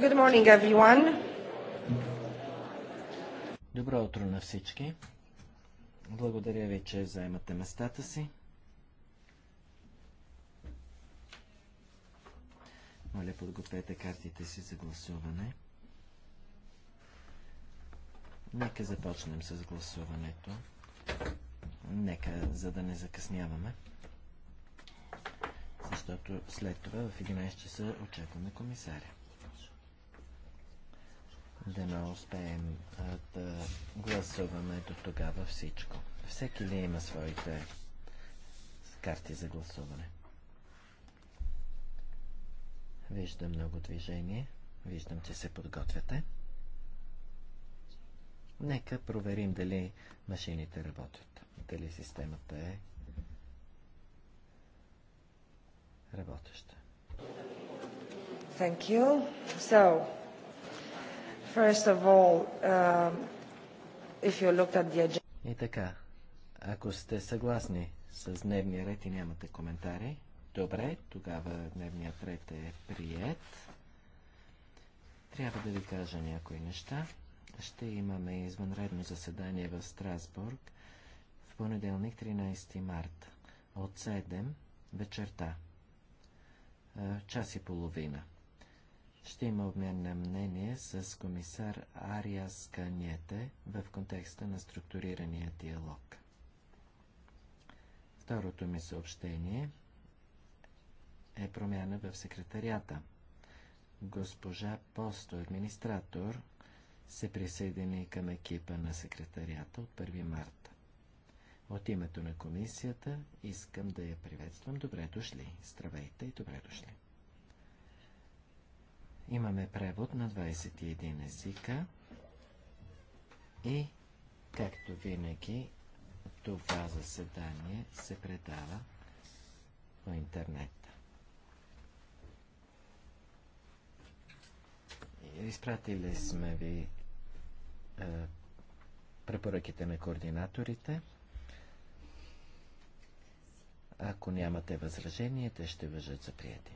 Good morning, everyone. Добро утро на всички. Благодаря ви, че заемате местата си. Моля, подгответе картите си за гласуване. Нека започнем с гласуването. Нека, за да не закъсняваме. Защото след това в 11 часа очакваме комисаря да не успеем да гласуваме до тогава всичко. Всеки ли има своите карти за гласуване? Виждам много движение. Виждам, че се подготвяте. Нека проверим дали машините работят. Дали системата е работеща. Thank you. So, First of all, uh, if you looked at the agenda... И така, ако сте съгласни с дневния ред и нямате коментари, добре, тогава дневният ред е прият. Трябва да ви кажа някои неща. Ще имаме извънредно заседание в Страсбург в понеделник 13 марта от 7 вечерта. Е, час и половина ще има обмен на мнение с комисар Ариас Каньете в контекста на структурирания диалог. Второто ми съобщение е промяна в секретарията. Госпожа Посто, администратор, се присъедини към екипа на секретарията от 1 марта. От името на комисията искам да я приветствам. Добре дошли. Здравейте и добре дошли. Имаме превод на 21 езика и, както винаги, това заседание се предава по интернет. Изпратили сме ви е, препоръките на координаторите. Ако нямате възражение, те ще въжат за приятели.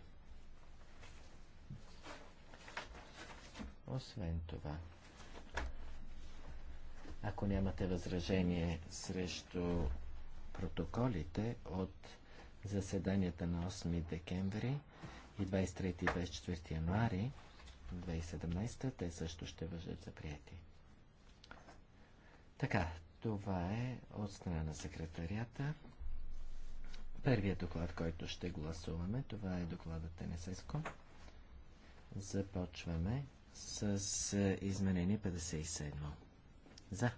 Освен това, ако нямате възражение срещу протоколите от заседанията на 8 декември и 23 и 24 януари 2017, те също ще въжат за прияти. Така, това е от страна на секретарията. Първият доклад, който ще гласуваме, това е докладът Тенесеско. Започваме с е, изменение 57. За.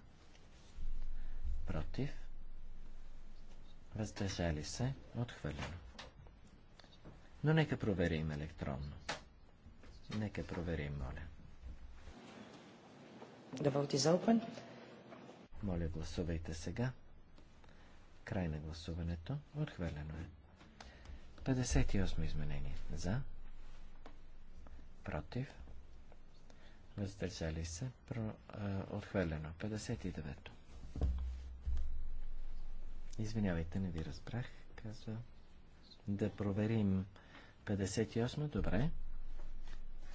Против. Въздържали се. Отхвърлено. Но нека проверим електронно. Нека проверим, моля. Да vote за open. Моля, гласувайте сега. Край на гласуването. Отхвърлено е. 58 изменение. За. Против въздържали се, про, а, отхвърлено. 59-то. Извинявайте, не ви разбрах, казва. Да проверим 58 добре.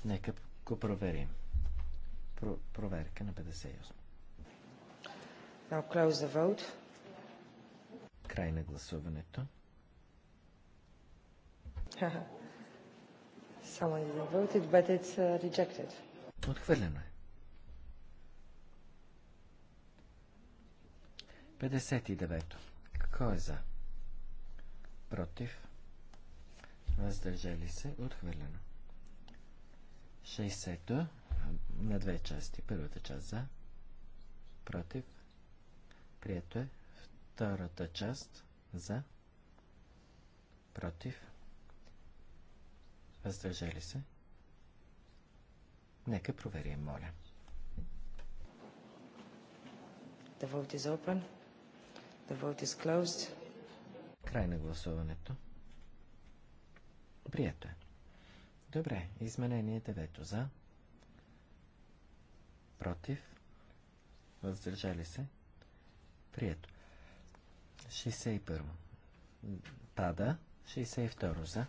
Нека го проверим. Про, проверка на 58. Now close the vote. Край на гласуването. Someone voted, but it's uh, rejected. Ясно отхвърлено е. 59-то. е за? Против. Въздържали се. Отхвърлено. 60 На две части. Първата част за. Против. Прието е. Втората част за. Против. Въздържали се. Нека проверим, моля. The vote is open. The vote is closed. Край на гласуването. Прието е. Добре, изменение 9 за. Против. Въздържали се. Прието. 61. Пада. 62 за.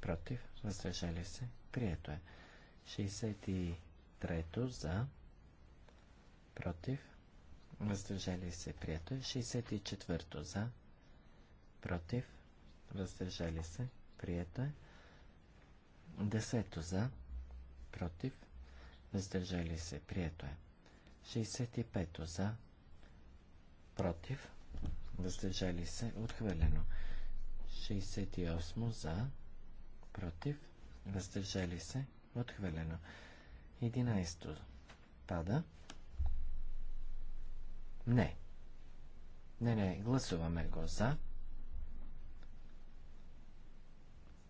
Против. Въздържали се. Прието е. 63 за, против, въздържали се, прието е. 64 за, против, въздържали се, прието е. 10 за, против, въздържали се, прието е. 65 за, против, въздържали се, отхвърлено. 68 за, против, въздържали се, Отхвърлено. 11 пада. Не. Не, не, гласуваме го за.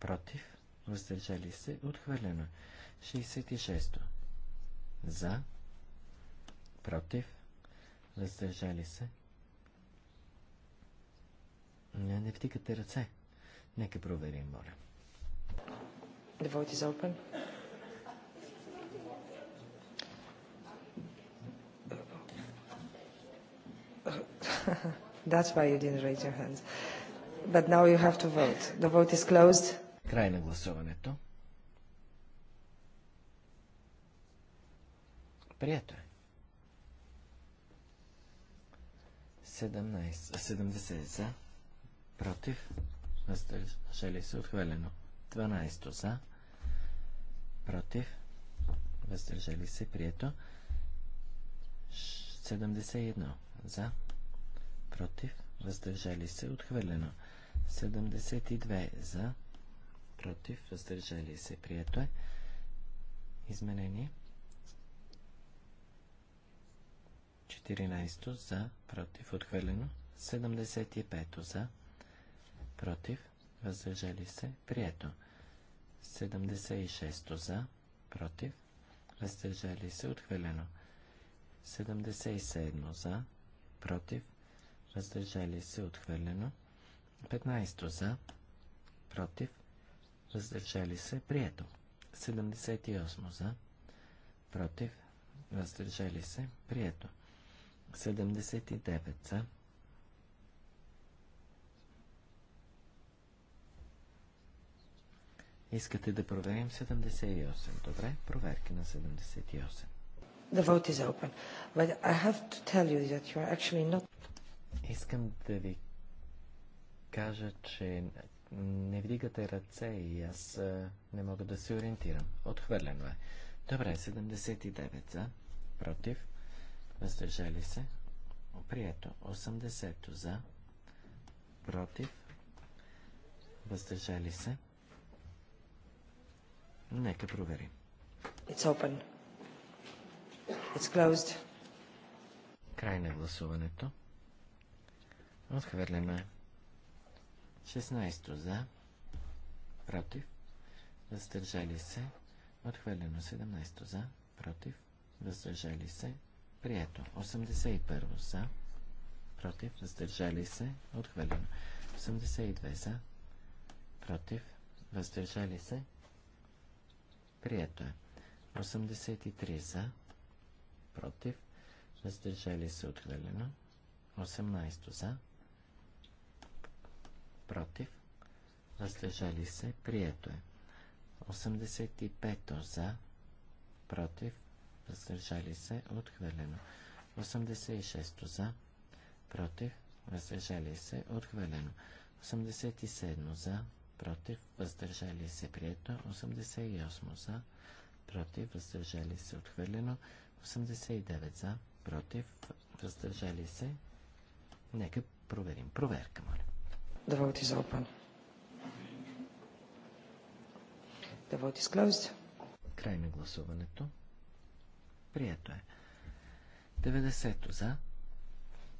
Против. Въздържали се. Отхвърлено. 66 За. Против. Въздържали се. Не, не втикате ръце. Нека проверим, моля. The vote is That's why you didn't raise your hands. But now you have to vote. The vote is closed. Край на гласуването. Прието е. 17, 70 за, против, въздържали се отхвърлено. 12 за, против, въздържали се, прието. 71 за, против, въздържали се, отхвърлено. 72 за, против, въздържали се, прието е. Изменение. 14 за, против, отхвърлено. 75 за, против, въздържали се, прието. 76 за, против, въздържали се, отхвърлено. 77 за, против, въздържали се, отхвърлено. 15 за, против, въздържали се, прието. 78 за, против, въздържали се, прието. 79 за, Искате да проверим 78. Добре, проверки на 78. The vote is open. But I have to tell you that you are actually not... Искам да ви кажа, че не вдигате ръце и аз не мога да се ориентирам. Отхвърлено е. Добре, 79 за, против, въздържали се, прието, 80 за, против, въздържали се. Нека проверим. It's open. It's closed. Край на гласуването. Отхвърлено е. 16 за. Против. Въздържали се. Отхвърлено 17 за. Против. Въздържали се. Прието. 81 за. Против. Въздържали се. Отхвърлено. 82 за. Против. Въздържали се. Прието е. 83 за. Против. Въздържали се. Отхвърлено. 18 за против, въздържали се, прието е. 85 за, против, въздържали се, отхвърлено. 86 за, против, въздържали се, отхвърлено. 87 за, против, въздържали се, прието. 88 за, против, въздържали се, отхвърлено. 89 за, против, въздържали се. Нека проверим. Проверка, моля. The vote is open. The vote is closed. Край на гласуването. Прието е. 90 за,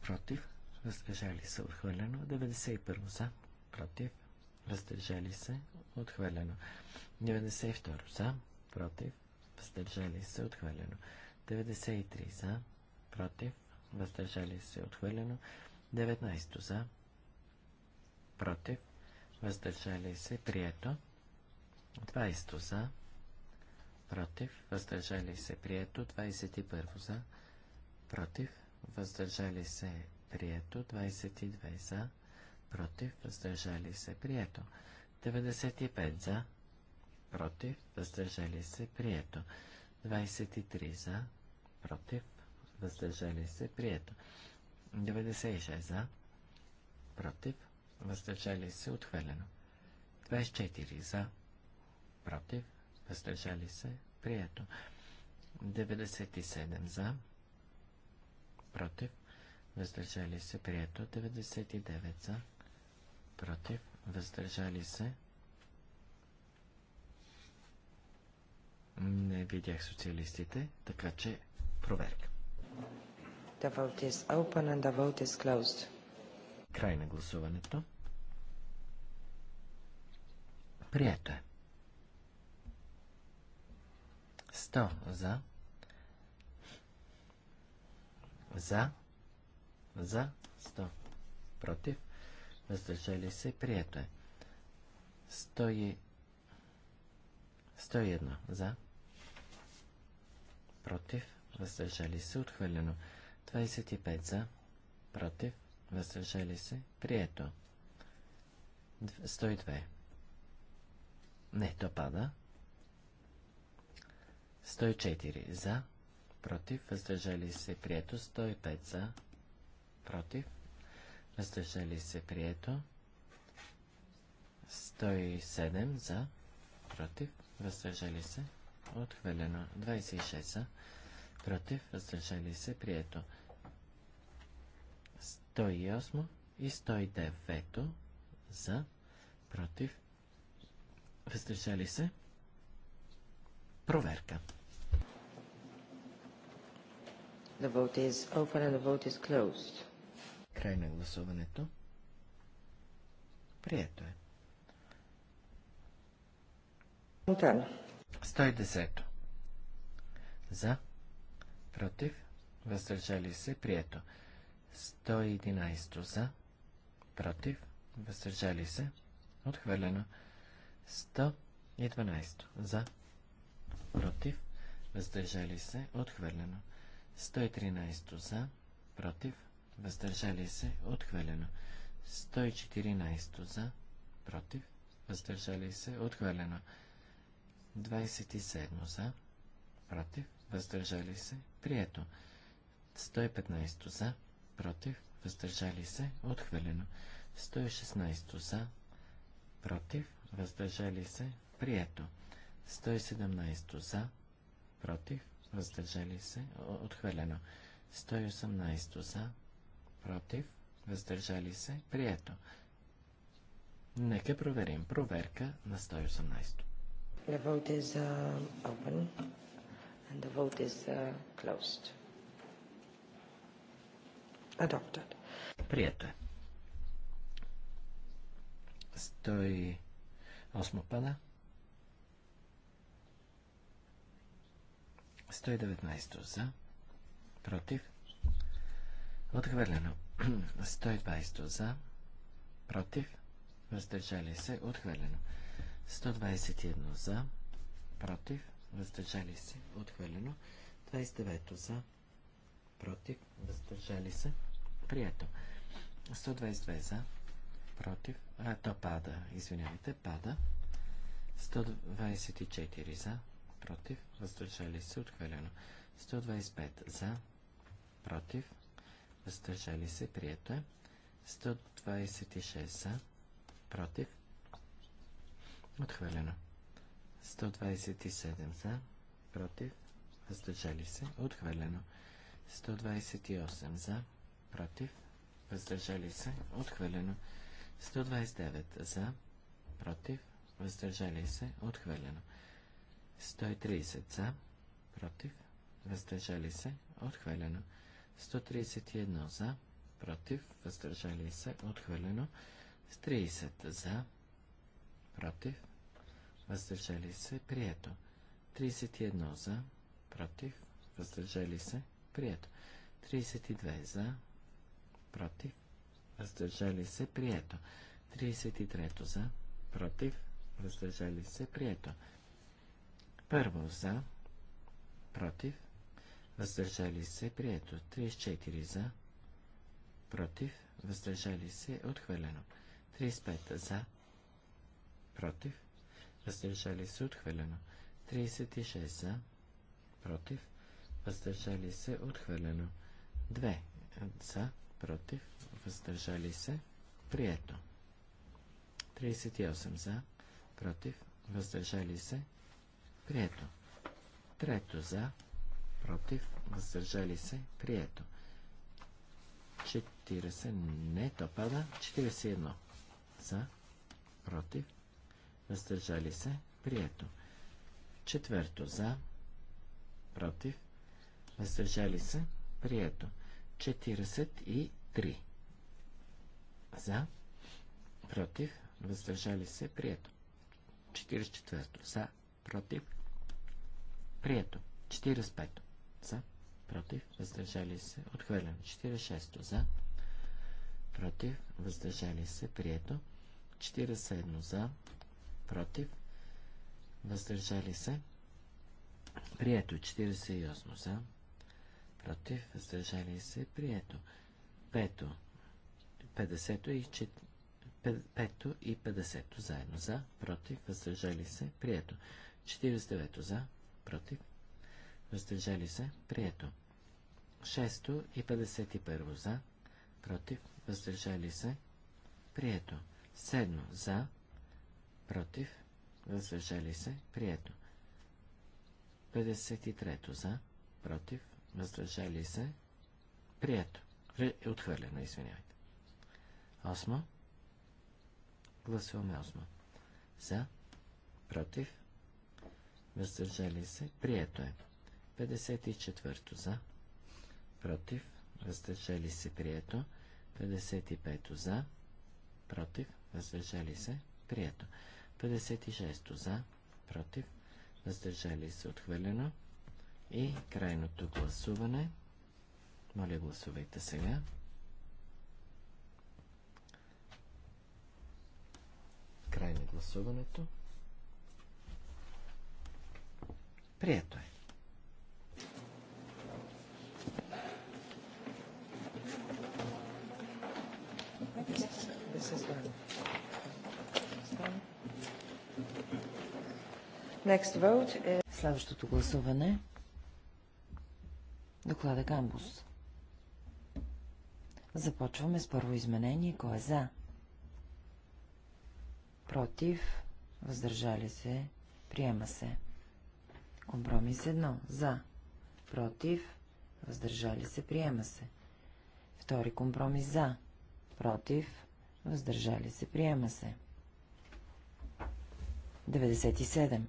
против, въздържали се, отхвърлено. 91 за, против, въздържали се, отхвърлено. 92 за, против, въздържали се, отхвърлено. 93 за, против, въздържали се, отхвърлено. 19 за, против, въздържали се, прието. 20 за, против, въздържали се, прието. 21 за, против, въздържали се, прието. 22 за, против, въздържали се, прието. 95 за, против, въздържали се, прието. 23 за, против, въздържали се, прието. 96 за, против, въздържали се, отхвърлено. 24 за, против, въздържали се, прието. 97 за, против, въздържали се, прието. 99 за, против, въздържали се. Не видях социалистите, така че проверка. The vote is open and the vote is closed. Край на гласуването. Прието е. 100 за. За. За. 100. Против. Въздържали се. Прието е. 100 101 за. Против. Въздържали се. Отхвърлено. 25 за. Против въздържали се, прието. 102. Не, то пада. 104 за, против, въздържали се, прието. 105 за, против, въздържали се, прието. 107 за, против, въздържали се, отхвърлено. 26 за, против, въздържали се, прието. 108 и 109 за, против, въздържали се. Проверка. The vote is open and the vote is closed. Край на гласуването. Прието е. 110. За. Против. Въздържали се. Прието. 111 за, против, въздържали се, отхвърлено. 112 за, против, въздържали се, отхвърлено. 113 за, против, въздържали се, отхвърлено. 114 за, против, въздържали се, отхвърлено. 27 за, против, въздържали се, прието. 115 за, против, въздържали се, отхвърлено. 116 за, против, въздържали се, прието. 117 за, против, въздържали се, отхвърлено. 118 за, против, въздържали се, прието. Нека проверим проверка на 118. The vote is uh, open and the vote is uh, closed. Adopted. Прието е. 108 пада. 119 за. Против. Отхвърлено. 120 за. Против. Въздържали се. Отхвърлено. 121 за. Против. Въздържали се. Отхвърлено. 29 за. Против. Въздържали се прието. 122 за, против, а то пада, извинявайте, пада. 124 за, против, въздържали се, отхвърлено. 125 за, против, въздържали се, прието е. 126 за, против, отхвърлено. 127 за, против, въздържали се, отхвърлено. 128 за, против, въздържали се, отхвърлено. 129 за, против, въздържали се, отхвърлено. 130 за, против, въздържали се, отхвърлено. 131 за, против, въздържали се, отхвърлено. 30 за, против, въздържали се, прието. 31 за, против, въздържали се, прието. 32 за, против, въздържали се, прието. 33 за, против, въздържали се, прието. Първо за, против, въздържали се, прието. 34 за, против, въздържали се, отхвърлено. 35 за, против, въздържали се, отхвърлено. 36 за, против, въздържали се, отхвърлено. 2 за, против, въздържали се, прието. 38 за, против, въздържали се, прието. Трето за, против, въздържали се, прието. 40, не, то пада. 41 за, против, въздържали се, прието. Четвърто за, против, въздържали се, прието. 43. За. Против. Въздържали се. Прието. 44. За. Против. Прието. 45. За. Против. Въздържали се. Отхвърлено. 46. За. Против. Въздържали се. Прието. 47. За. Против. Въздържали се. Прието. 48. За против, въздържали се, прието. Пето, 50 и 4, Пето и 50 заедно за, против, въздържали се, прието. 49 за, против, въздържали се, прието. 6 и 51 за, против, въздържали се, прието. 7 за, против, въздържали се, прието. 53 за, против, въздържали се, прието. Е отхвърлено, извинявайте. Осмо. Гласуваме осмо. За, против, въздържали се, прието е. 54 за, против, въздържали се, прието. 55 за, против, въздържали се, прието. 56 за, против, въздържали се, отхвърлено. И крайното гласуване. Моля, гласувайте сега. Край на гласуването. Прието е. Следващото гласуване Доклада Гамбус. Започваме с първо изменение. Кой е за? Против. Въздържали се. Приема се. Компромис 1. За. Против. Въздържали се. Приема се. Втори компромис за. Против. Въздържали се. Приема се. 97.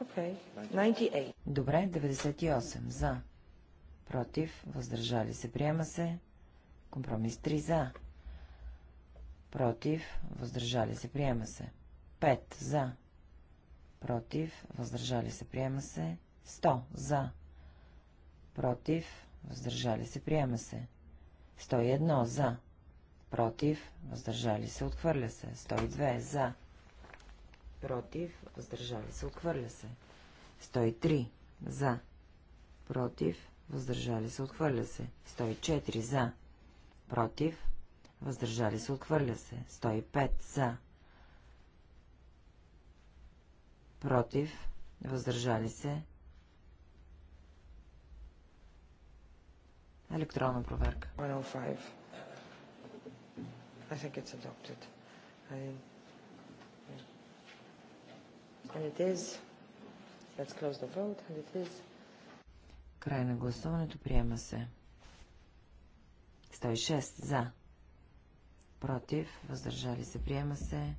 Okay. 98. Добре, 98. За. Против. Въздържали се. Приема се. Компромис 3. За. Против. Въздържали се. Приема се. 5. За. Против. Въздържали се. Приема се. 100. За. Против. Въздържали се. Приема се. 101. За. Против. Въздържали се. Отхвърля се. 102. За против, въздържали се, отхвърля се. 103 за, против, въздържали се, отхвърля се. 104 за, против, въздържали се, отхвърля се. 105 за, против, въздържали се. Електронна проверка. 105. I think it's adopted. I And it is. Let's close the vote. And it is. Край на гласуването приема се. 106 за. Против. Въздържали се. Приема се.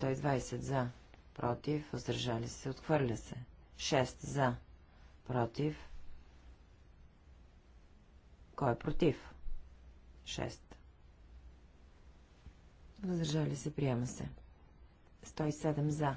120 за. Против. Въздържали се. Отхвърля се. 6 за. Против. Кой е против? 6. Въздържали се. Приема се. 107 за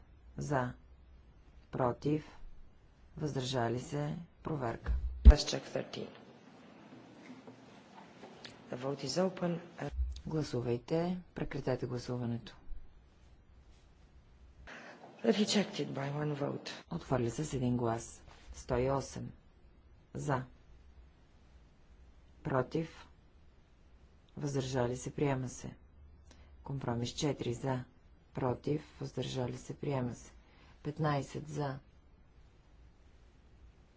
за. Против. Въздържали се. Проверка. Гласувайте. Прекратете гласуването. Rejected by one vote. се с един глас. 108. За. Против. Въздържали се. Приема се. Компромис 4. За против, въздържали се, приема се. 15 за,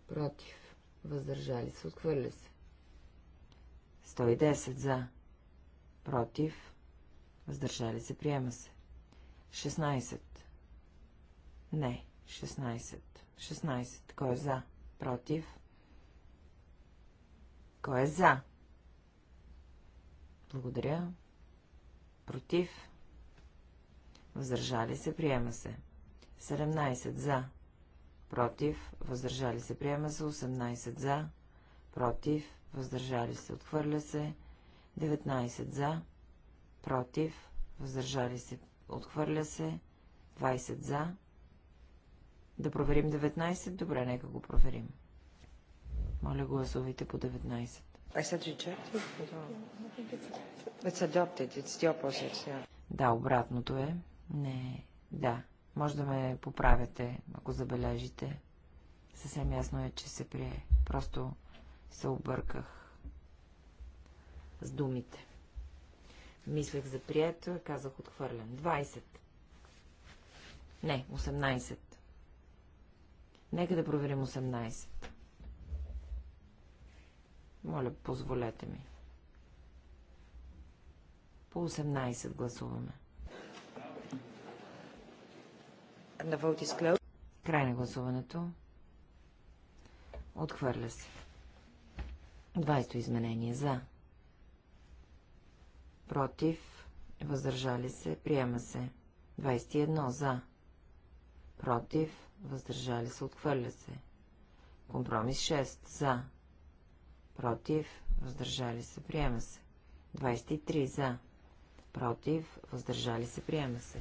против, въздържали се, отхвърля се. 110 за, против, въздържали се, приема се. 16. Не, 16. 16. Кой е за? Против? Кой е за? Благодаря. Против? въздържали се, приема се. 17 за, против, въздържали се, приема се. 18 за, против, въздържали се, отхвърля се. 19 за, против, въздържали се, отхвърля се. 20 за. Да проверим 19? Добре, нека го проверим. Моля, гласувайте по 19. I said rejected, uh, It's adopted. It's the opposite, yeah. Да, обратното е. Не, да. Може да ме поправяте, ако забележите. Съвсем ясно е, че се прие. Просто се обърках с думите. Мислех за прието, казах отхвърлям. 20. Не, 18. Нека да проверим 18. Моля, позволете ми. По 18 гласуваме. Край на гласуването. Отхвърля се. 20 изменение за. Против. Въздържали се. Приема се. 21 за. Против. Въздържали се. Отхвърля се. Компромис 6 за. Против. Въздържали се. Приема се. 23 за. Против. Въздържали се. Приема се.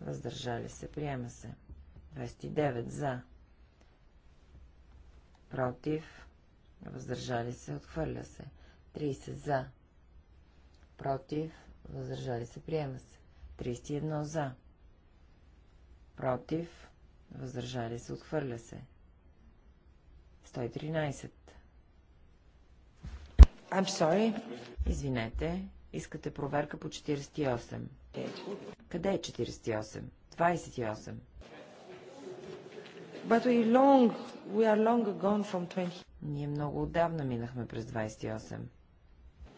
въздържали се, приема се. 29 за, против, въздържали се, отхвърля се. 30 за, против, въздържали се, приема се. 31 за, против, въздържали се, отхвърля се. 113. I'm sorry. Извинете, искате проверка по 48. Къде е 48? 28. But we long, we are long gone from 20. Ние много отдавна минахме през 28.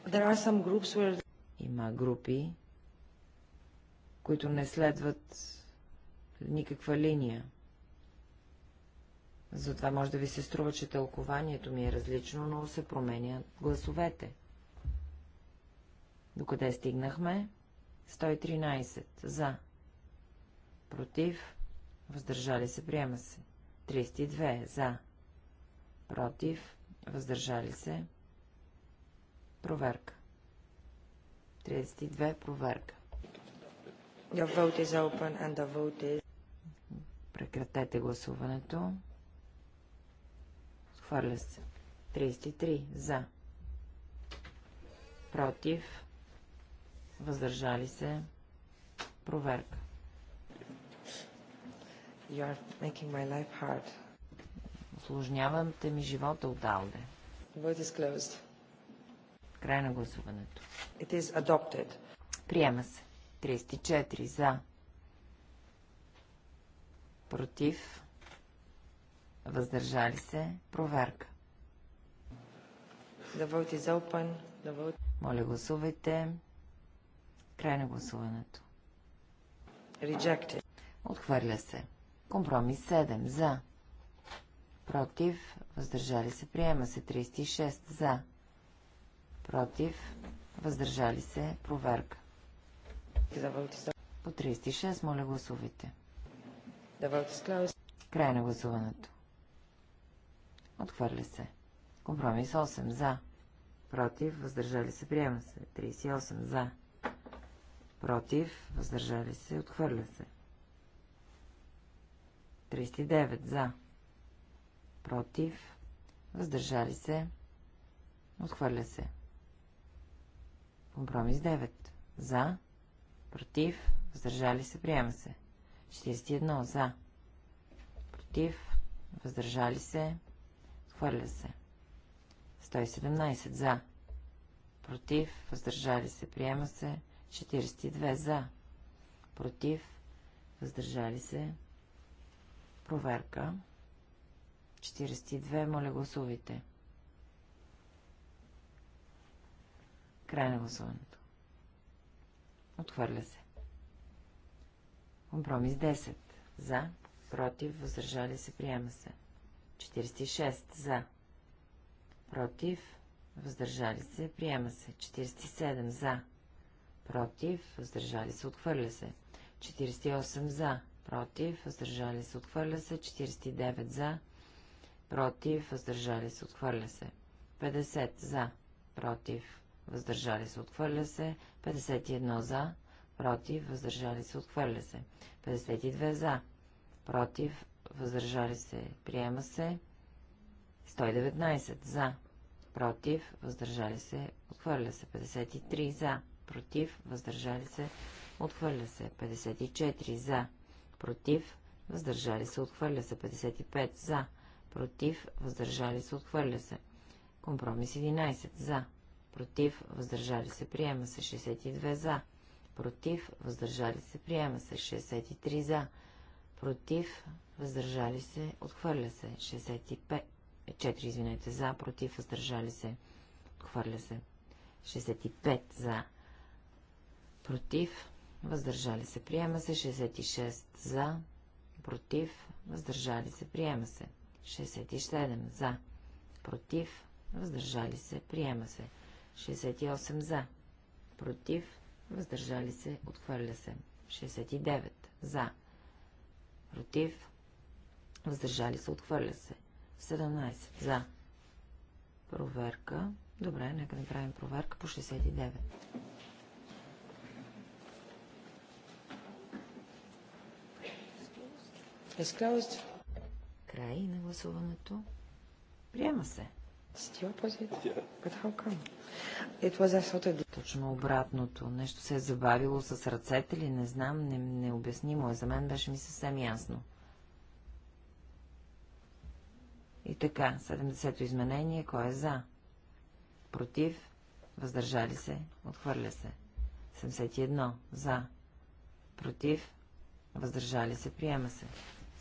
There are some groups where... Има групи, които не следват никаква линия. Затова може да ви се струва, че тълкованието ми е различно, но се променят гласовете. Докъде стигнахме? 113. За. Против. Въздържали се. Приема се. 32. За. Против. Въздържали се. Проверка. 32. Проверка. The vote is open and the vote is... Прекратете гласуването. Хвърля се. 33. За. Против въздържали се, проверка. You are making my life hard. Осложнявате ми живота от Алде. Vote is closed. Край на гласуването. It is adopted. Приема се. 34 за. Против. Въздържали се. Проверка. The vote is open. The vote... Моля гласувайте. Край на гласуването. Rejected. Отхвърля се. Компромис 7. За. Против. Въздържали се. Приема се. 36. За. Против. Въздържали се. Проверка. По 36, моля гласувайте. Край на гласуването. Отхвърля се. Компромис 8. За. Против. Въздържали се. Приема се. 38. За против, въздържали се, отхвърля се. 39 за, против, въздържали се, отхвърля се. Компромис 9 за, против, въздържали се, приема се. 41 за, против, въздържали се, отхвърля се. 117 за, против, въздържали се, приема се. 42 за, против, въздържали се, проверка. 42, моля гласувайте. Край на гласуването. Отхвърля се. Компромис 10. За. Против. Въздържали се. Приема се. 46. За. Против. Въздържали се. Приема се. 47. За против, въздържали се, отхвърля се. 48 за, против, въздържали се, отхвърля се. 49 за, против, въздържали се, отхвърля се. 50 за, против, въздържали се, отхвърля се. 51 за, против, въздържали се, отхвърля се. 52 за, против, въздържали се, приема се. 119 за, против, въздържали се, отхвърля се. 53 за, против, въздържали се, отхвърля се. 54 за, против, въздържали се, отхвърля се. 55 за, против, въздържали се, отхвърля се. Компромис 11 за, против, въздържали се, приема се. 62 за, против, въздържали се, приема се. 63 за, против, въздържали се, отхвърля се. 65 4, извинете, за, против, въздържали се, отхвърля се. 65 за, против, въздържали се, приема се, 66 за, против, въздържали се, приема се, 67 за, против, въздържали се, приема се, 68 за, против, въздържали се, отхвърля се, 69 за, против, въздържали се, отхвърля се, 17 за, проверка, добре, нека направим проверка по 69. Край на гласуването. Приема се. Точно обратното. Нещо се е забавило с ръцете ли, не знам, не, необяснимо е. За мен беше ми съвсем ясно. И така, 70-то изменение, кой е за? Против? Въздържали се? Отхвърля се. 71. За. Против? Въздържали се? Приема се.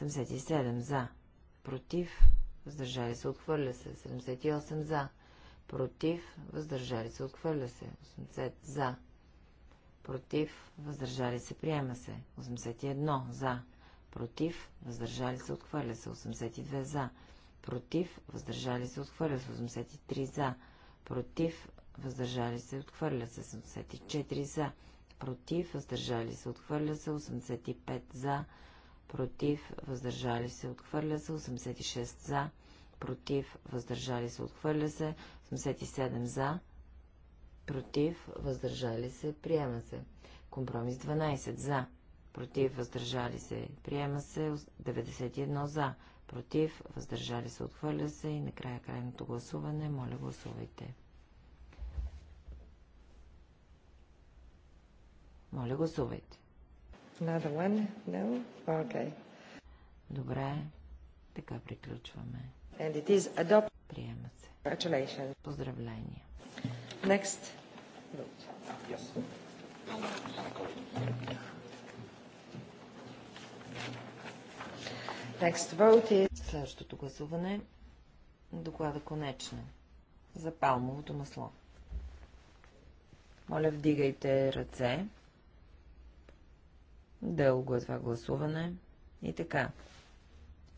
77 за. Против. Въздържали се. Отхвърля се. 78 за. Против. Въздържали се. Отхвърля се. 80 за. Против. Въздържали се. Приема се. 81 за. Против. Въздържали се. Отхвърля се. 82 за. Против. Въздържали се. Отхвърля се. 83 за. Против. Въздържали се. Отхвърля се. 84 за. Против. Въздържали се. Отхвърля се. 85 за против, въздържали се, отхвърля се, 86 за, против, въздържали се, отхвърля се, 87 за, против, въздържали се, приема се. Компромис 12 за, против, въздържали се, приема се, 91 за, против, въздържали се, отхвърля се и накрая крайното гласуване, моля гласувайте. Моля гласувайте. Another one? No? Okay. Добре. Така приключваме. And it is adopted. Приема се. Congratulations. Поздравления. Next. Yes. Next vote is... Следващото гласуване доклада конечна за палмовото масло. Моля, вдигайте ръце. Дълго е това гласуване. И така.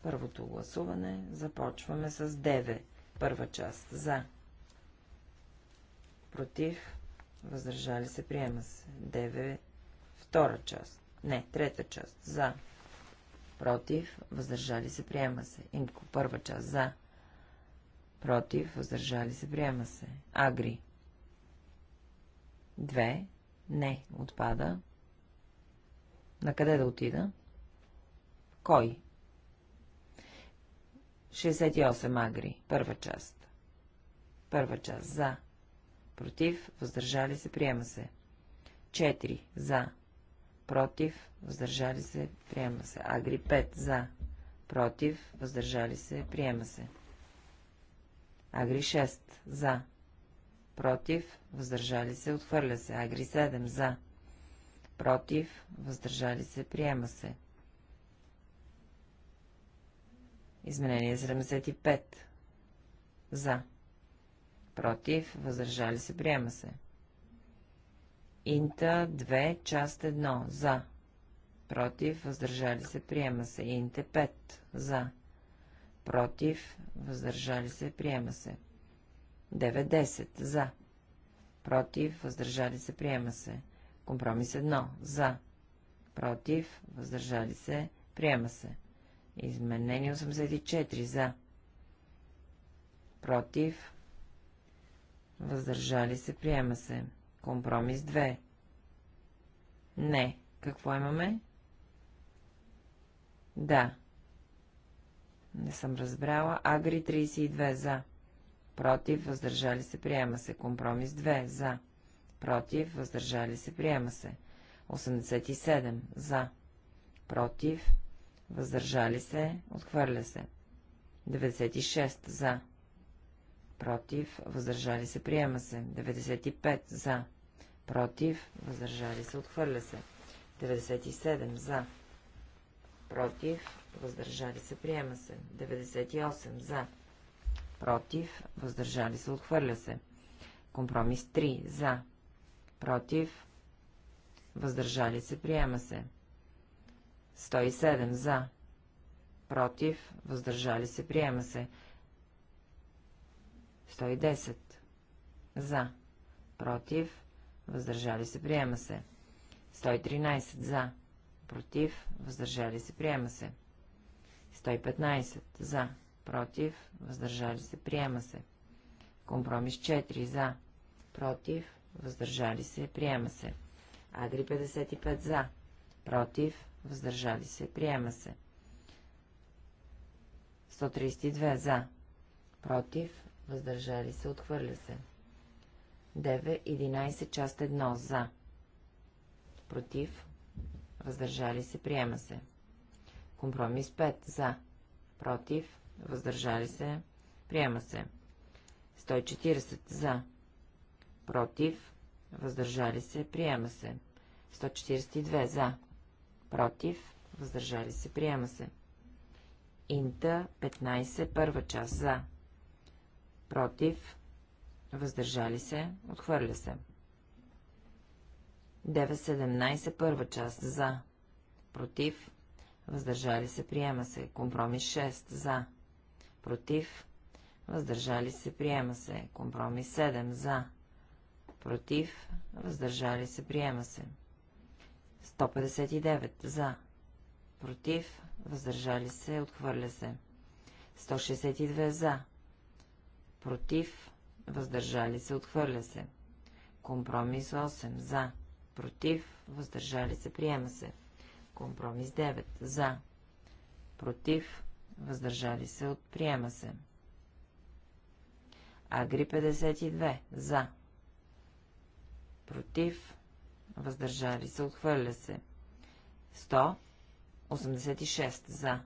Първото гласуване започваме с 9. Първа част. За. Против. Въздържали се. Приема се. 9. Втора част. Не, трета част. За. Против. Въздържали се. Приема се. Имко. Първа част. За. Против. Въздържали се. Приема се. Агри. 2. Не. Отпада. На къде да отида? Кой? 68 агри. Първа част. Първа част. За. Против. Въздържали се. Приема се. 4. За. Против. Въздържали се. Приема се. Агри 5. За. Против. Въздържали се. Приема се. Агри 6. За. Против. Въздържали се. Отхвърля се. Агри 7. За против, въздържали се, приема се. Изменение 75. За. Против, въздържали се, приема се. Инта 2, част 1. За. Против, въздържали се, приема се. Инте 5. За. Против, въздържали се, приема се. 9-10. За. Против, въздържали се, приема се. Компромис 1. За. Против. Въздържали се. Приема се. Изменение 84. За. Против. Въздържали се. Приема се. Компромис 2. Не. Какво имаме? Да. Не съм разбрала. Агри 32 за. Против, въздържали се, приема се. Компромис 2 за против, въздържали се, приема се. 87 за, против, въздържали се, отхвърля се. 96 за, против, въздържали се, приема се. 95 за, против, въздържали се, отхвърля се. 97 за, против, въздържали се, приема се. 98 за, против, въздържали се, отхвърля се. Компромис 3 за, против, въздържали се, приема се. 107 за, против, въздържали се, приема се. 110 за, против, въздържали се, приема се. 113 за, против, въздържали се, приема се. 115 за, против, въздържали се, приема се. Компромис 4 за, против, въздържали се, приема се. Агри 55 за, против, въздържали се, приема се. 132 за, против, въздържали се, отхвърля се. 9, 11, част 1 за, против, въздържали се, приема се. Компромис 5 за, против, въздържали се, приема се. 140 за, против, въздържали се, приема се. 142 за, против, въздържали се, приема се. Инта 15, първа част за, против, въздържали се, отхвърля се. 9.17, първа част за, против, въздържали се, приема се. Компромис 6 за, против, въздържали се, приема се. Компромис 7 за, против, въздържали се, приема се. 159 за, против, въздържали се, отхвърля се. 162 за, против, въздържали се, отхвърля се. Компромис 8 за, против, въздържали се, приема се. Компромис 9 за, против, въздържали се, приема се. Агри 52 за, против, въздържали се, отхвърля се. 186 за,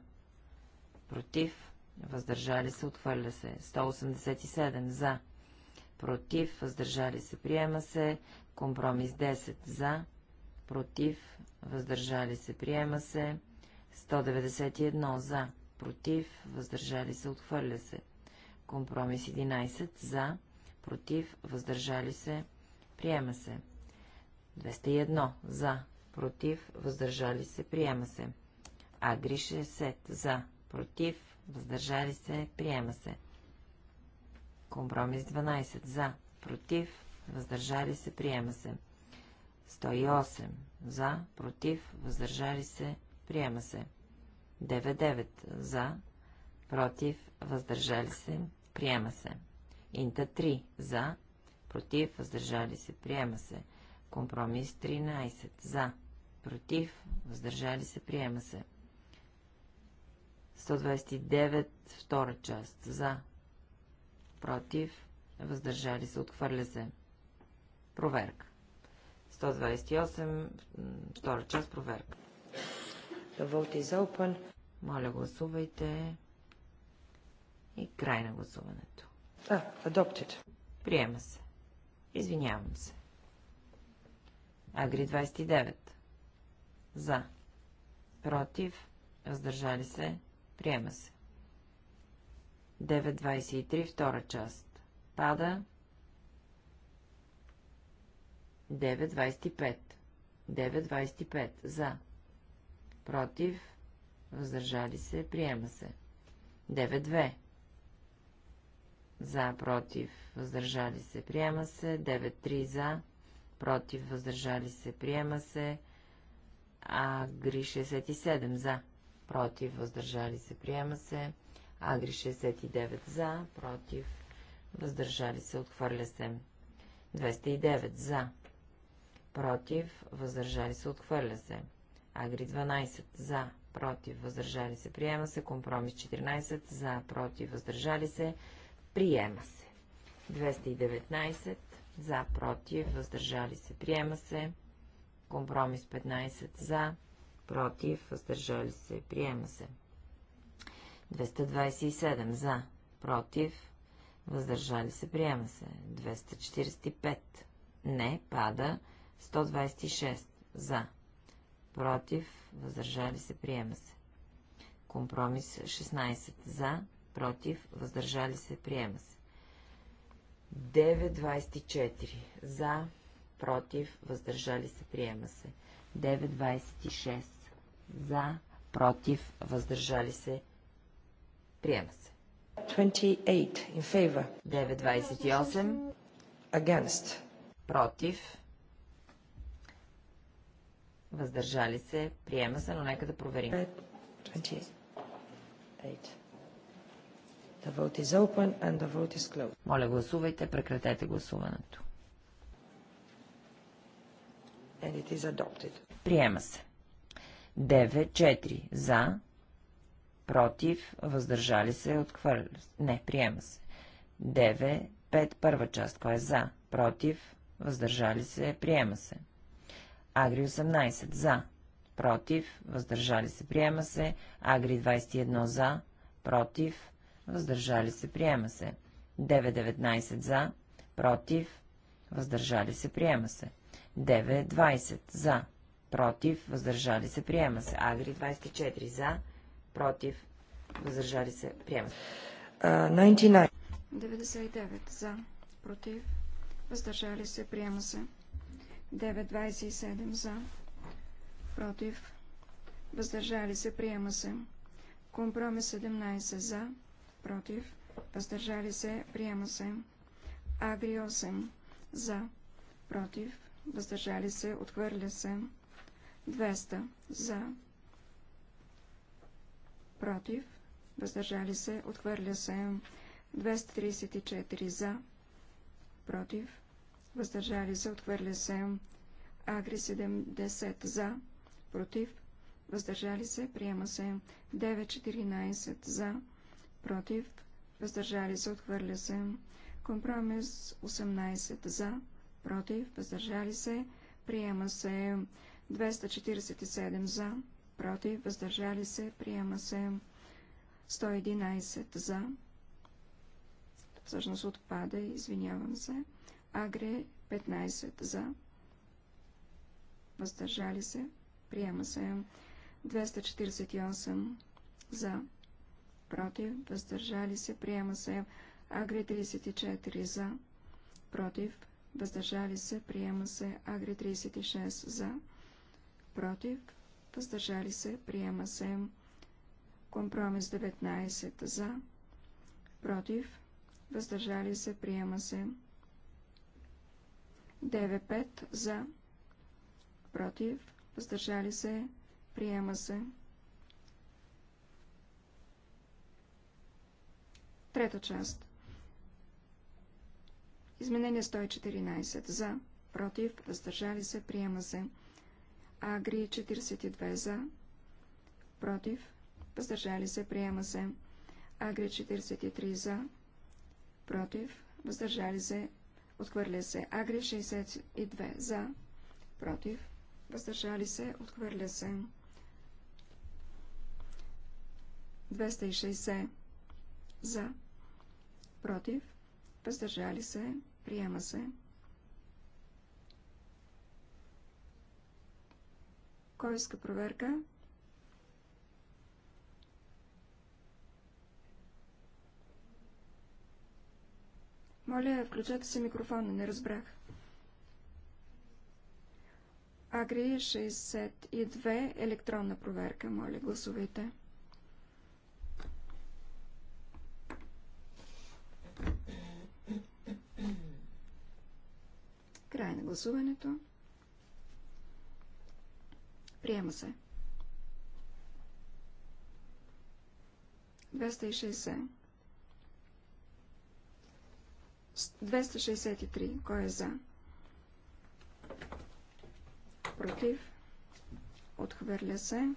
против, въздържали се, отхвърля се. 187 за, против, въздържали се, приема се. Компромис 10 за, против, въздържали се, приема се. 191 за, против, въздържали се, отхвърля се. Компромис 11 за, против, въздържали се, Приема се. 201. За. Против. Въздържали се. Приема се. Агри 60. За. Против. Въздържали се. Приема се. Компромис 12. За. Против. Въздържали се. Приема се. 108. За. Против. Въздържали се. Приема се. 99. За. Против. Въздържали се. Приема се. Инта 3. За против, въздържали се, приема се. Компромис 13 за, против, въздържали се, приема се. 129 втора част за, против, въздържали се, отхвърля се. Проверка. 128 втора част проверка. Вълти за опън. Моля, гласувайте. И край на гласуването. Да, ah, adopted. Приема се. Извинявам се. Агри 29. За. Против. Въздържали се. Приема се. 9.23. Втора част. Пада. 9.25. 9.25. За. Против. Въздържали се. Приема се. 9.2 за, против, въздържали се, приема се, 9-3 за, против, въздържали се, приема се, Агри 67 за, против, въздържали се, приема се, Агри 69 за, против, въздържали се, отхвърля се, 209 за, против, въздържали се, отхвърля се, Агри 12 за, против, въздържали се, приема се, компромис 14 за, против, въздържали се, се, Приема се. 219 за, против, въздържали се. Приема се. Компромис 15 за, против, въздържали се. Приема се. 227 за, против, въздържали се. Приема се. 245 не, пада. 126 за, против, въздържали се. Приема се. Компромис 16 за, против, въздържали се, приема се. 9.24 за, против, въздържали се, приема се. 9.26 за, против, въздържали се, приема се. 28 in favor. 9.28 against. Против. Въздържали се, приема се, но нека да проверим. 28. The vote is open and the vote is closed. Моля, гласувайте. Прекратете гласуването. And it is adopted. Приема се. 9-4 за, против, въздържали се, отхвърли. Не, приема се. 9-5 първа част, кой е за, против, въздържали се, приема се. Агри 18 за, против, въздържали се, приема се. Агри 21 за, против, въздържали се, приема се. 9.19 за, против, въздържали се, приема се. 9.20 за, против, въздържали се, приема се. Агри 24 за, против, въздържали се, приема се. Uh, 99. 99 за, против, въздържали се, приема се. 9.27 за, против, въздържали се, приема се. Компромис 17 за, против, въздържали се, приема се. Агри 8 за, против, въздържали се, отхвърля се. 200 за, против, въздържали се, отхвърля се. 234 за, против, въздържали се, отхвърля се. Агри 70 за, против, въздържали се, приема се. 914 за, против, против, въздържали се, отхвърля се. Компромис 18 за, против, въздържали се, приема се. 247 за, против, въздържали се, приема се. 111 за, всъщност отпада, извинявам се. Агре 15 за, въздържали се, приема се. 248 за, против, въздържали се, приема се. Агри 34 за, против, въздържали се, приема се. Агри 36 за, против, въздържали се, приема се. Компромис 19 за, против, въздържали се, приема се. 9-5 за, против, въздържали се, приема се. Трета част. Изменение 114. За. Против. Въздържали се. Приема се. Агри 42. За. Против. Въздържали се. Приема се. Агри 43. За. Против. Въздържали се. Отхвърля се. Агри 62. За. Против. Въздържали се. Отхвърля се. 260. Е. За против, въздържали се, приема се. Кой иска проверка? Моля, включете се микрофона, не разбрах. Агри 62, електронна проверка, моля, гласувайте. Край на гласуването. Приема се. 260. 263. Кой е за? Против. Отхвърля се.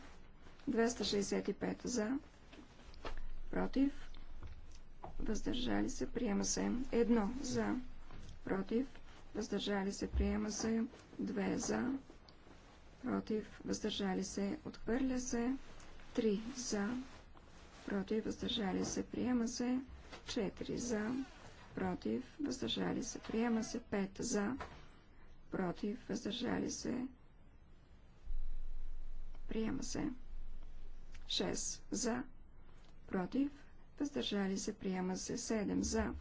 265 за. Против. Въздържали се. Приема се. Едно за. Против въздържали се, приема се, 2 за, против, въздържали се, отхвърля се, 3 за, против, въздържали се, приема се, 4 за, против, въздържали се, приема се, 5 за, против, въздържали се, приема се, 6 за, против, въздържали се, приема се, 7 за, против,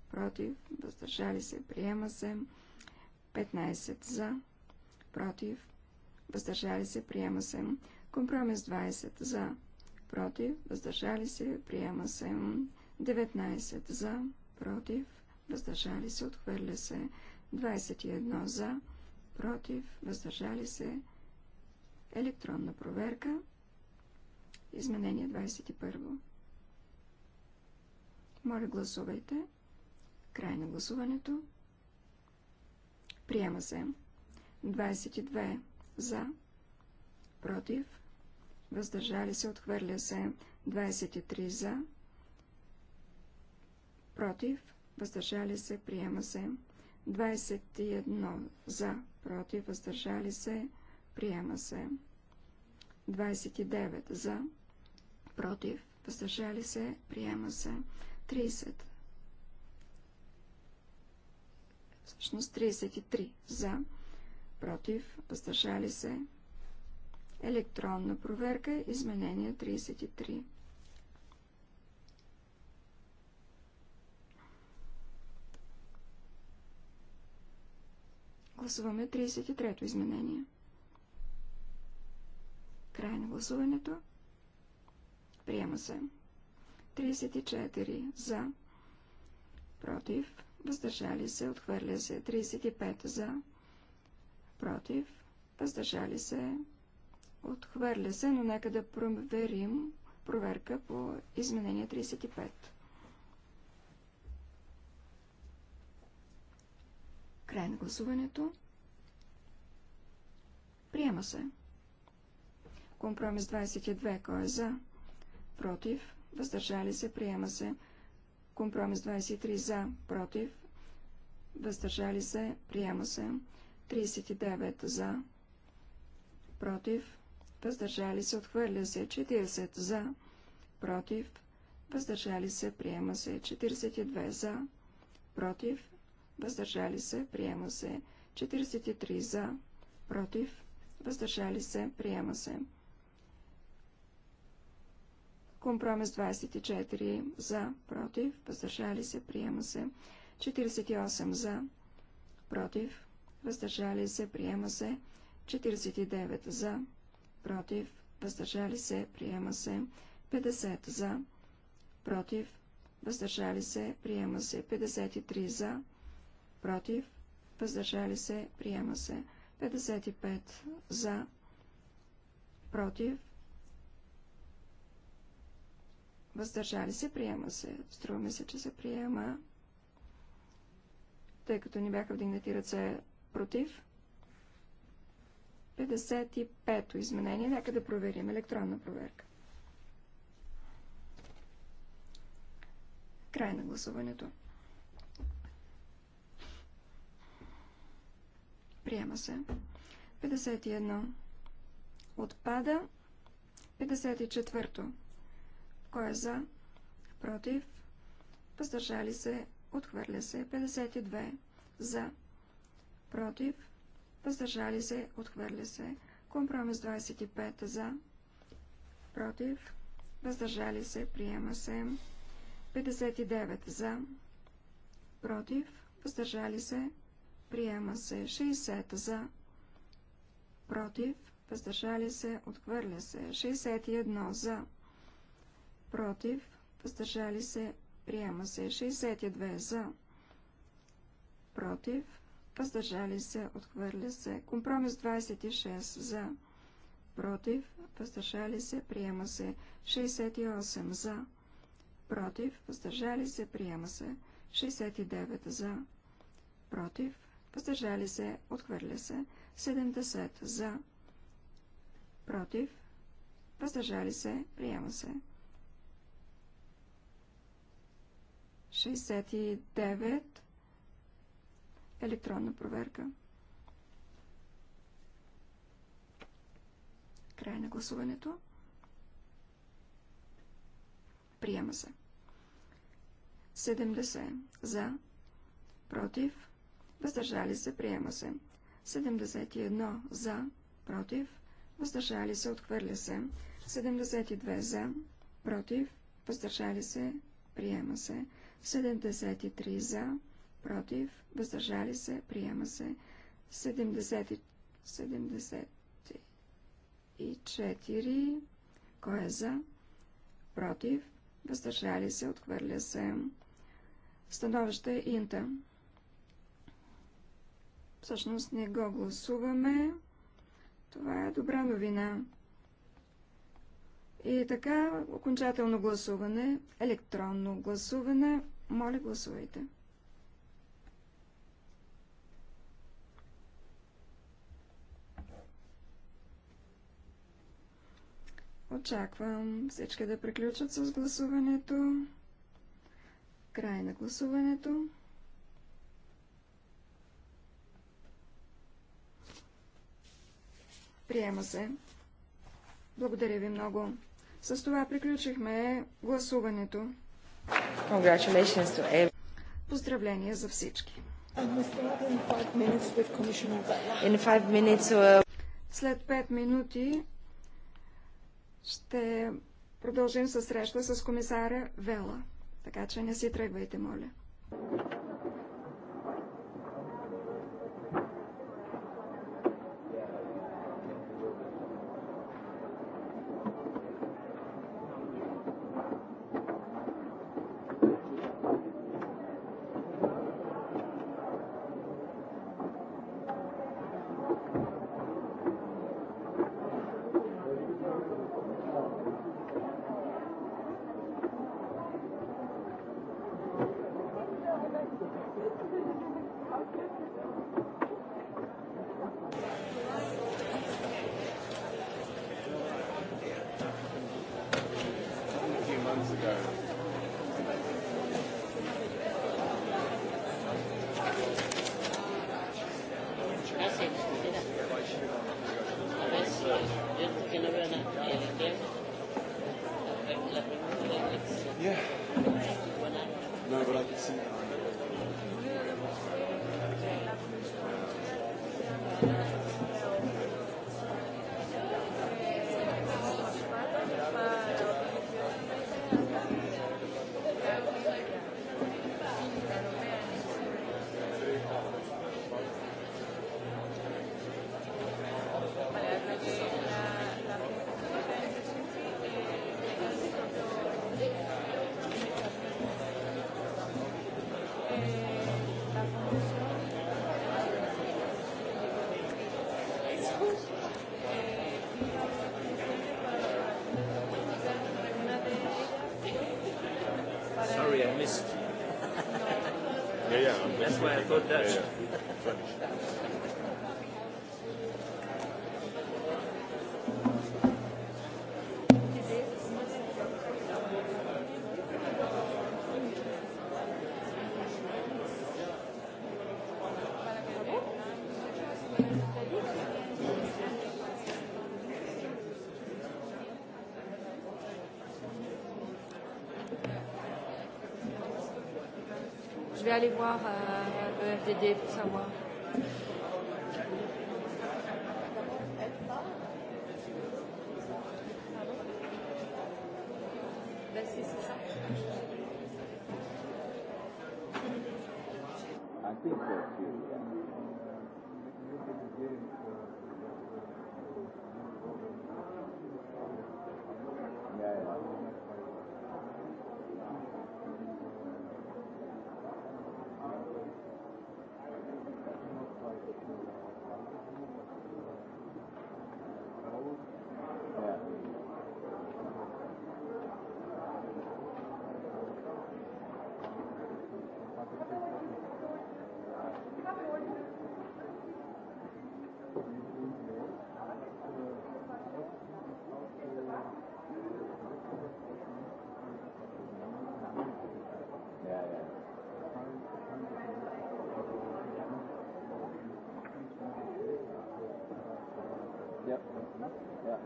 против, въздържали се, приема се. 15 за, против, въздържали се, приема се. Компромис 20 за, против, въздържали се, приема се. 19 за, против, въздържали се, отхвърля се. 21 за, против, въздържали се. Електронна проверка. Изменение 21. Моля, гласувайте. Край на гласуването. Приема се. 22 за. Против. Въздържали се. Отхвърля се. 23 за. Против. Въздържали се. Приема се. 21 за. Против. Въздържали се. Приема се. 29 за. Против. Въздържали се. Приема се. 30 всъщност 33 за, против, въздържали се. Електронна проверка, изменение 33. Гласуваме 33-то изменение. Край на гласуването. Приема се. 34 за, против, въздържали се, отхвърля се. 35 за, против, въздържали се, отхвърля се, но нека да проверим проверка по изменение 35. Край на гласуването. Приема се. Компромис 22. Кой е за? Против. Въздържали се. Приема се. Компромис 23 за, против, въздържали се, приема се. 39 за, против, въздържали се, отхвърля се. 40 за, против, въздържали се, приема се. 42 за, против, въздържали се, приема се. 43 за, против, въздържали се, приема се. Компромис 24 за, против, въздържали се, приема се. 48 за, против, въздържали се, приема се. 49 за, против, въздържали се, приема се. 50 за, против, въздържали се, приема се. 53 за, против, въздържали се, приема се. 55 за, против, Въздържали се, приема се. Струваме се, че се приема, тъй като ни бяха вдигнати ръце против. 55-то изменение. Нека да проверим. Електронна проверка. Край на гласуването. Приема се. 51. Отпада. 54-то. Кой е за? Против. Въздържали се. Отхвърля се. 52. За. Против. Въздържали се. Отхвърля се. Компромис 25. За. Против. Въздържали се. Приема се. 59. За. Против. Въздържали се. Приема се. 60. За. Против. Въздържали се. Отхвърля се. 61. За против, въздържали се, приема се. 62 за, против, въздържали се, отхвърля се. Компромис 26 за, против, въздържали се, приема се. 68 за, против, въздържали се, приема се. 69 за, против, въздържали се, отхвърля се. 70 за, против, въздържали се, приема се. 69. Електронна проверка. Край на гласуването. Приема се. 70. За. Против. Въздържали се. Приема се. 71. За. Против. Въздържали се. Отхвърля се. 72. За. Против. Въздържали се. Приема се. 73 за, против, въздържали се, приема се 70, 74, кой е за, против, въздържали се, отхвърля се. Становище Инта. Всъщност не го гласуваме. Това е добра новина. И така, окончателно гласуване, електронно гласуване. Моля, гласувайте. Очаквам всички да приключат с гласуването. Край на гласуването. Приема се. Благодаря ви много. С това приключихме гласуването. Поздравления за всички. Uh, След 5 минути ще продължим със среща с комисаря Вела. Така че не си тръгвайте, моля. je vais aller voir euh, le FDD Yeah, yeah, yeah.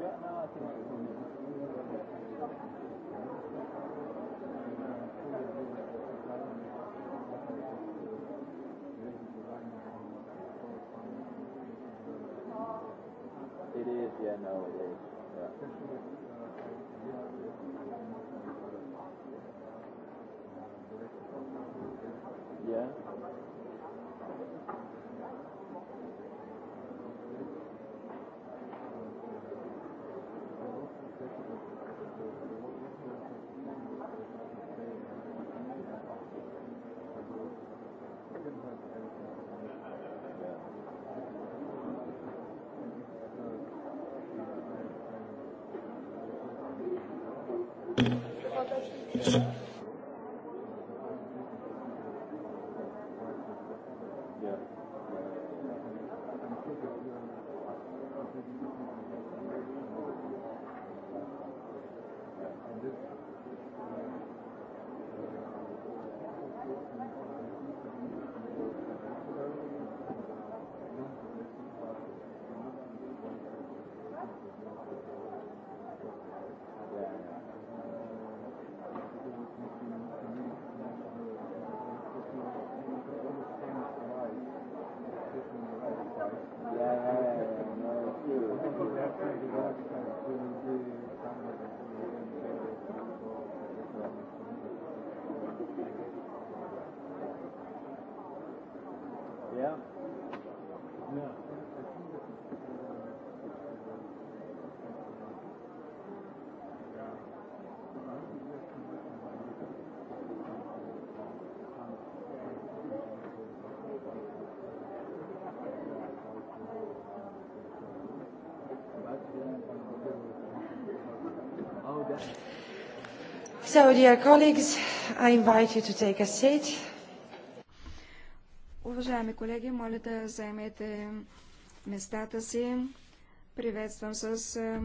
no, I think Thank you. So, dear colleagues, I invite you to take a seat. Уважаеми колеги, моля да заемете местата си. Приветствам с е,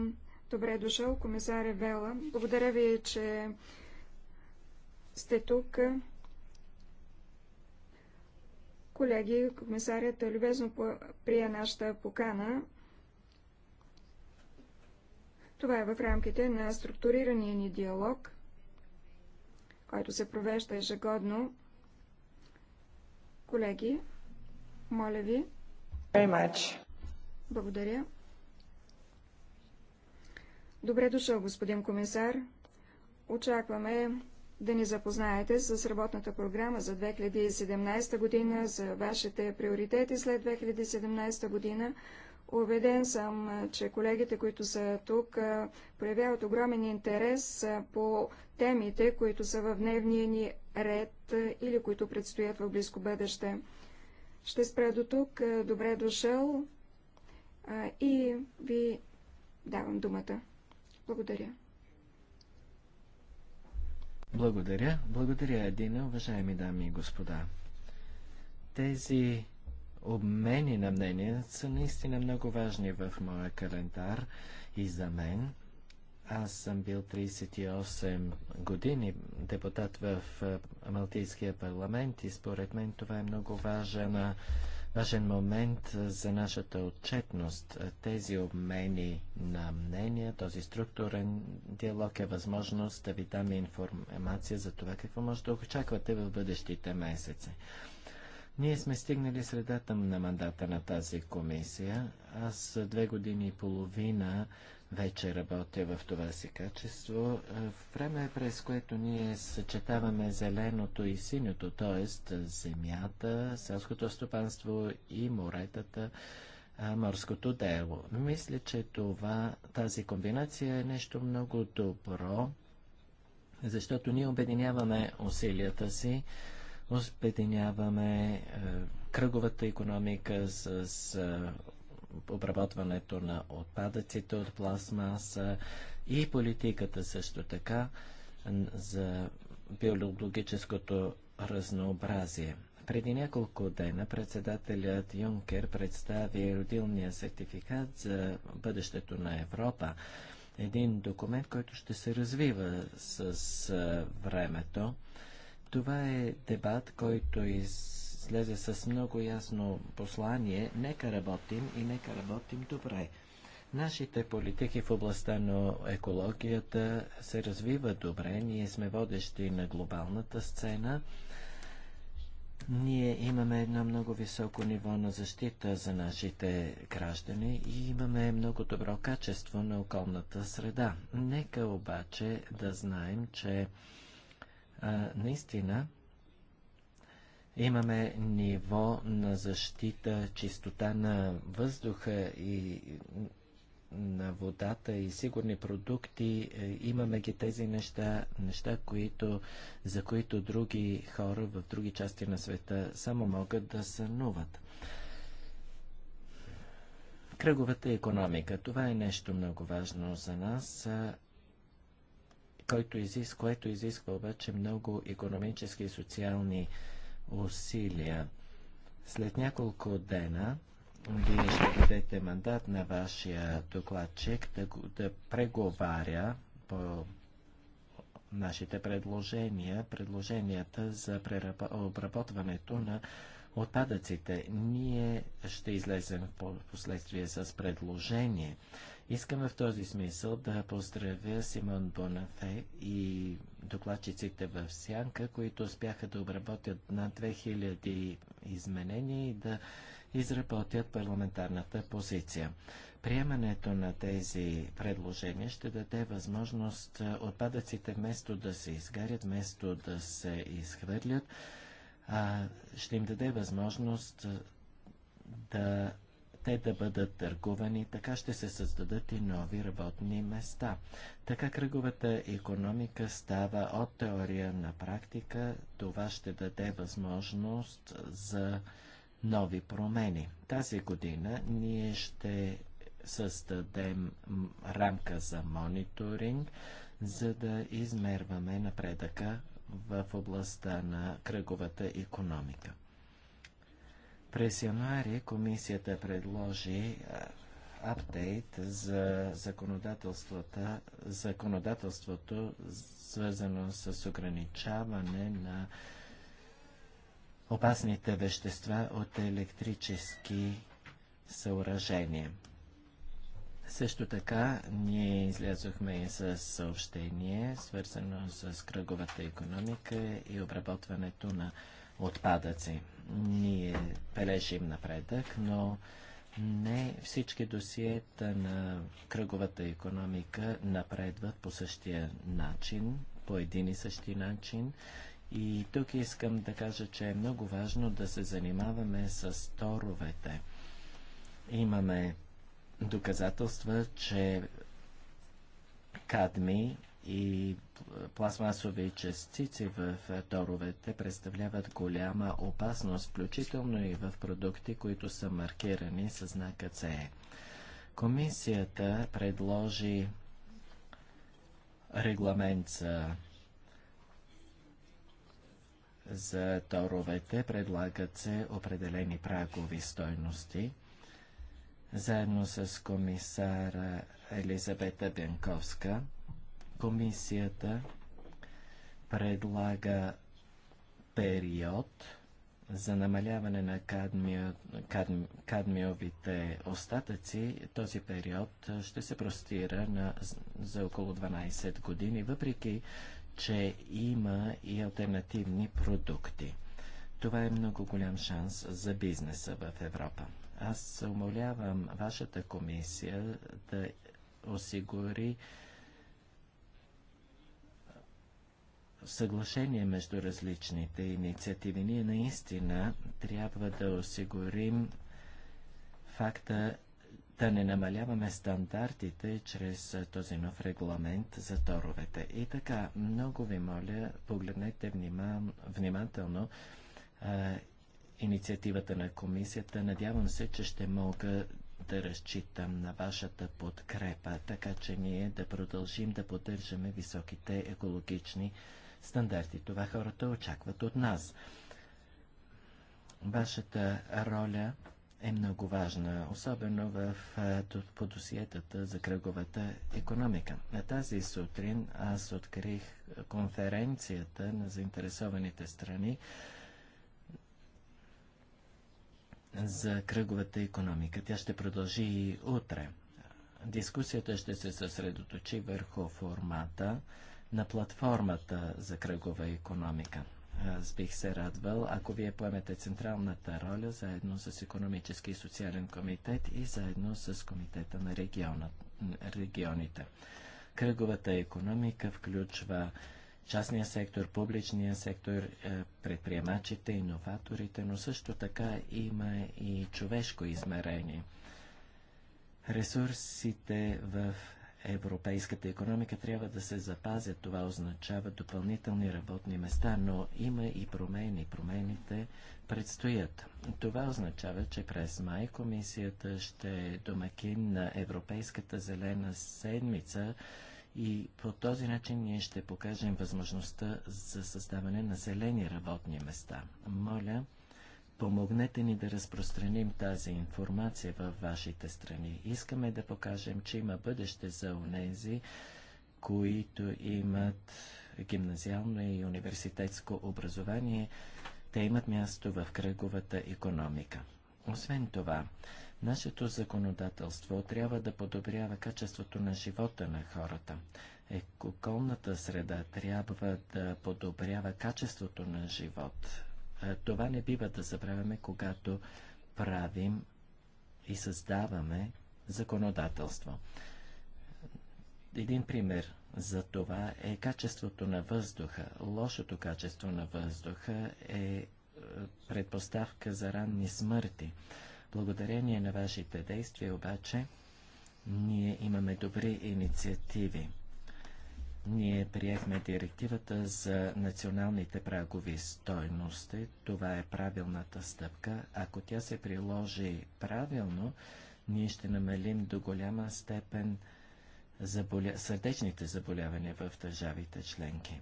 добре дошъл комисаря Вела. Благодаря ви, че сте тук. Колеги, комисарят любезно прия нашата покана. Това е в рамките на структурирания ни диалог който се провежда ежегодно. Колеги, моля ви. Благодаря. Добре дошъл, господин комисар. Очакваме да ни запознаете с работната програма за 2017 година, за вашите приоритети след 2017 година, Убеден съм, че колегите, които са тук, проявяват огромен интерес по темите, които са в дневния ни ред или които предстоят в близко бъдеще. Ще спра до тук. Добре дошъл и ви давам думата. Благодаря. Благодаря. Благодаря, Едина, уважаеми дами и господа. Тези обмени на мнения са наистина много важни в моя календар и за мен. Аз съм бил 38 години депутат в Малтийския парламент и според мен това е много важен, важен момент за нашата отчетност. Тези обмени на мнения, този структурен диалог е възможност да ви дам информация за това какво може да очаквате в бъдещите месеци. Ние сме стигнали средата на мандата на тази комисия. Аз две години и половина вече работя в това си качество. Е, време е през което ние съчетаваме зеленото и синьото, т.е. земята, селското стопанство и моретата, е, морското дело. Мисля, че това, тази комбинация е нещо много добро, защото ние обединяваме усилията си Обединяваме е, кръговата економика с, с е, обработването на отпадъците от пластмаса и политиката също така за биологическото разнообразие. Преди няколко дена председателят Юнкер представи родилния сертификат за бъдещето на Европа. Един документ, който ще се развива с е, времето. Това е дебат, който излезе с много ясно послание. Нека работим и нека работим добре. Нашите политики в областта на екологията се развиват добре. Ние сме водещи на глобалната сцена. Ние имаме едно много високо ниво на защита за нашите граждани и имаме много добро качество на околната среда. Нека обаче да знаем, че а, наистина имаме ниво на защита, чистота на въздуха и на водата и сигурни продукти. Е, имаме ги тези неща, неща, които, за които други хора в други части на света само могат да сънуват. Кръговата економика. Това е нещо много важно за нас който изисква, което изисква обаче много економически и социални усилия. След няколко дена вие ще дадете мандат на вашия докладчик да, да преговаря по нашите предложения, предложенията за обработването на отпадъците. Ние ще излезем в последствие с предложение. Искаме в този смисъл да поздравя Симон Бонафе и докладчиците в Сянка, които успяха да обработят над 2000 изменения и да изработят парламентарната позиция. Приемането на тези предложения ще даде възможност отпадъците вместо да се изгарят, вместо да се изхвърлят, а ще им даде възможност да те да бъдат търгувани, така ще се създадат и нови работни места. Така кръговата економика става от теория на практика, това ще даде възможност за нови промени. Тази година ние ще създадем рамка за мониторинг, за да измерваме напредъка в областта на кръговата економика. През януари комисията предложи е, апдейт за законодателството, свързано с ограничаване на опасните вещества от електрически съоръжения. Също така ние излязохме и с съобщение, свързано с кръговата економика и обработването на отпадъци. Ние бележим напредък, но не всички досиета на кръговата економика напредват по същия начин, по един и същи начин. И тук искам да кажа, че е много важно да се занимаваме с торовете. Имаме доказателства, че кадми и пластмасови частици в торовете представляват голяма опасност, включително и в продукти, които са маркирани с знака CE. Комисията предложи регламент за, за торовете. Предлагат се определени прагови стойности. Заедно с комисара Елизабета Бенковска – Комисията предлага период за намаляване на кадмио, кадмиовите остатъци. Този период ще се простира на, за около 12 години, въпреки че има и альтернативни продукти. Това е много голям шанс за бизнеса в Европа. Аз умолявам вашата комисия да осигури съглашение между различните инициативи. Ние наистина трябва да осигурим факта да не намаляваме стандартите чрез този нов регламент за торовете. И така, много ви моля, погледнете вниман, внимателно а, инициативата на комисията. Надявам се, че ще мога да разчитам на вашата подкрепа, така че ние да продължим да поддържаме високите екологични стандарти. Това хората очакват от нас. Вашата роля е много важна, особено в, по досиетата за кръговата економика. На тази сутрин аз открих конференцията на заинтересованите страни за кръговата економика. Тя ще продължи и утре. Дискусията ще се съсредоточи върху формата на платформата за кръгова економика. Аз бих се радвал, ако вие поемете централната роля заедно с економически и социален комитет и заедно с комитета на региона, регионите. Кръговата економика включва частния сектор, публичния сектор, е, предприемачите, иноваторите, но също така има и човешко измерение. Ресурсите в европейската економика трябва да се запазят. Това означава допълнителни работни места, но има и промени. Промените предстоят. Това означава, че през май комисията ще е домакин на Европейската зелена седмица и по този начин ние ще покажем възможността за създаване на зелени работни места. Моля, Помогнете ни да разпространим тази информация във вашите страни. Искаме да покажем, че има бъдеще за унези, които имат гимназиално и университетско образование. Те имат място в кръговата економика. Освен това, нашето законодателство трябва да подобрява качеството на живота на хората. Екоколната среда трябва да подобрява качеството на живот това не бива да забравяме, когато правим и създаваме законодателство. Един пример за това е качеството на въздуха. Лошото качество на въздуха е, е предпоставка за ранни смърти. Благодарение на вашите действия обаче ние имаме добри инициативи. Ние приехме директивата за националните прагови стойности. Това е правилната стъпка. Ако тя се приложи правилно, ние ще намалим до голяма степен заболя... сърдечните заболявания в държавите членки.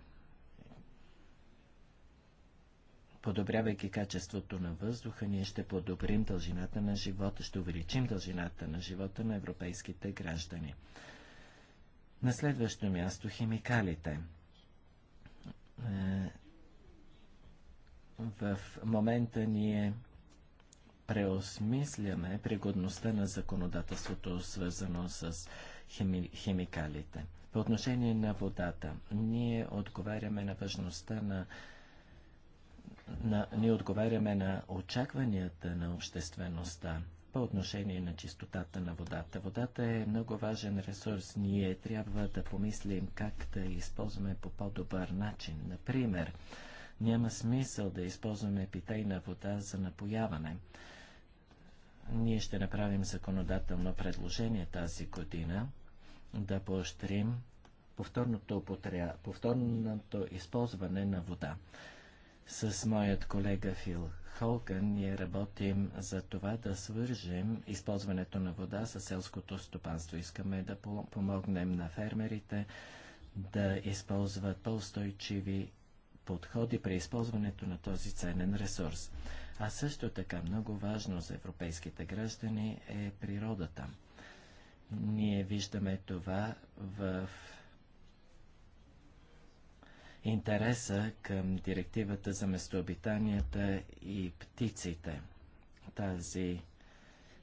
Подобрявайки качеството на въздуха, ние ще подобрим дължината на живота, ще увеличим дължината на живота на европейските граждани. На следващо място химикалите. Е, в момента ние преосмисляме пригодността на законодателството, свързано с хими, химикалите. По отношение на водата, ние отговаряме на важността на, на ние отговаряме на очакванията на обществеността по отношение на чистотата на водата. Водата е много важен ресурс. Ние трябва да помислим как да използваме по по-добър начин. Например, няма смисъл да използваме питейна вода за напояване. Ние ще направим законодателно предложение тази година да поощрим повторното, употря... повторното използване на вода. С моят колега Фил Холган ние работим за това да свържем използването на вода с селското стопанство. Искаме да помогнем на фермерите да използват по-устойчиви подходи при използването на този ценен ресурс. А също така много важно за европейските граждани е природата. Ние виждаме това в интереса към директивата за местообитанията и птиците. Тази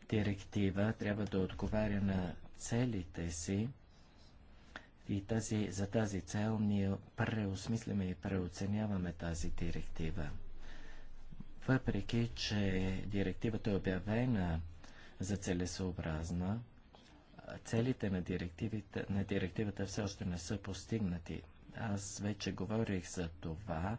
директива трябва да отговаря на целите си и тази, за тази цел ние преосмисляме и преоценяваме тази директива. Въпреки, че директивата е обявена за целесообразна, целите на, на директивата все още не са постигнати. Аз вече говорих за това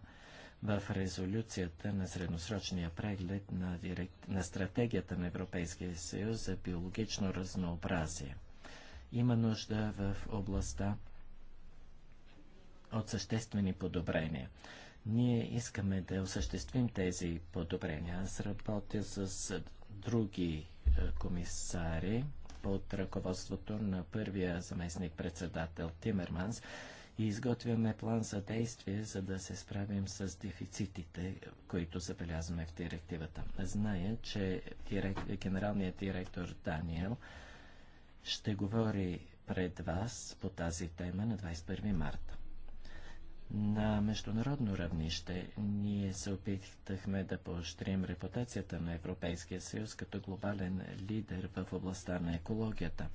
в резолюцията на средносрочния преглед на, директ... на стратегията на Европейския съюз за биологично разнообразие. Има нужда в областта от съществени подобрения. Ние искаме да осъществим тези подобрения. Аз работя с други е, комисари под ръководството на първия заместник председател Тимерманс и изготвяме план за действие, за да се справим с дефицитите, които забелязваме в директивата. Зная, че директ... генералният директор Даниел ще говори пред вас по тази тема на 21 марта. На международно равнище ние се опитахме да поощрим репутацията на Европейския съюз като глобален лидер в областта на екологията.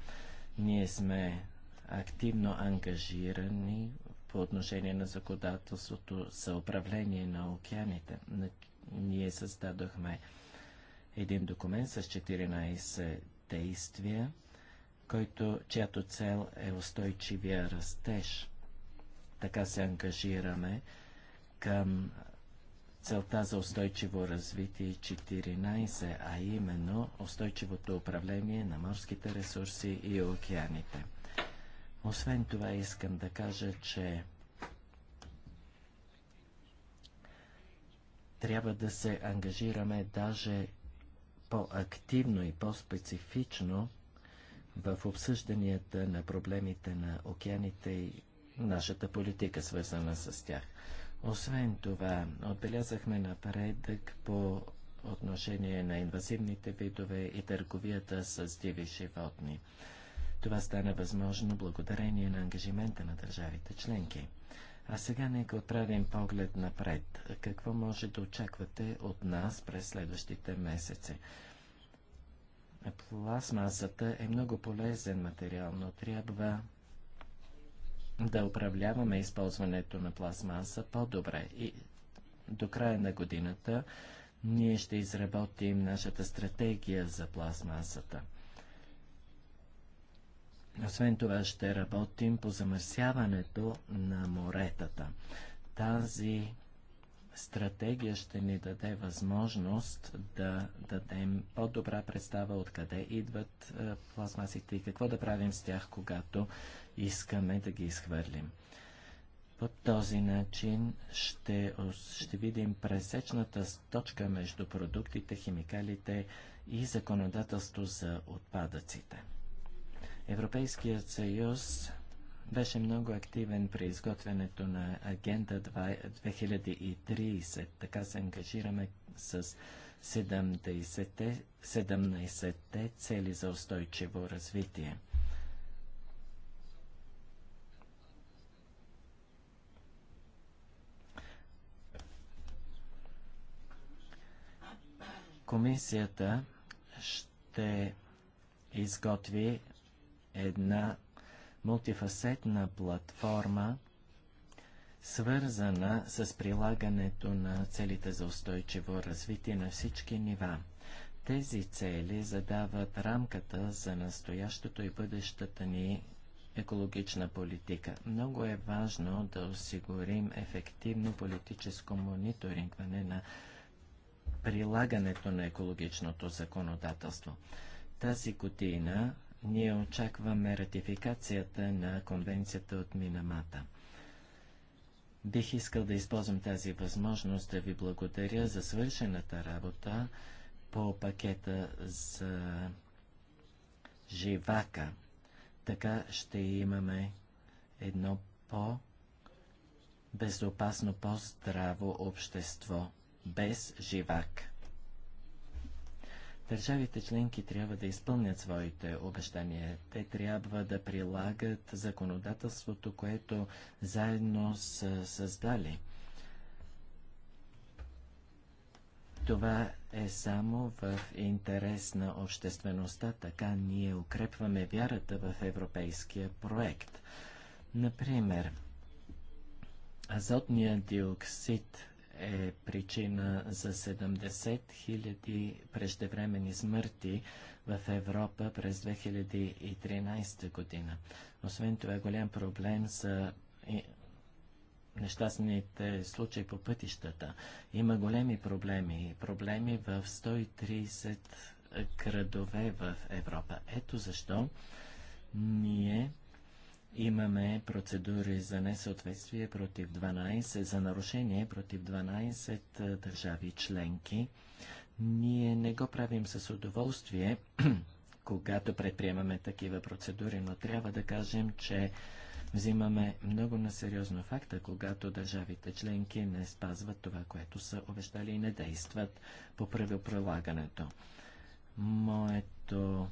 Ние сме активно ангажирани по отношение на законодателството за управление на океаните. Ние създадохме един документ с 14 действия, който, чиято цел е устойчивия растеж. Така се ангажираме към целта за устойчиво развитие 14, а именно устойчивото управление на морските ресурси и океаните. Освен това искам да кажа, че трябва да се ангажираме даже по-активно и по-специфично в обсъжданията на проблемите на океаните и нашата политика, свързана с тях. Освен това, отбелязахме напредък по отношение на инвазивните видове и търговията с диви животни. Това стана възможно благодарение на ангажимента на държавите членки. А сега нека отправим поглед напред. Какво може да очаквате от нас през следващите месеци? Пластмасата е много полезен материал, но трябва да управляваме използването на пластмаса по-добре. И до края на годината ние ще изработим нашата стратегия за пластмасата – освен това ще работим по замърсяването на моретата. Тази стратегия ще ни даде възможност да дадем по-добра представа откъде идват е, пластмасите и какво да правим с тях, когато искаме да ги изхвърлим. По този начин ще, ще видим пресечната точка между продуктите, химикалите и законодателство за отпадъците. Европейският съюз беше много активен при изготвянето на Агенда 2030. Така се ангажираме с 17-те 17 цели за устойчиво развитие. Комисията ще изготви една мултифасетна платформа, свързана с прилагането на целите за устойчиво развитие на всички нива. Тези цели задават рамката за настоящото и бъдещата ни екологична политика. Много е важно да осигурим ефективно политическо мониторингване на прилагането на екологичното законодателство. Тази година ние очакваме ратификацията на конвенцията от Минамата. Бих искал да използвам тази възможност да ви благодаря за свършената работа по пакета за живака. Така ще имаме едно по- безопасно, по-здраво общество без живак. Държавите членки трябва да изпълнят своите обещания. Те трябва да прилагат законодателството, което заедно са създали. Това е само в интерес на обществеността, така ние укрепваме вярата в европейския проект. Например, азотният диоксид е причина за 70 000 преждевремени смърти в Европа през 2013 година. Освен това, е голям проблем са нещастните случаи по пътищата. Има големи проблеми. Проблеми в 130 градове в Европа. Ето защо ние Имаме процедури за несъответствие против 12, за нарушение против 12 държави членки. Ние не го правим с удоволствие, когато предприемаме такива процедури, но трябва да кажем, че взимаме много на сериозно факта, когато държавите членки не спазват това, което са обещали и не действат по прилагането. Моето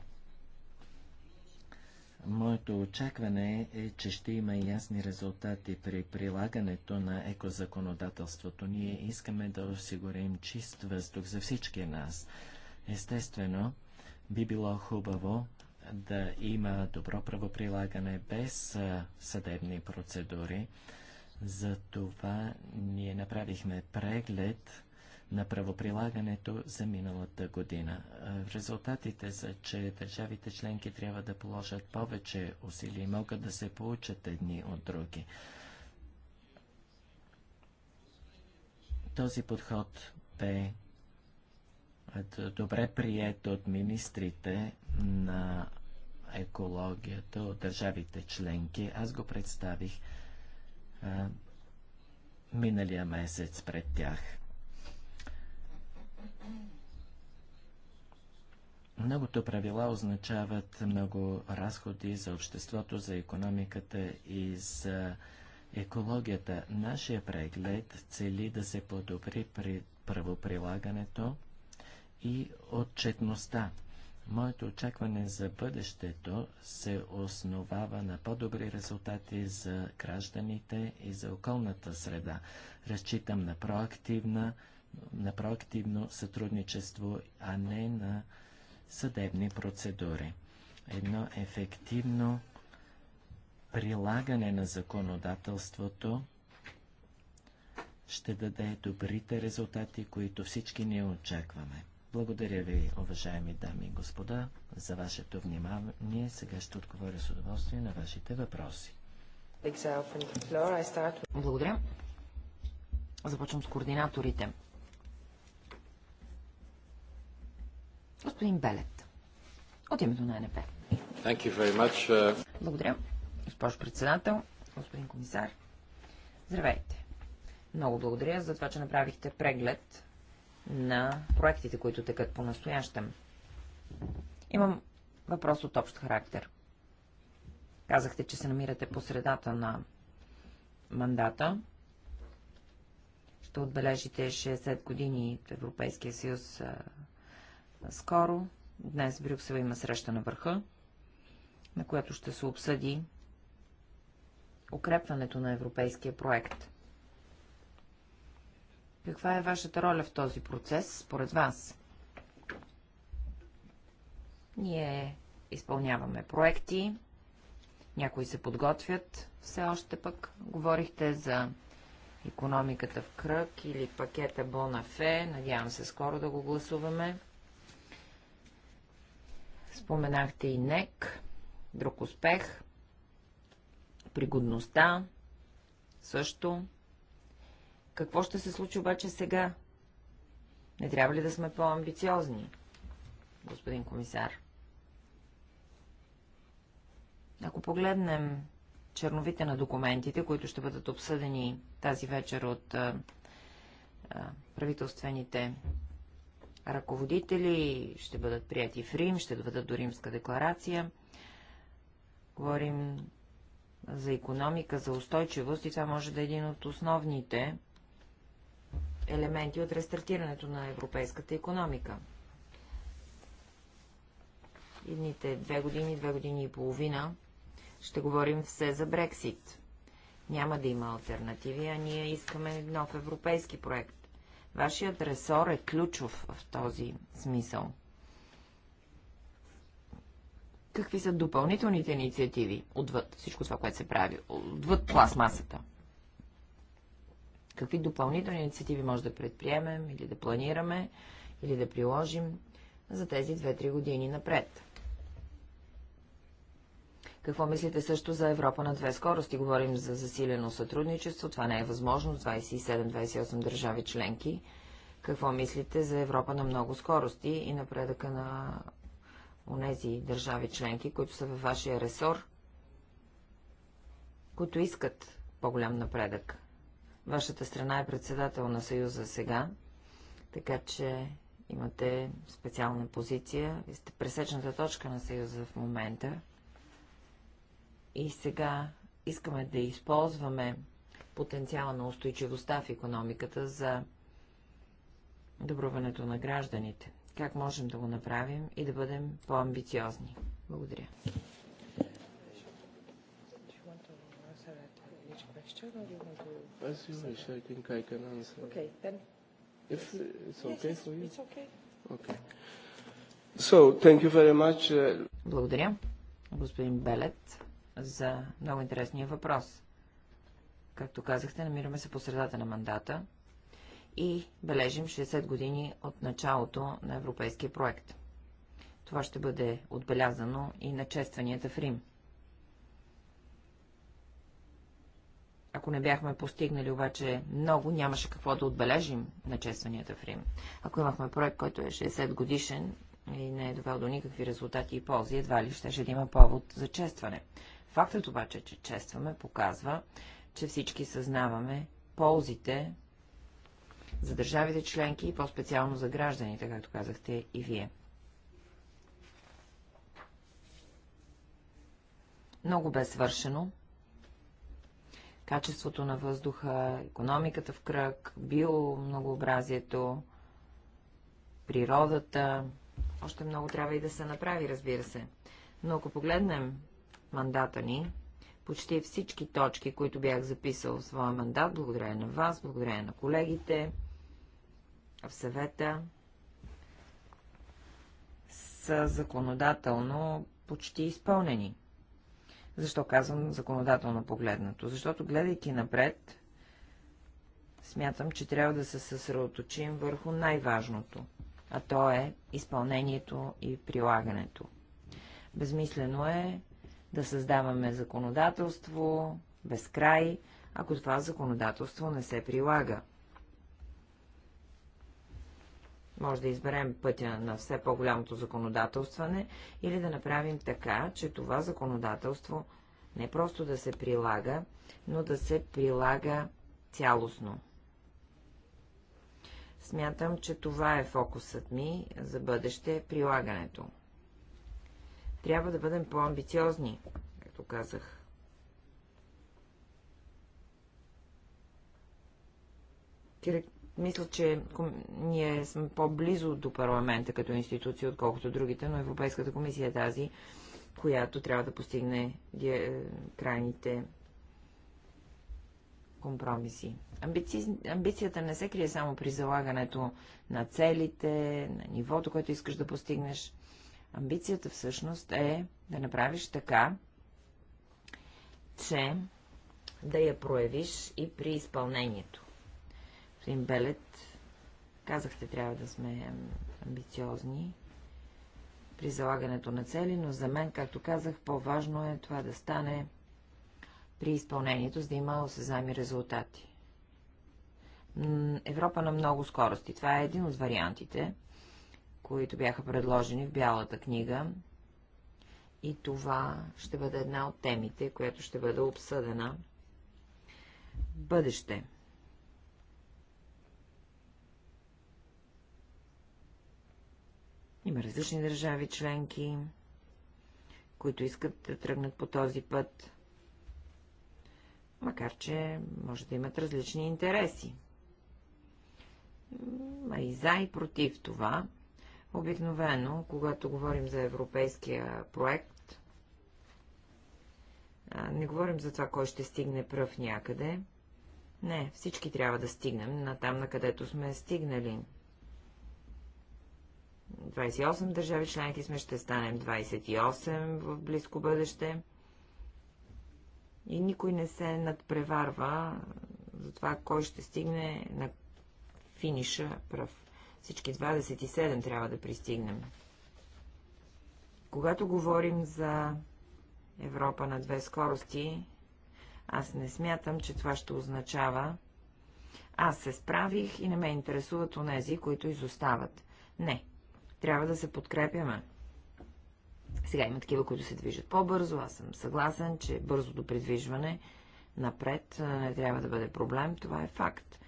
Моето очакване е, че ще има ясни резултати при прилагането на екозаконодателството. Ние искаме да осигурим чист въздух за всички нас. Естествено, би било хубаво да има добро правоприлагане без съдебни процедури. Затова ние направихме преглед на правоприлагането за миналата година. Е, резултатите са, че държавите членки трябва да положат повече усилия и могат да се получат едни от други. Този подход бе е, добре прият от министрите на екологията от държавите членки. Аз го представих е, миналия месец пред тях. Многото правила означават много разходи за обществото, за економиката и за екологията. Нашия преглед цели да се подобри при правоприлагането и отчетността. Моето очакване за бъдещето се основава на по-добри резултати за гражданите и за околната среда. Разчитам на проактивна на проактивно сътрудничество, а не на съдебни процедури. Едно ефективно прилагане на законодателството ще даде добрите резултати, които всички ние очакваме. Благодаря ви, уважаеми дами и господа, за вашето внимание. Сега ще отговоря с удоволствие на вашите въпроси. Благодаря. Започвам с координаторите. Господин Белет, от името на НП. Uh, благодаря, госпожо председател, господин комисар. Здравейте. Много благодаря за това, че направихте преглед на проектите, които текат по-настоящем. Имам въпрос от общ характер. Казахте, че се намирате по средата на мандата. Ще отбележите 60 години в Европейския съюз скоро. Днес в Брюксел има среща на върха, на която ще се обсъди укрепването на европейския проект. Каква е вашата роля в този процес, според вас? Ние изпълняваме проекти, някои се подготвят, все още пък говорихте за економиката в кръг или пакета Бонафе, надявам се скоро да го гласуваме. Споменахте и НЕК, друг успех, пригодността също. Какво ще се случи обаче сега? Не трябва ли да сме по-амбициозни, господин комисар? Ако погледнем черновите на документите, които ще бъдат обсъдени тази вечер от а, а, правителствените ръководители, ще бъдат прияти в Рим, ще бъдат до Римска декларация. Говорим за економика, за устойчивост и това може да е един от основните елементи от рестартирането на европейската економика. Едните две години, две години и половина ще говорим все за Брексит. Няма да има альтернативи, а ние искаме нов европейски проект. Вашият ресор е ключов в този смисъл. Какви са допълнителните инициативи отвъд всичко това, което се прави, отвъд пластмасата? Какви допълнителни инициативи може да предприемем или да планираме, или да приложим за тези 2-3 години напред? Какво мислите също за Европа на две скорости? Говорим за засилено сътрудничество. Това не е възможно. 27-28 държави членки. Какво мислите за Европа на много скорости и напредъка на онези държави членки, които са във вашия ресор, които искат по-голям напредък? Вашата страна е председател на Съюза сега, така че имате специална позиция. Вие сте пресечната точка на Съюза в момента. И сега искаме да използваме потенциала на устойчивостта в економиката за добруването на гражданите. Как можем да го направим и да бъдем по-амбициозни? Благодаря. As you wish, I think I can answer. Okay, then. If it's okay yes, for you. It's okay. Okay. So, thank you very much. Uh, Благодаря, господин Белет за много интересния въпрос. Както казахте, намираме се по средата на мандата и бележим 60 години от началото на европейския проект. Това ще бъде отбелязано и на честванията в Рим. Ако не бяхме постигнали обаче много, нямаше какво да отбележим на честванията в Рим. Ако имахме проект, който е 60 годишен и не е довел до никакви резултати и ползи, едва ли щеше да има повод за честване. Фактът обаче, че честваме, показва, че всички съзнаваме ползите за държавите членки и по-специално за гражданите, както казахте и вие. Много бе свършено. Качеството на въздуха, економиката в кръг, биомногообразието, природата. Още много трябва и да се направи, разбира се. Но ако погледнем мандата ни почти всички точки, които бях записал в своя мандат, благодаря на вас, благодаря на колегите, в съвета, са законодателно почти изпълнени. Защо казвам законодателно погледнато? Защото, гледайки напред, смятам, че трябва да се съсредоточим върху най-важното, а то е изпълнението и прилагането. Безмислено е да създаваме законодателство без край, ако това законодателство не се прилага. Може да изберем пътя на все по-голямото законодателстване или да направим така, че това законодателство не просто да се прилага, но да се прилага цялостно. Смятам, че това е фокусът ми за бъдеще прилагането. Трябва да бъдем по-амбициозни, както казах. Мисля, че ние сме по-близо до парламента като институция, отколкото другите, но Европейската комисия е тази, която трябва да постигне е, крайните компромиси. Амбици... Амбицията не се крие само при залагането на целите, на нивото, което искаш да постигнеш. Амбицията всъщност е да направиш така, че да я проявиш и при изпълнението. Господин Белет, казахте, трябва да сме амбициозни при залагането на цели, но за мен, както казах, по-важно е това да стане при изпълнението, за да има осезами резултати. Европа на много скорости. Това е един от вариантите които бяха предложени в Бялата книга. И това ще бъде една от темите, която ще бъде обсъдена в бъдеще. Има различни държави членки, които искат да тръгнат по този път, макар че може да имат различни интереси. А и за и против това. Обикновено, когато говорим за европейския проект, не говорим за това, кой ще стигне пръв някъде. Не, всички трябва да стигнем на там, на където сме стигнали. 28 държави членки сме, ще станем 28 в близко бъдеще. И никой не се надпреварва за това, кой ще стигне на финиша пръв. Всички 27 трябва да пристигнем. Когато говорим за Европа на две скорости, аз не смятам, че това ще означава аз се справих и не ме интересуват онези, които изостават. Не. Трябва да се подкрепяме. Сега има такива, които се движат по-бързо. Аз съм съгласен, че бързото придвижване напред не трябва да бъде проблем. Това е факт.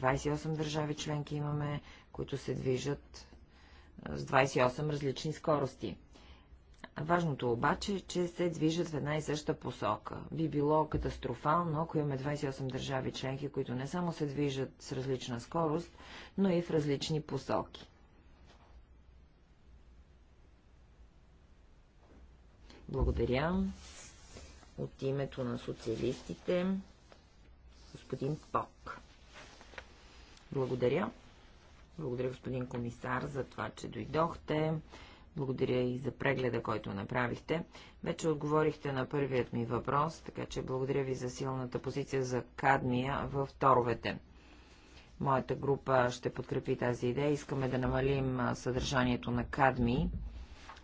28 държави членки имаме, които се движат с 28 различни скорости. Важното обаче е, че се движат в една и съща посока. Би било катастрофално, ако имаме 28 държави членки, които не само се движат с различна скорост, но и в различни посоки. Благодаря. От името на социалистите, господин Пок. Благодаря. Благодаря, господин комисар, за това, че дойдохте. Благодаря и за прегледа, който направихте. Вече отговорихте на първият ми въпрос, така че благодаря ви за силната позиция за кадмия в торовете. Моята група ще подкрепи тази идея. Искаме да намалим съдържанието на кадми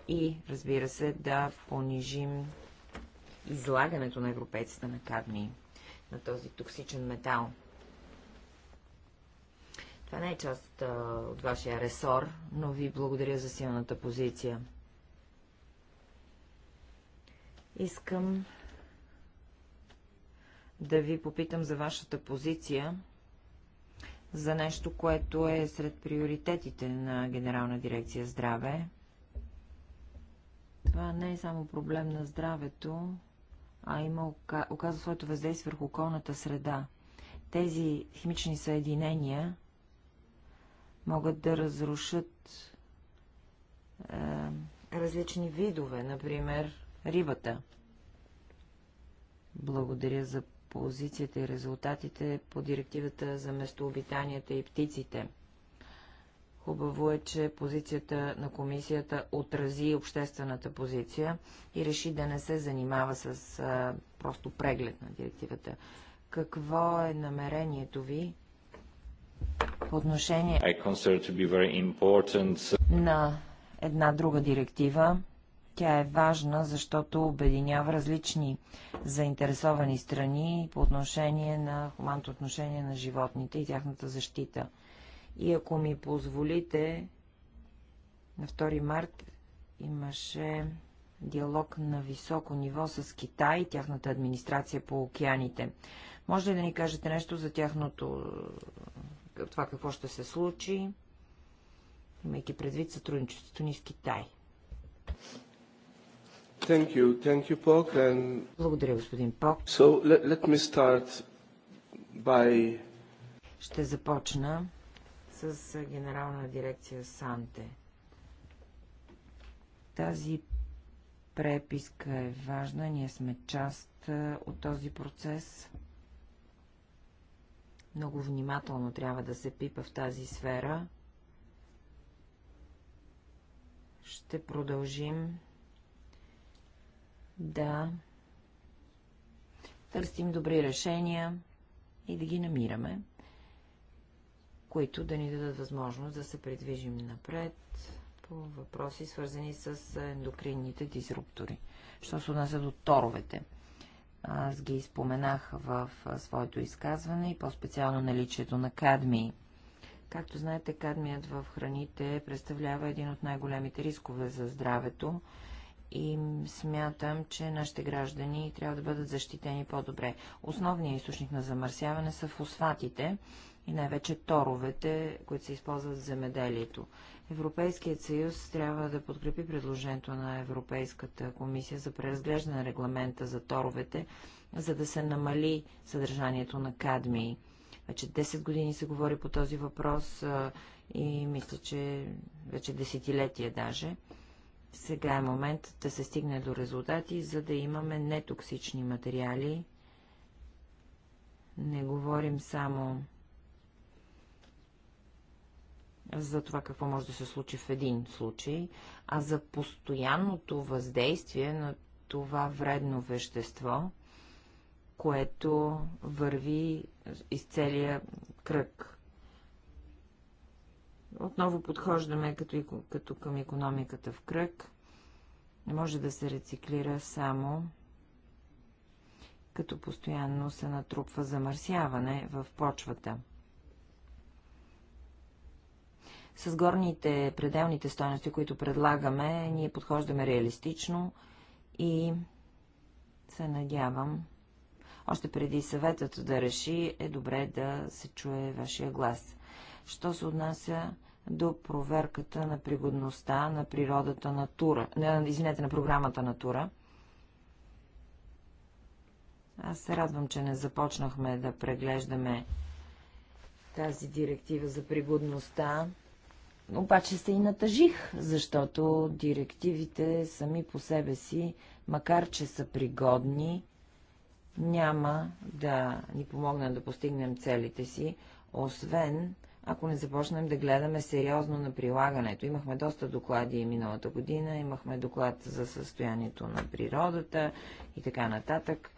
и, разбира се, да понижим излагането на европейците на кадми, на този токсичен метал. Това не е част а, от вашия ресор, но ви благодаря за силната позиция. Искам да ви попитам за вашата позиция за нещо, което е сред приоритетите на Генерална дирекция здраве. Това не е само проблем на здравето, а има, оказва своето въздействие върху околната среда. Тези химични съединения могат да разрушат е, различни видове, например рибата. Благодаря за позицията и резултатите по директивата за местообитанията и птиците. Хубаво е, че позицията на комисията отрази обществената позиция и реши да не се занимава с а, е, просто преглед на директивата. Какво е намерението ви по отношение на една друга директива. Тя е важна, защото обединява различни заинтересовани страни по отношение на хуманното отношение на животните и тяхната защита. И ако ми позволите, на 2 март имаше диалог на високо ниво с Китай и тяхната администрация по океаните. Може ли да ни кажете нещо за тяхното това какво ще се случи, имайки предвид сътрудничеството ни с Китай. Thank you. Thank you, Pok, and... Благодаря, господин Пок. So, let, let me start by... Ще започна с генерална дирекция Санте. Тази преписка е важна. Ние сме част от този процес. Много внимателно трябва да се пипа в тази сфера. Ще продължим да търсим добри решения и да ги намираме, които да ни дадат възможност да се придвижим напред по въпроси, свързани с ендокринните дизруптори. Що се отнася до торовете – аз ги споменах в своето изказване и по-специално наличието на кадмии. Както знаете, кадмият в храните представлява един от най-големите рискове за здравето и смятам, че нашите граждани трябва да бъдат защитени по-добре. Основният източник на замърсяване са фосфатите и най-вече торовете, които се използват в земеделието. Европейският съюз трябва да подкрепи предложението на Европейската комисия за преразглеждане на регламента за торовете, за да се намали съдържанието на кадмии. Вече 10 години се говори по този въпрос и мисля, че вече десетилетие даже. Сега е момент да се стигне до резултати, за да имаме нетоксични материали. Не говорим само за това какво може да се случи в един случай, а за постоянното въздействие на това вредно вещество, което върви из целия кръг. Отново подхождаме като, като към економиката в кръг. Не може да се рециклира само като постоянно се натрупва замърсяване в почвата. С горните пределните стоености, които предлагаме, ние подхождаме реалистично и се надявам, още преди съветът да реши, е добре да се чуе вашия глас. Що се отнася до проверката на пригодността на природата на тура, не, извинете, на програмата на тура, аз се радвам, че не започнахме да преглеждаме тази директива за пригодността обаче се и натъжих, защото директивите сами по себе си, макар че са пригодни, няма да ни помогнат да постигнем целите си, освен ако не започнем да гледаме сериозно на прилагането. Имахме доста доклади и миналата година, имахме доклад за състоянието на природата и така нататък.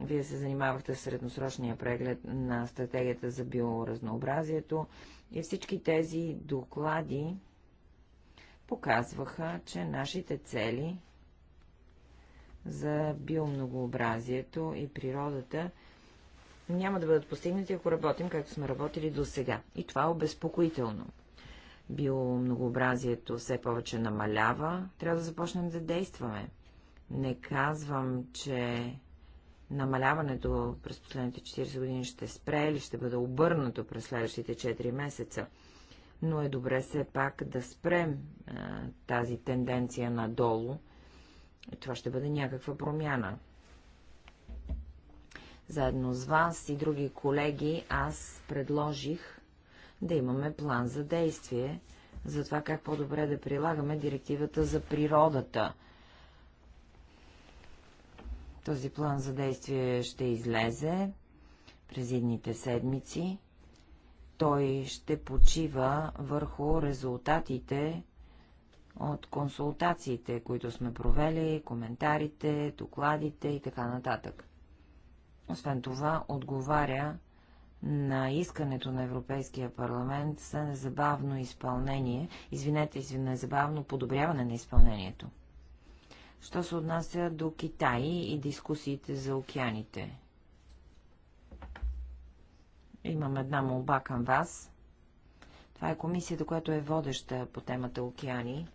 Вие се занимавахте с средносрочния преглед на стратегията за биоразнообразието. И всички тези доклади показваха, че нашите цели за биомногообразието и природата няма да бъдат постигнати, ако работим както сме работили до сега. И това е обезпокоително. Биомногообразието все повече намалява, трябва да започнем да действаме. Не казвам, че намаляването през последните 40 години ще спре или ще бъде обърнато през следващите 4 месеца. Но е добре все пак да спрем а, тази тенденция надолу. Това ще бъде някаква промяна. Заедно с вас и други колеги аз предложих да имаме план за действие за това как по-добре да прилагаме директивата за природата този план за действие ще излезе през едните седмици. Той ще почива върху резултатите от консултациите, които сме провели, коментарите, докладите и така нататък. Освен това, отговаря на искането на Европейския парламент за незабавно изпълнение, извинете, за незабавно подобряване на изпълнението. Що се отнася до Китай и дискусиите за океаните? Имам една молба към вас. Това е комисията, която е водеща по темата океани.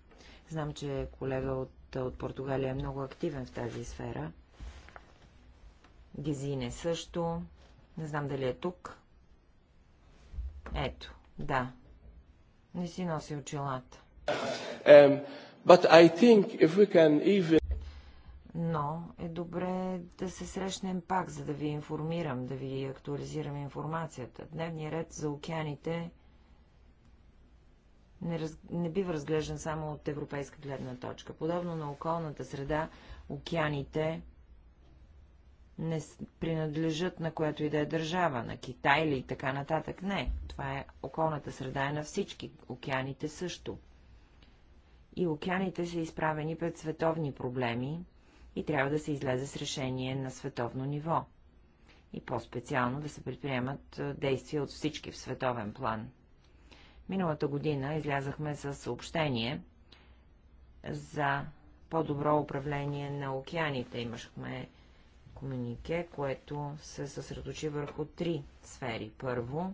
Знам, че колега от, от Португалия е много активен в тази сфера. Гезине също. Не знам дали е тук. Ето, да. Не си носи очилата. Um, But I think if we can even... Но е добре да се срещнем пак, за да ви информирам, да ви актуализирам информацията. Дневният ред за океаните не, раз... не бива разглеждан само от европейска гледна точка. Подобно на околната среда, океаните не принадлежат на която и да е държава, на Китай или така нататък. Не, това е околната среда е на всички, океаните също и океаните са изправени пред световни проблеми и трябва да се излезе с решение на световно ниво. И по-специално да се предприемат действия от всички в световен план. Миналата година излязахме с съобщение за по-добро управление на океаните. Имахме комунике, което се съсредочи върху три сфери. Първо,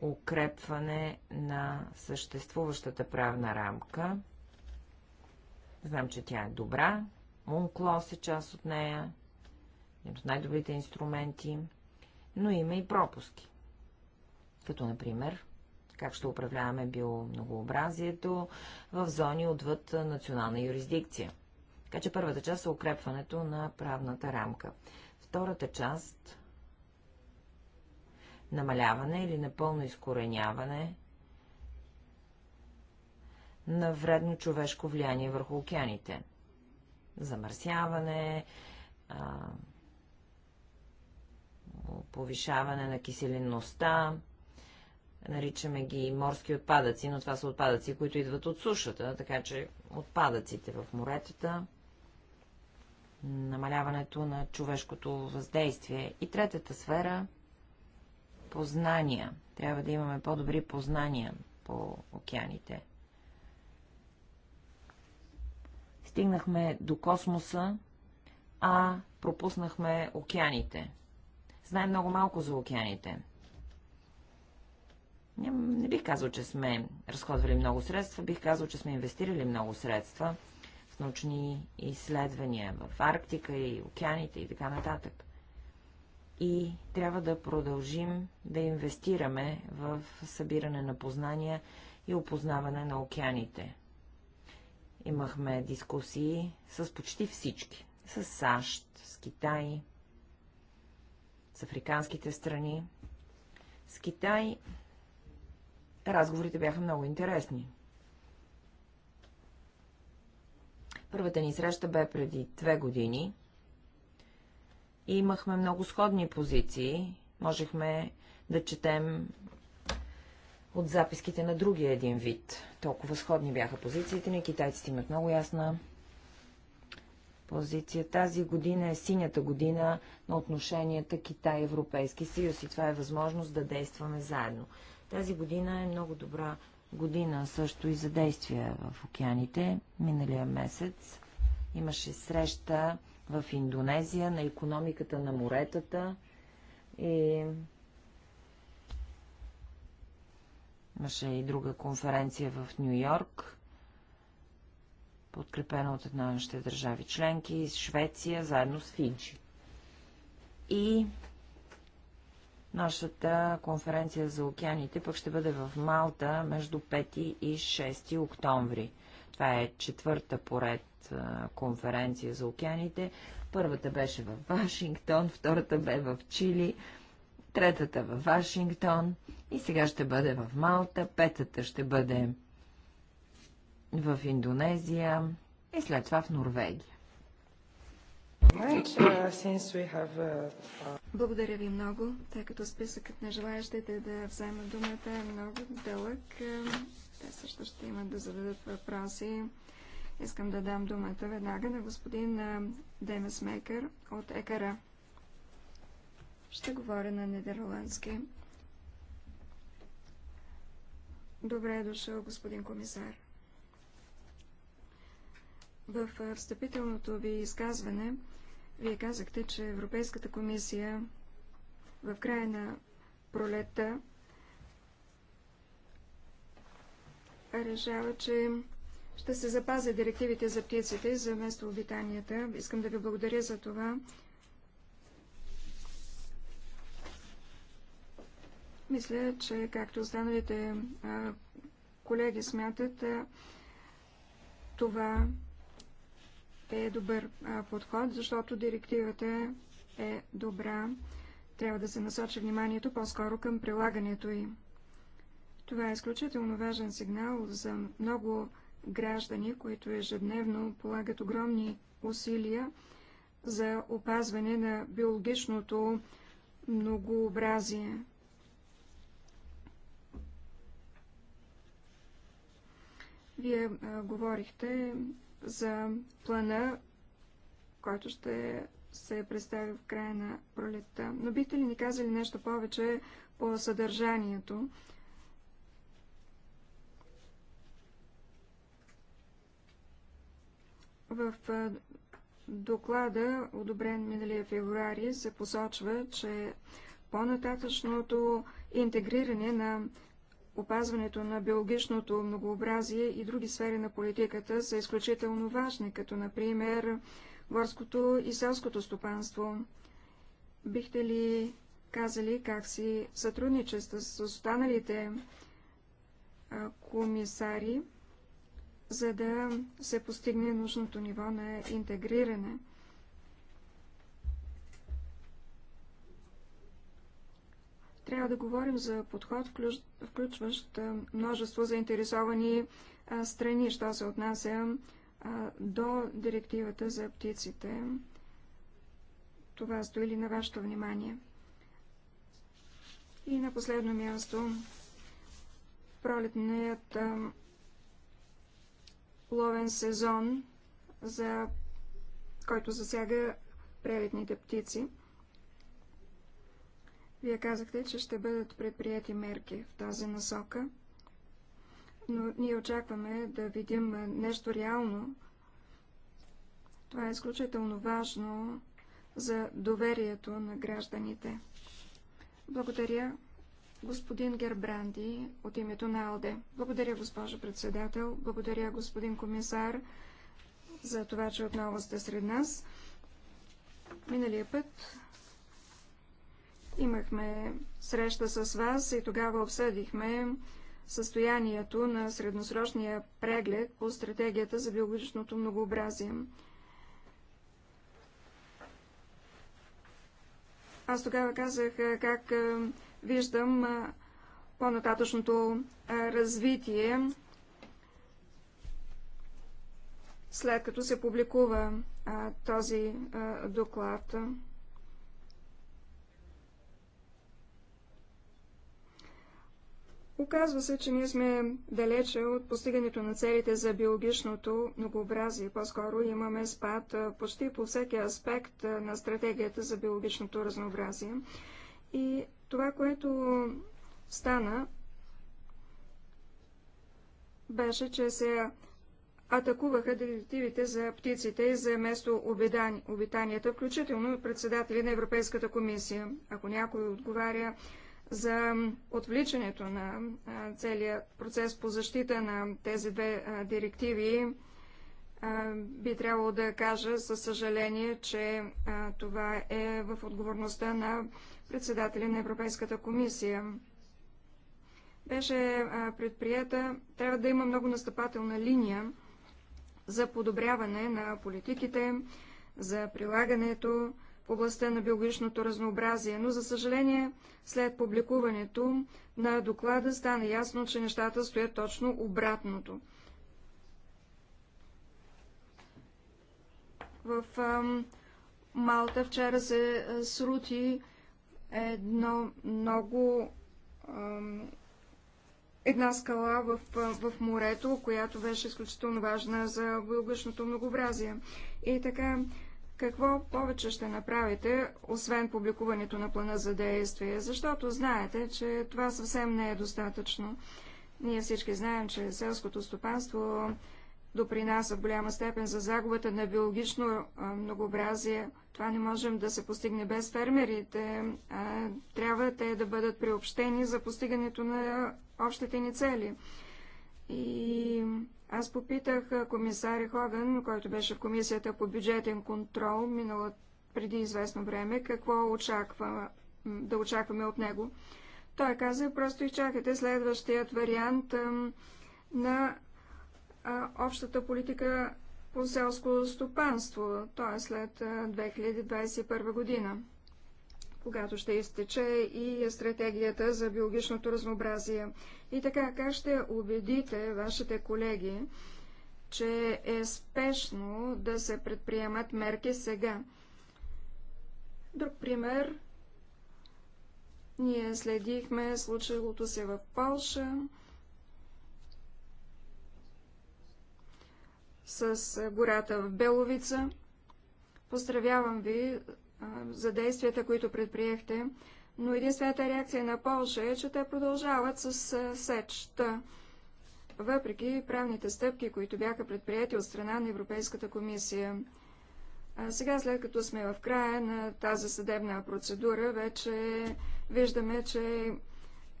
укрепване на съществуващата правна рамка. Знам, че тя е добра. Мунклос е част от нея, един от най-добрите инструменти, но има и пропуски. Като, например, как ще управляваме биомногообразието в зони отвъд национална юрисдикция. Така че първата част е укрепването на правната рамка. Втората част намаляване или напълно изкореняване на вредно човешко влияние върху океаните. Замърсяване, а, повишаване на киселинността, наричаме ги морски отпадъци, но това са отпадъци, които идват от сушата, така че отпадъците в моретата, намаляването на човешкото въздействие. И третата сфера познания. Трябва да имаме по-добри познания по океаните. Стигнахме до космоса, а пропуснахме океаните. Знаем много малко за океаните. Не, не бих казал, че сме разходвали много средства, бих казал, че сме инвестирали много средства в научни изследвания в Арктика и океаните и така нататък и трябва да продължим да инвестираме в събиране на познания и опознаване на океаните. Имахме дискусии с почти всички. С САЩ, с Китай, с африканските страни. С Китай разговорите бяха много интересни. Първата ни среща бе преди две години – и имахме много сходни позиции. Можехме да четем от записките на другия един вид. Толкова сходни бяха позициите ни. Китайците имат много ясна позиция. Тази година е синята година на отношенията Китай-Европейски съюз и това е възможност да действаме заедно. Тази година е много добра година също и за действия в океаните. Миналия месец имаше среща в Индонезия, на економиката на моретата и имаше и друга конференция в Нью Йорк, подкрепена от една нашите държави членки, Швеция, заедно с Финчи. И Нашата конференция за океаните пък ще бъде в Малта между 5 и 6 октомври. Това е четвърта поред конференция за океаните. Първата беше в Вашингтон, втората бе в Чили, третата в Вашингтон и сега ще бъде в Малта, петата ще бъде в Индонезия и след това в Норвегия. Uh, uh, uh, Благодаря ви много, тъй като списъкът на желаящите да взема думата е много дълъг. Е, те също ще имат да зададат въпроси. Искам да дам думата веднага на господин Демес Мейкър от ЕКАРА. Ще говоря на нидерландски. Добре е дошъл, господин комисар. В встъпителното ви изказване вие казахте, че Европейската комисия в края на пролета решава, че ще се запазя директивите за птиците и за обитанията. Искам да ви благодаря за това. Мисля, че както останалите колеги смятат, това е добър подход, защото директивата е добра. Трябва да се насочи вниманието по-скоро към прилагането й. Това е изключително важен сигнал за много граждани, които ежедневно полагат огромни усилия за опазване на биологичното многообразие. Вие а, говорихте за плана, който ще се представи в края на пролетта. Но бихте ли ни казали нещо повече по съдържанието? В доклада, одобрен миналия февруари, се посочва, че по-нататъчното интегриране на опазването на биологичното многообразие и други сфери на политиката са изключително важни, като например горското и селското стопанство. Бихте ли казали как си сътрудничество с останалите комисари за да се постигне нужното ниво на интегриране. Трябва да говорим за подход, включващ множество заинтересовани страни, що се отнася до директивата за птиците. Това стои ли на вашето внимание? И на последно място, пролетният ловен сезон, за... който засяга прелетните птици. Вие казахте, че ще бъдат предприяти мерки в тази насока, но ние очакваме да видим нещо реално. Това е изключително важно за доверието на гражданите. Благодаря господин Гербранди от името на АЛДЕ. Благодаря, госпожо председател. Благодаря, господин комисар, за това, че отново сте сред нас. Миналия път имахме среща с вас и тогава обсъдихме състоянието на средносрочния преглед по стратегията за биологичното многообразие. Аз тогава казах как виждам по-нататъчното развитие, след като се публикува този доклад. Оказва се, че ние сме далече от постигането на целите за биологичното многообразие. По-скоро имаме спад почти по всеки аспект на стратегията за биологичното разнообразие. И това, което стана, беше, че се атакуваха директивите за птиците и за место обитанията, включително и председатели на Европейската комисия. Ако някой отговаря за отвличането на целият процес по защита на тези две директиви, би трябвало да кажа със съжаление, че това е в отговорността на председателя на Европейската комисия. Беше предприета, трябва да има много настъпателна линия за подобряване на политиките, за прилагането в областта на биологичното разнообразие, но за съжаление след публикуването на доклада стана ясно, че нещата стоят точно обратното. В Малта вчера се срути едно много една скала в, в морето, която беше изключително важна за биологичното многообразие. И така, какво повече ще направите, освен публикуването на плана за действие? Защото знаете, че това съвсем не е достатъчно. Ние всички знаем, че селското стопанство допринася в голяма степен за загубата на биологично многообразие – това не можем да се постигне без фермерите. Трябва те да бъдат приобщени за постигането на общите ни цели. И аз попитах комисар Хоган, който беше в комисията по бюджетен контрол минала преди известно време, какво очаква, да очакваме от него. Той каза, просто изчакайте следващият вариант на общата политика по селско стопанство, т.е. след 2021 година, когато ще изтече и стратегията за биологичното разнообразие. И така, как ще убедите вашите колеги, че е спешно да се предприемат мерки сега? Друг пример. Ние следихме случилото се в Полша с гората в Беловица. Поздравявам ви за действията, които предприехте, но единствената реакция на Полша е, че те продължават с сечта, въпреки правните стъпки, които бяха предприяти от страна на Европейската комисия. А сега, след като сме в края на тази съдебна процедура, вече виждаме, че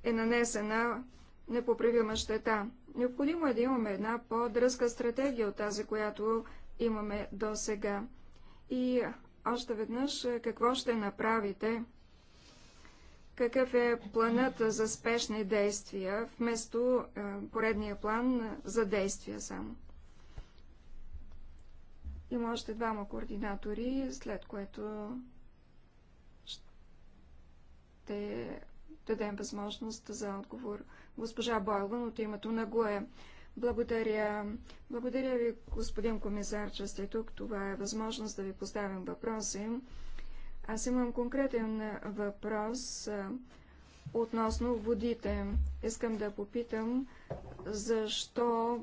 е нанесена непоправима щета. Необходимо е да имаме една по-дръзка стратегия от тази, която имаме до сега. И още веднъж, какво ще направите? Какъв е планът за спешни действия, вместо е, поредния план за действия само? Има още двама координатори, след което ще дадем възможност за отговор госпожа Бойлън от името на ГОЕ. Благодаря. Благодаря ви, господин комисар, че сте тук. Това е възможност да ви поставим въпроси. Аз имам конкретен въпрос относно водите. Искам да попитам защо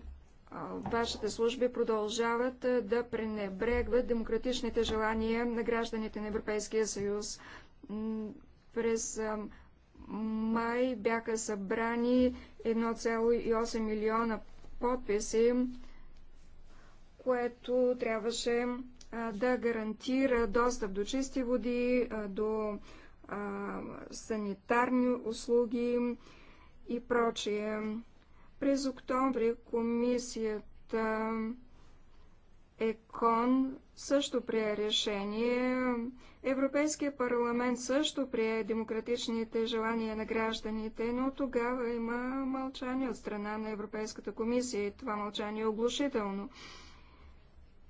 вашите служби продължават да пренебрегват демократичните желания на гражданите на Европейския съюз. През май бяха събрани 1,8 милиона подписи, което трябваше да гарантира достъп до чисти води, до санитарни услуги и прочие. През октомври комисията ЕКОН също прие решение. Европейския парламент също прие демократичните желания на гражданите, но тогава има мълчание от страна на Европейската комисия и това мълчание е оглушително.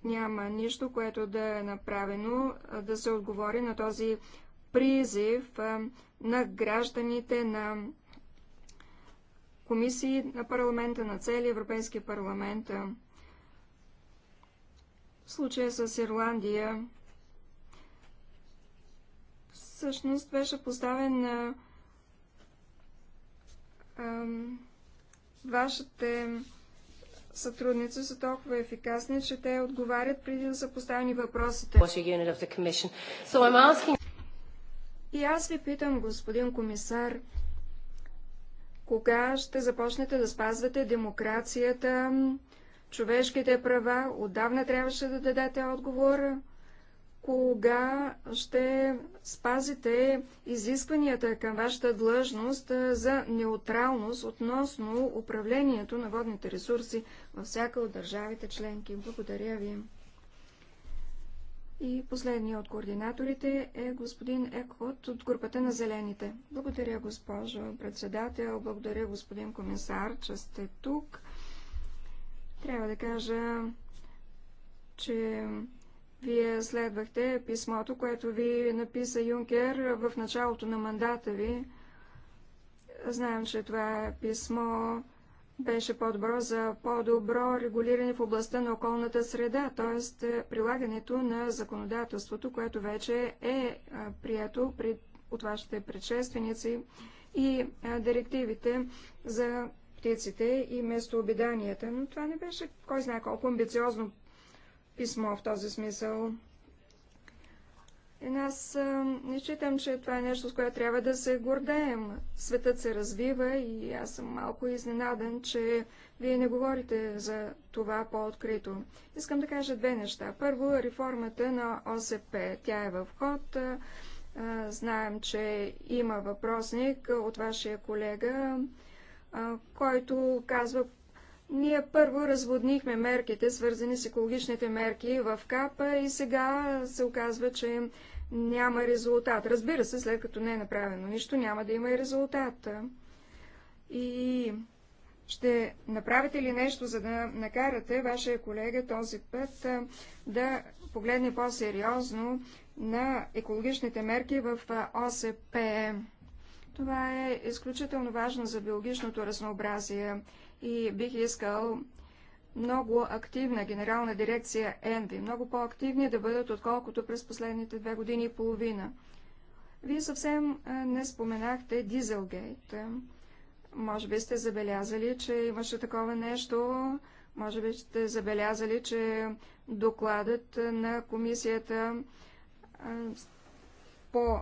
Няма нищо, което да е направено да се отговори на този призив на гражданите, на комисии на парламента, на цели Европейски парламент случая с Ирландия всъщност беше поставен на вашите сътрудници са толкова ефикасни, че те отговарят преди да са поставени въпросите. И аз ви питам, господин комисар, кога ще започнете да спазвате демокрацията, човешките права. Отдавна трябваше да дадете отговор. Кога ще спазите изискванията към вашата длъжност за неутралност относно управлението на водните ресурси във всяка от държавите членки? Благодаря ви. И последният от координаторите е господин Екхот от групата на Зелените. Благодаря, госпожо председател, благодаря, господин комисар, че сте тук. Трябва да кажа, че вие следвахте писмото, което ви написа Юнкер в началото на мандата ви. Знаем, че това писмо беше по-добро за по-добро регулиране в областта на околната среда, т.е. прилагането на законодателството, което вече е, е прието от вашите предшественици и е, директивите за птиците и местообиданията, но това не беше кой знае колко амбициозно писмо в този смисъл. И аз не считам, че това е нещо, с което трябва да се гордеем. Светът се развива и аз съм малко изненадан, че вие не говорите за това по-открито. Искам да кажа две неща. Първо, реформата на ОСП. Тя е в ход. Знаем, че има въпросник от вашия колега който казва, ние първо разводнихме мерките, свързани с екологичните мерки в КАПа и сега се оказва, че няма резултат. Разбира се, след като не е направено нищо, няма да има и резултат. И ще направите ли нещо, за да накарате вашия колега този път да погледне по-сериозно на екологичните мерки в ОСП? Това е изключително важно за биологичното разнообразие и бих искал много активна генерална дирекция ЕНВИ, много по-активни да бъдат, отколкото през последните две години и половина. Вие съвсем не споменахте Дизелгейт. Може би сте забелязали, че имаше такова нещо. Може би сте забелязали, че докладът на комисията по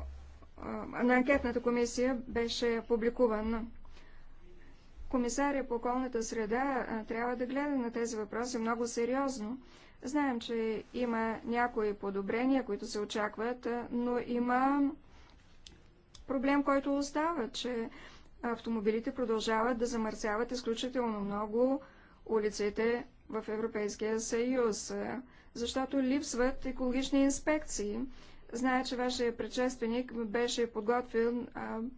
на анкетната комисия беше публикуван. Комисаря по околната среда трябва да гледа на тези въпроси много сериозно. Знаем, че има някои подобрения, които се очакват, но има проблем, който остава, че автомобилите продължават да замърсяват изключително много улиците в Европейския съюз, защото липсват екологични инспекции. Зная, че вашия предшественик беше подготвил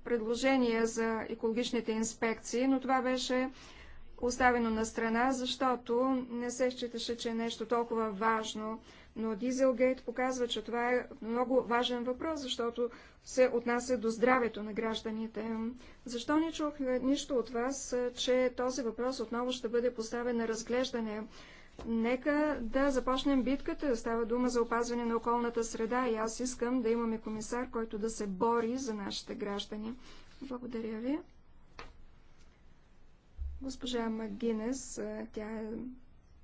предложение за екологичните инспекции, но това беше оставено на страна, защото не се считаше, че е нещо толкова важно. Но Дизелгейт показва, че това е много важен въпрос, защото се отнася до здравето на гражданите. Защо не чух нищо от вас, че този въпрос отново ще бъде поставен на разглеждане? Нека да започнем битката. Става дума за опазване на околната среда и аз искам да имаме комисар, който да се бори за нашите граждани. Благодаря ви. Госпожа Магинес, тя е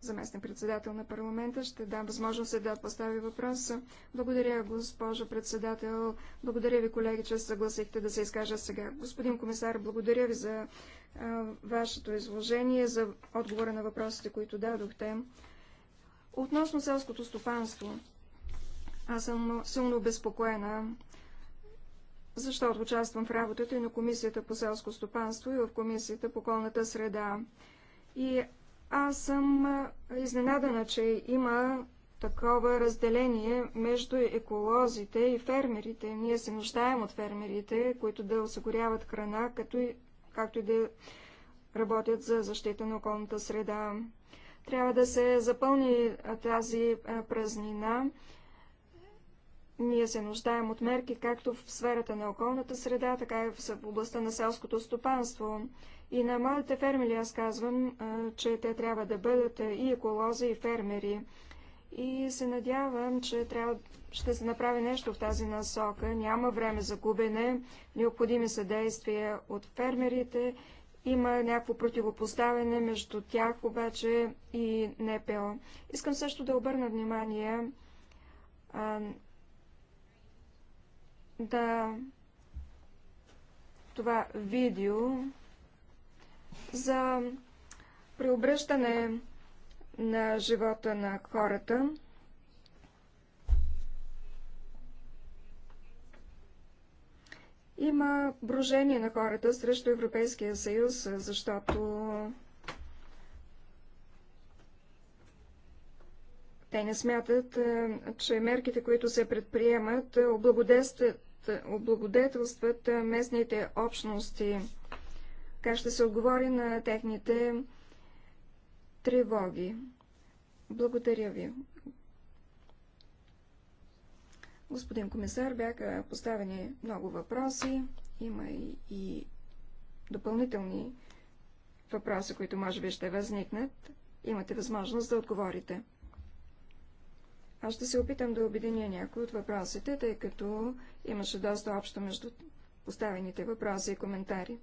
заместен председател на парламента, ще дам възможност да постави въпроса. Благодаря, госпожо председател. Благодаря ви, колеги, че съгласихте да се изкажа сега. Господин комисар, благодаря ви за вашето изложение, за отговора на въпросите, които дадохте. Относно селското стопанство, аз съм силно безпокоена, защото участвам в работата и на Комисията по селско стопанство и в Комисията по околната среда. И аз съм изненадана, че има такова разделение между еколозите и фермерите. Ние се нуждаем от фермерите, които да осигуряват храна, като и както и да работят за защита на околната среда. Трябва да се запълни тази празнина. Ние се нуждаем от мерки както в сферата на околната среда, така и в областта на селското стопанство. И на малите фермери аз казвам, че те трябва да бъдат и еколози, и фермери и се надявам, че трябва, ще се направи нещо в тази насока. Няма време за губене, необходими са действия от фермерите, има някакво противопоставяне между тях обаче и НПО. Искам също да обърна внимание а, да това видео за преобръщане на живота на хората. Има брожение на хората срещу Европейския съюз, защото те не смятат, е, че мерките, които се предприемат, облагодетелстват е, местните общности. Как ще се отговори на техните тревоги. Благодаря ви. Господин комисар, бяха поставени много въпроси. Има и, и допълнителни въпроси, които може би ще възникнат. Имате възможност да отговорите. Аз ще се опитам да обединя някои от въпросите, тъй като имаше доста общо между поставените въпроси и коментари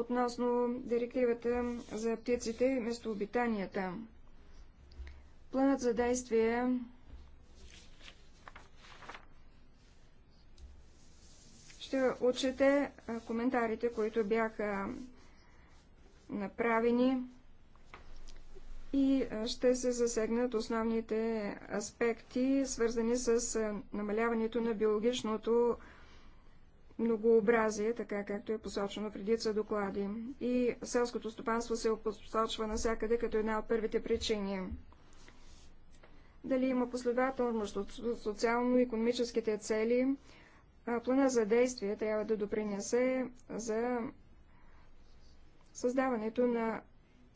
относно директивата за птиците и местообитанията. Планът за действие ще отчете коментарите, които бяха направени и ще се засегнат основните аспекти, свързани с намаляването на биологичното многообразие, така както е посочено в редица доклади. И селското стопанство се посочва насякъде като една от първите причини. Дали има последователност от социално-економическите цели, плана за действие трябва да допринесе за създаването на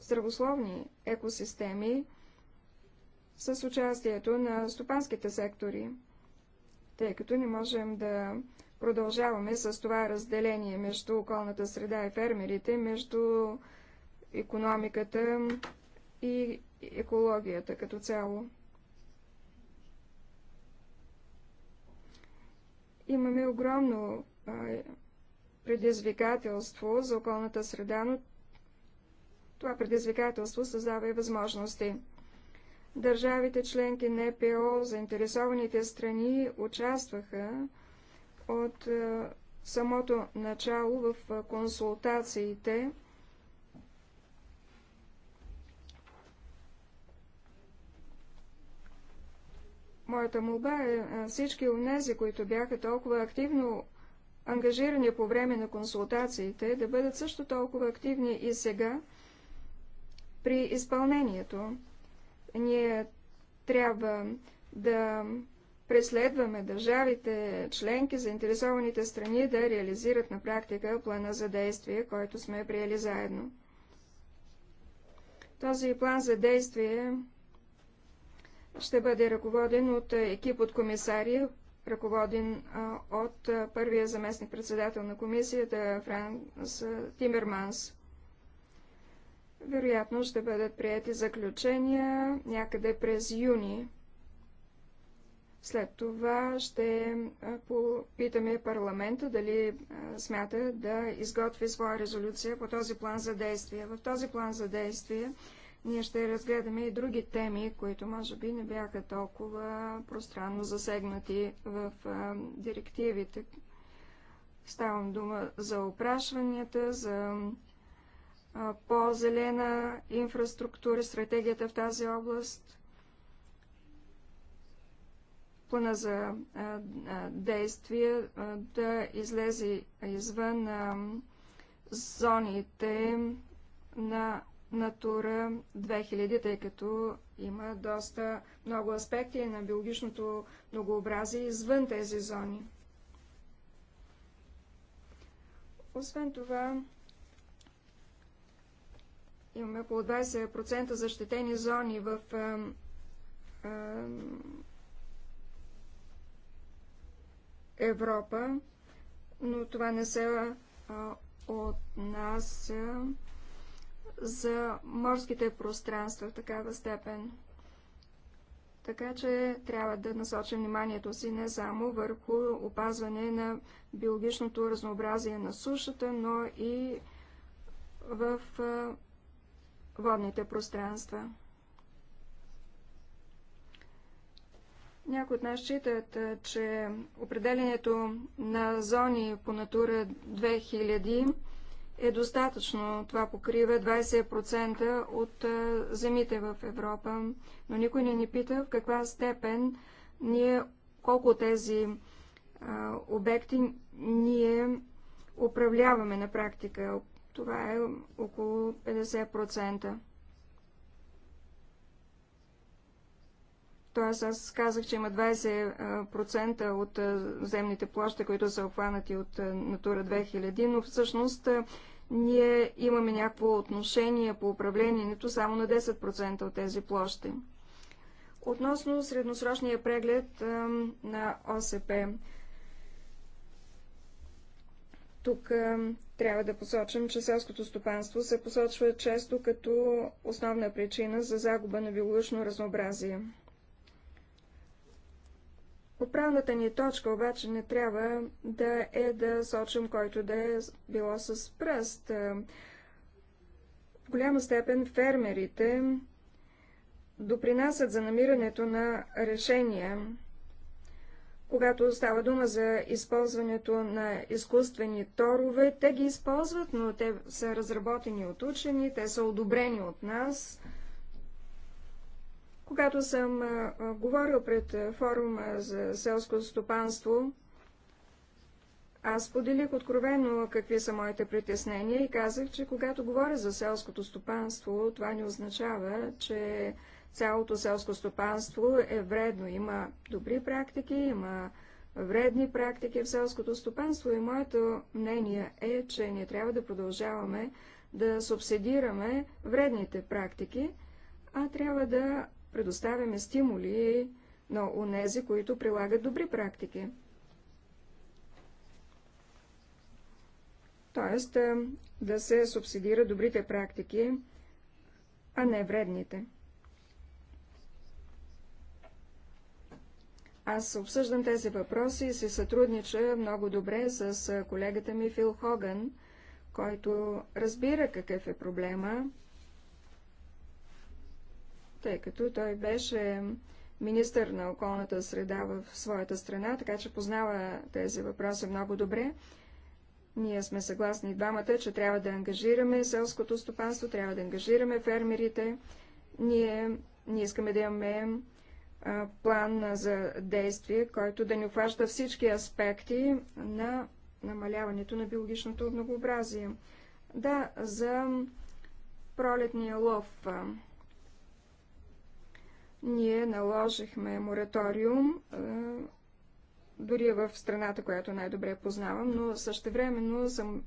здравословни екосистеми с участието на стопанските сектори, тъй като не можем да Продължаваме с това разделение между околната среда и фермерите, между економиката и екологията като цяло. Имаме огромно предизвикателство за околната среда, но това предизвикателство създава и възможности. Държавите членки НПО, заинтересованите страни участваха от е, самото начало в е, консултациите Моята молба е, е всички от тези, които бяха толкова активно ангажирани по време на консултациите, да бъдат също толкова активни и сега при изпълнението. Ние трябва да преследваме държавите, членки, заинтересованите страни да реализират на практика плана за действие, който сме приели заедно. Този план за действие ще бъде ръководен от екип от комисари, ръководен от първия заместник председател на комисията Франс Тимерманс. Вероятно ще бъдат прияти заключения някъде през юни след това ще попитаме парламента дали смята да изготви своя резолюция по този план за действие. В този план за действие ние ще разгледаме и други теми, които може би не бяха толкова пространно засегнати в директивите. Ставам дума за опрашванията, за по-зелена инфраструктура, стратегията в тази област, плана за действие да излезе извън зоните на Натура 2000, тъй като има доста много аспекти на биологичното многообразие извън тези зони. Освен това, имаме около 20% защитени зони в Европа, но това не се отнася за морските пространства в такава степен. Така че трябва да насочим вниманието си не само върху опазване на биологичното разнообразие на сушата, но и в водните пространства. Някои от нас считат, че определението на зони по натура 2000 е достатъчно. Това покрива 20% от земите в Европа. Но никой не ни пита в каква степен ние, колко тези а, обекти ние управляваме на практика. Това е около 50%. Тоест аз казах, че има 20% от земните площи, които са обхванати от Натура 2000, но всъщност ние имаме някакво отношение по управлението само на 10% от тези площи. Относно средносрочния преглед на ОСП, тук трябва да посочим, че селското стопанство се посочва често като основна причина за загуба на биологично разнообразие. Отправната ни точка обаче не трябва да е да сочим който да е било с пръст. Е, в голяма степен фермерите допринасят за намирането на решения, когато става дума за използването на изкуствени торове, те ги използват, но те са разработени от учени, те са одобрени от нас. Когато съм говорил пред форума за селско стопанство, аз поделих откровено какви са моите притеснения и казах, че когато говоря за селското стопанство, това не означава, че цялото селско стопанство е вредно. Има добри практики, има вредни практики в селското стопанство и моето мнение е, че не трябва да продължаваме да субсидираме вредните практики, а трябва да предоставяме стимули на онези, които прилагат добри практики. Тоест да се субсидира добрите практики, а не вредните. Аз обсъждам тези въпроси и се сътруднича много добре с колегата ми Фил Хоган, който разбира какъв е проблема тъй като той беше министър на околната среда в своята страна, така че познава тези въпроси много добре. Ние сме съгласни двамата, че трябва да ангажираме селското стопанство, трябва да ангажираме фермерите. Ние, ние искаме да имаме план за действие, който да ни обхваща всички аспекти на намаляването на биологичното многообразие. Да, за пролетния лов ние наложихме мораториум дори в страната, която най-добре познавам, но същевременно съм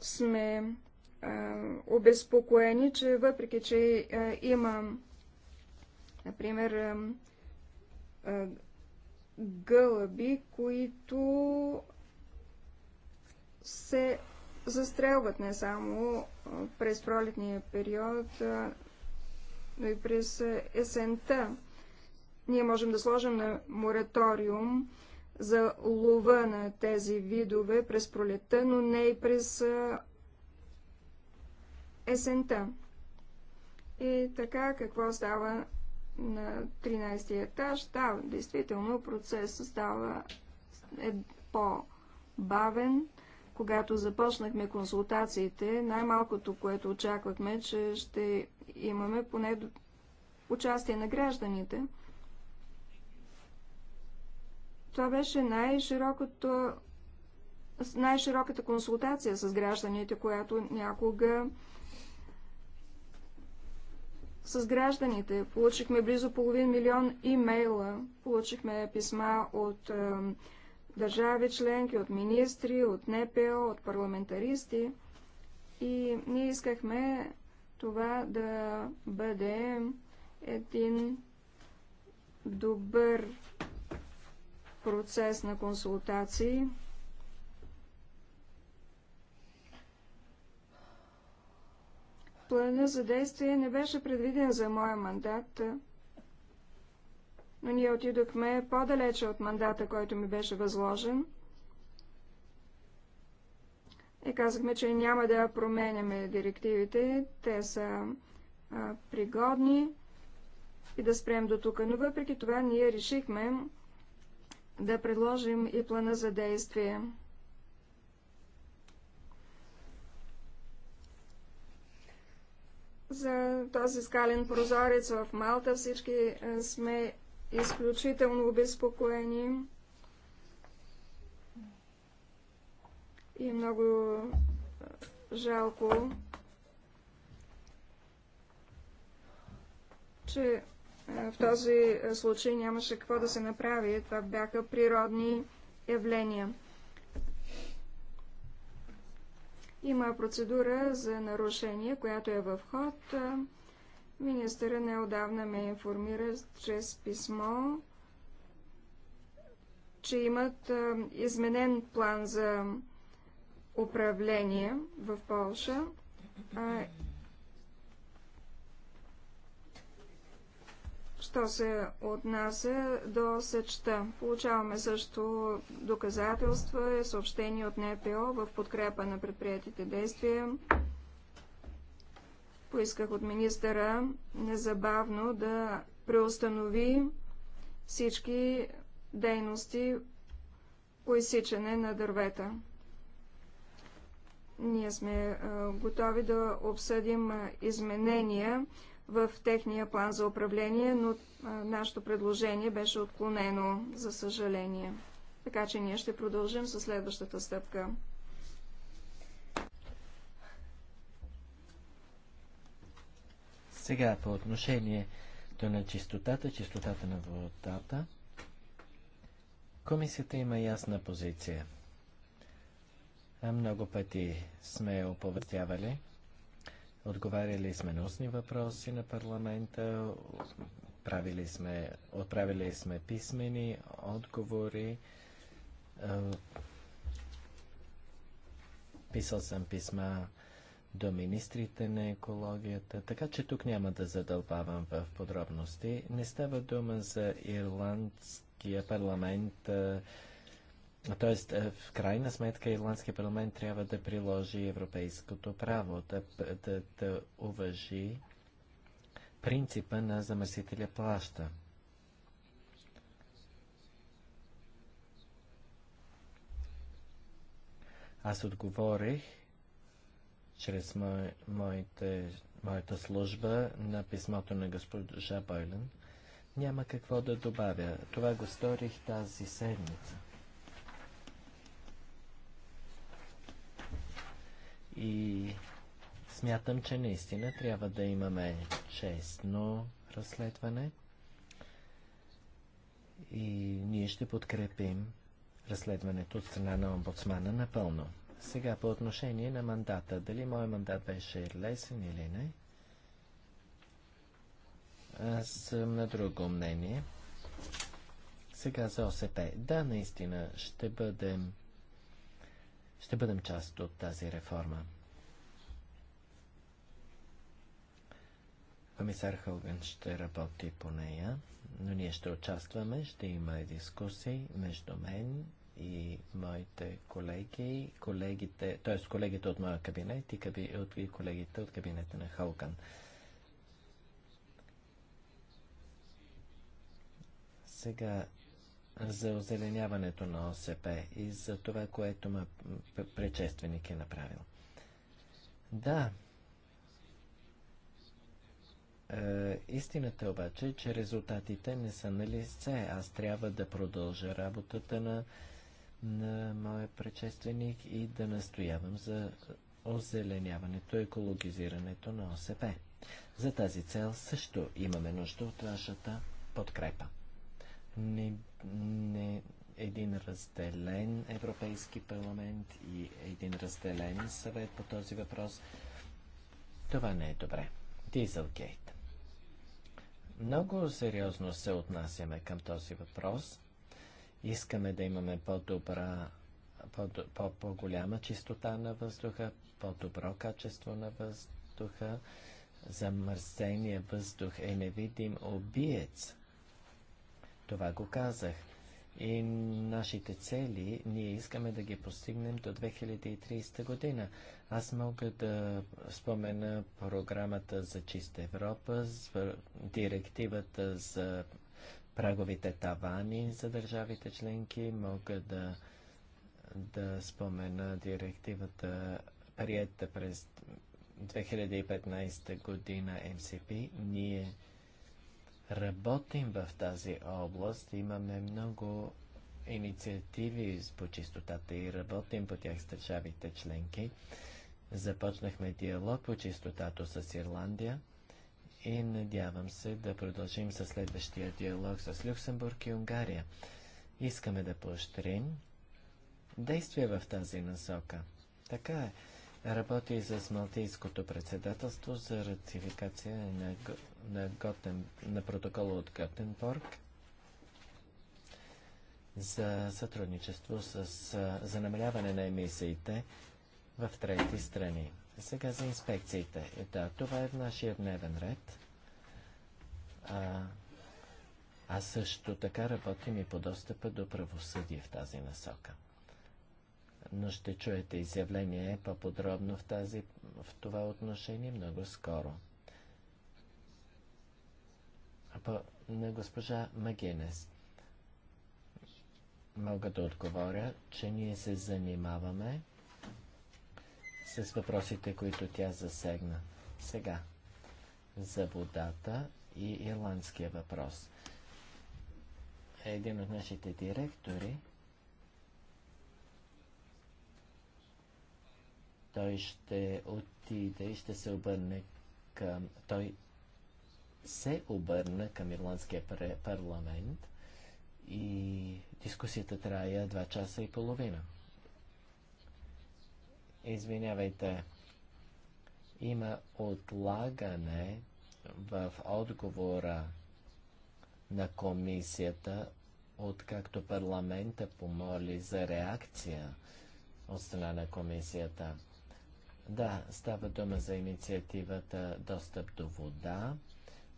сме обезпокоени, че въпреки, че има, например, гълъби, които се застрелват не само през пролетния период, но и през есента. Ние можем да сложим на мораториум за лова на тези видове през пролетта, но не и през есента. И така, какво става на 13 етаж? Да, действително процесът става е по-бавен, когато започнахме консултациите, най-малкото, което очаквахме, че ще имаме поне участие на гражданите. Това беше най-широкото най-широката консултация с гражданите, която някога с гражданите. Получихме близо половин милион имейла, получихме писма от държави членки, от министри, от НПО, от парламентаристи. И ние искахме това да бъде един добър процес на консултации. Плана за действие не беше предвиден за моя мандат, но ние отидохме по-далече от мандата, който ми беше възложен. И казахме, че няма да променяме директивите, те са а, пригодни и да спрем до тук. Но въпреки това ние решихме да предложим и плана за действие. за този скален прозорец в Малта. Всички сме изключително обезпокоени и много жалко, че в този случай нямаше какво да се направи. Това бяха природни явления. Има процедура за нарушение, която е в ход. Министъра неодавна ме информира чрез писмо, че имат изменен план за управление в Полша. Що се отнася до сечта? Получаваме също доказателства и съобщения от НПО в подкрепа на предприятите действия. Поисках от министъра незабавно да преустанови всички дейности по изсичане на дървета. Ние сме готови да обсъдим изменения в техния план за управление, но нашето предложение беше отклонено, за съжаление. Така че ние ще продължим със следващата стъпка. Сега по отношението на чистотата, чистотата на водата, комисията има ясна позиция. А много пъти сме оповестявали, отговаряли сме на устни въпроси на парламента, правили сме, отправили сме писмени отговори, е, Писал съм писма до министрите на екологията, така че тук няма да задълбавам в подробности. Не става дума за ирландския парламент, Т.е. в крайна сметка, Ирландския парламент трябва да приложи европейското право, да, да, да уважи принципа на замърсителя плаща. Аз отговорих чрез моите, моята служба на писмото на госпожа Бойлен. Няма какво да добавя. Това го сторих тази седмица. И смятам, че наистина трябва да имаме честно разследване. И ние ще подкрепим разследването от страна на омбудсмана напълно. Сега по отношение на мандата. Дали мой мандат беше лесен или не? Аз съм на друго мнение. Сега за ОСП. Да, наистина, ще бъдем, ще бъдем част от тази реформа. Комисар Хоган ще работи по нея, но ние ще участваме, ще има дискусии между мен и моите колеги, колегите, т.е. колегите от моя кабинет и, каби, от, и колегите от кабинета на Халкан. Сега за озеленяването на ОСП и за това, което ма предшественик е направил. Да, е, истината обаче е, че резултатите не са на лице. Аз трябва да продължа работата на на моя предшественик и да настоявам за озеленяването, екологизирането на ОСП. За тази цел също имаме нужда от вашата подкрепа. Не, не, един разделен Европейски парламент и един разделен съвет по този въпрос. Това не е добре. Дизелгейт. Много сериозно се отнасяме към този въпрос – Искаме да имаме по-добра, по-голяма -по -по чистота на въздуха, по-добро качество на въздуха. Замърсения въздух е невидим обиец. Това го казах. И нашите цели ние искаме да ги постигнем до 2030 година. Аз мога да спомена програмата за чиста Европа, директивата за праговите тавани за държавите членки. Мога да, да спомена директивата, приета през 2015 година МСП. Ние работим в тази област. Имаме много инициативи по чистотата и работим по тях с държавите членки. Започнахме диалог по чистотата с Ирландия и надявам се да продължим със следващия диалог с Люксембург и Унгария. Искаме да поощрим действия в тази насока. Така е. Работи и с Малтийското председателство за ратификация на, на, Готен, на протокола от Готенбург за сътрудничество с, за намаляване на емисиите в трети страни. Сега за инспекциите. Е, да, това е в нашия дневен ред. А, а също така работим и по достъпа до правосъдие в тази насока. Но ще чуете изявление по-подробно в, тази, в това отношение много скоро. По, на госпожа Магенес мога да отговоря, че ние се занимаваме с въпросите, които тя засегна. Сега, за водата и ирландския въпрос. Един от нашите директори, той ще отиде и ще се обърне към... Той се обърна към Ирландския парламент и дискусията трая 2 часа и половина. Извинявайте, има отлагане в отговора на комисията, откакто парламента помоли за реакция от страна на комисията. Да, става дума за инициативата Достъп до вода.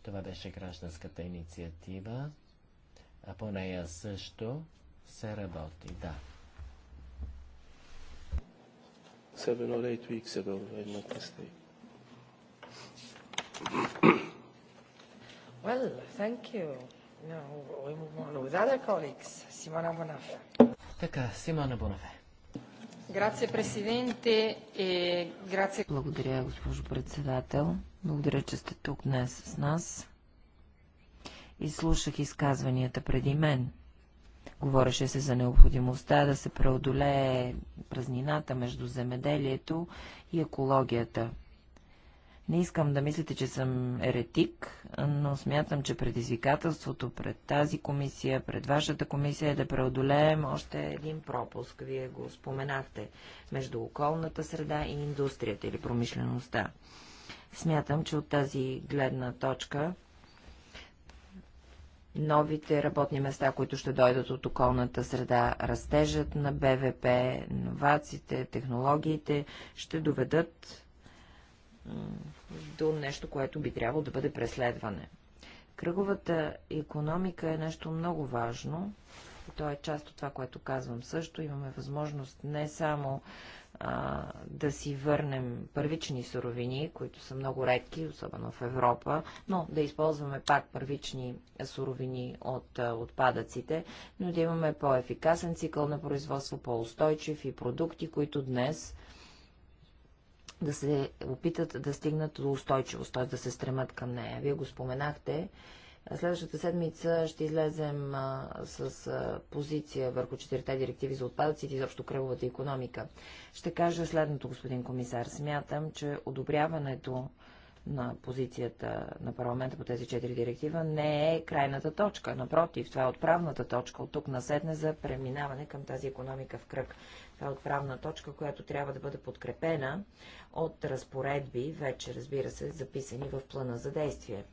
Това беше гражданската инициатива, а по нея също се работи, да seven or eight weeks ago, if I'm not mistaken. Well, thank you. Now we move on with other colleagues. Simona Bonafè. Така, Симона Бонафе. Грация, президенте. Е, грация... Благодаря, госпожо председател. Благодаря, че сте тук днес с нас. И слушах изказванията преди мен. Говореше се за необходимостта да се преодолее празнината между земеделието и екологията. Не искам да мислите, че съм еретик, но смятам, че предизвикателството пред тази комисия, пред вашата комисия е да преодолеем още един пропуск. Вие го споменахте между околната среда и индустрията или промишлеността. Смятам, че от тази гледна точка новите работни места, които ще дойдат от околната среда, растежът на БВП, новациите, технологиите, ще доведат до нещо, което би трябвало да бъде преследване. Кръговата економика е нещо много важно. И то е част от това, което казвам също. Имаме възможност не само а, да си върнем първични суровини, които са много редки, особено в Европа, но да използваме пак първични суровини от а, отпадъците, но да имаме по-ефикасен цикъл на производство, по-устойчив и продукти, които днес да се опитат да стигнат до устойчивост, т.е. да се стремат към нея. Вие го споменахте Следващата седмица ще излезем а, с а, позиция върху четирите директиви за отпадъците и изобщо кръговата економика. Ще кажа следното, господин комисар. Смятам, че одобряването на позицията на парламента по тези четири директива не е крайната точка. Напротив, това е отправната точка от тук насетне за преминаване към тази економика в кръг. Това е отправна точка, която трябва да бъде подкрепена от разпоредби, вече разбира се, записани в плана за действие.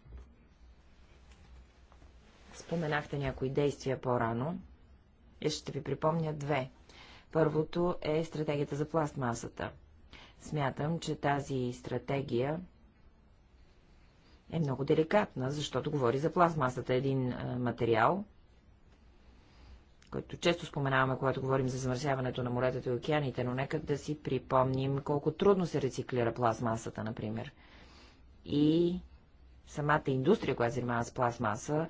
Споменахте някои действия по-рано. И е, ще ви припомня две. Първото е стратегията за пластмасата. Смятам, че тази стратегия е много деликатна, защото говори за пластмасата. Един материал, който често споменаваме, когато говорим за замърсяването на моретата и океаните, но нека да си припомним колко трудно се рециклира пластмасата, например. И самата индустрия, която занимава с пластмаса,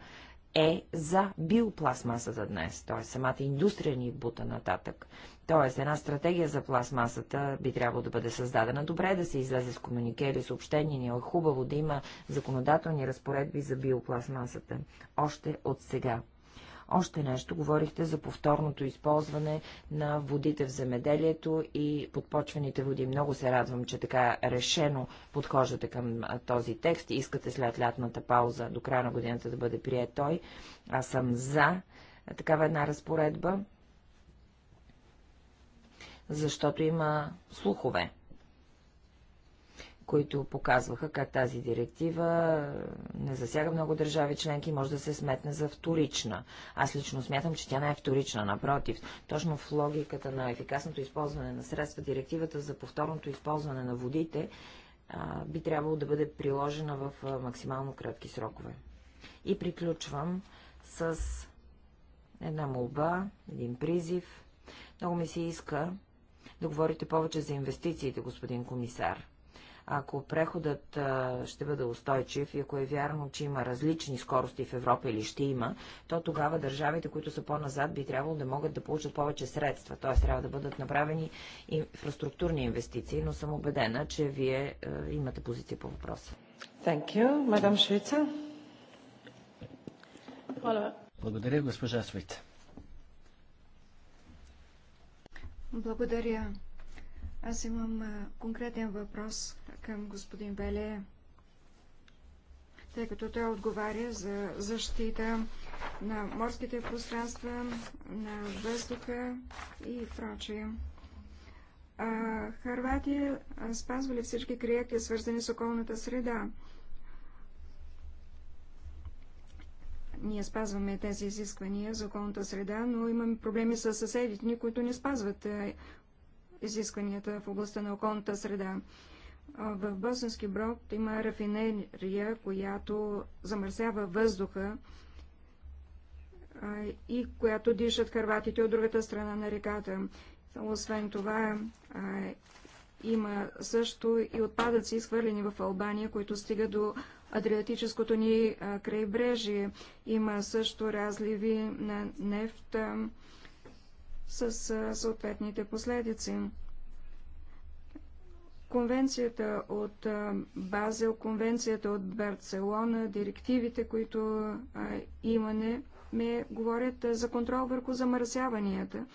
е за биопластмасата днес, т.е. самата индустрия ни бута нататък. Т.е. една стратегия за пластмасата би трябвало да бъде създадена. Добре е да се излезе с комунике или съобщение, ни е хубаво да има законодателни разпоредби за биопластмасата. Още от сега. Още нещо, говорихте за повторното използване на водите в земеделието и подпочвените води. Много се радвам, че така решено подхождате към този текст и искате след лятната пауза до края на годината да бъде прият той. Аз съм за такава една разпоредба, защото има слухове които показваха как тази директива не засяга много държави членки и може да се сметне за вторична. Аз лично смятам, че тя не е вторична, напротив. Точно в логиката на ефикасното използване на средства, директивата за повторното използване на водите а, би трябвало да бъде приложена в а, максимално кратки срокове. И приключвам с една молба, един призив. Много ми се иска да говорите повече за инвестициите, господин комисар. Ако преходът ще бъде устойчив и ако е вярно, че има различни скорости в Европа или ще има, то тогава държавите, които са по-назад, би трябвало да могат да получат повече средства. Т.е. трябва да бъдат направени инфраструктурни инвестиции, но съм убедена, че вие имате позиция по въпроса. Thank you. Мадам Швейца. Благодаря, госпожа Свит. Благодаря. Аз имам конкретен въпрос към господин Беле, тъй като той отговаря за защита на морските пространства, на въздуха и прочее. Харватия спазвали всички критерии, свързани с околната среда. Ние спазваме тези изисквания за околната среда, но имаме проблеми с съседите ни, които не спазват изискванията в областта на околната среда. В Бълсенски брод има рафинерия, която замърсява въздуха и която дишат харватите от другата страна на реката. Освен това, има също и отпадъци, изхвърлени в Албания, които стигат до Адриатическото ни крайбрежие. Има също разливи на нефта с съответните последици. Конвенцията от Базел, конвенцията от Барселона, директивите, които имаме, ме говорят за контрол върху замърсяванията.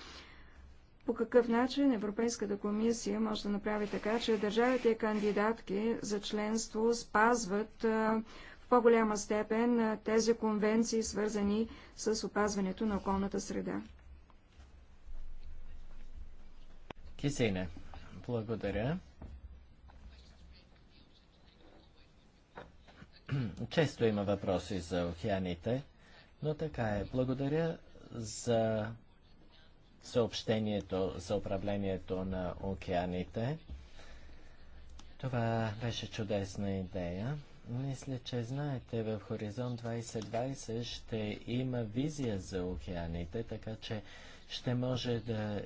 По какъв начин Европейската комисия може да направи така, че държавите кандидатки за членство спазват в по-голяма степен тези конвенции, свързани с опазването на околната среда? Кисейне, благодаря. Често има въпроси за океаните, но така е. Благодаря за съобщението за управлението на океаните. Това беше чудесна идея. Мисля, че знаете, в Хоризонт 2020 ще има визия за океаните, така че ще може да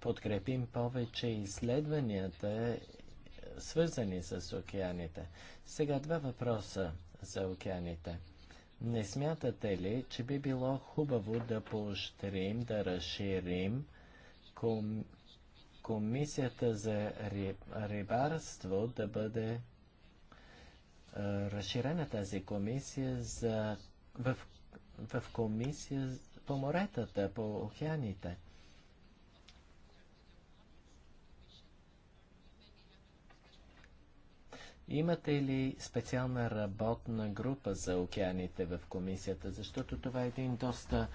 подкрепим повече изследванията свързани с океаните. Сега два въпроса за океаните. Не смятате ли, че би било хубаво да поощрим, да разширим ком... комисията за рибарство да бъде разширена тази комисия за... в... в комисия по моретата, по океаните? Имате ли специална работна група за океаните в комисията? Защото това е един доста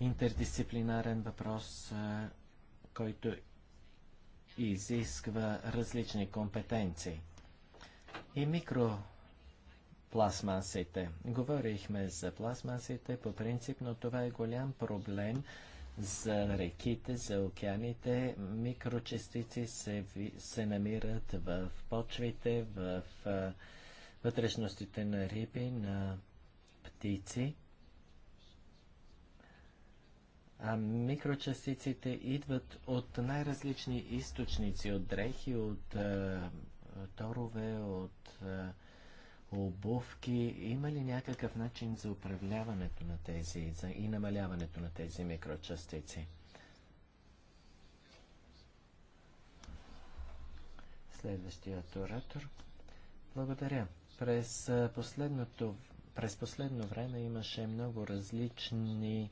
интердисциплинарен въпрос, който изисква различни компетенции. И микропластмасите. Говорихме за пластмасите по принцип, но това е голям проблем за реките, за океаните. Микрочастици се, се намират в почвите, в вътрешностите на риби, на птици. А микрочастиците идват от най-различни източници, от дрехи, от торове, от е, обувки. Има ли някакъв начин за управляването на тези за и намаляването на тези микрочастици? Следващият оратор. Благодаря. През последното, през последно време имаше много различни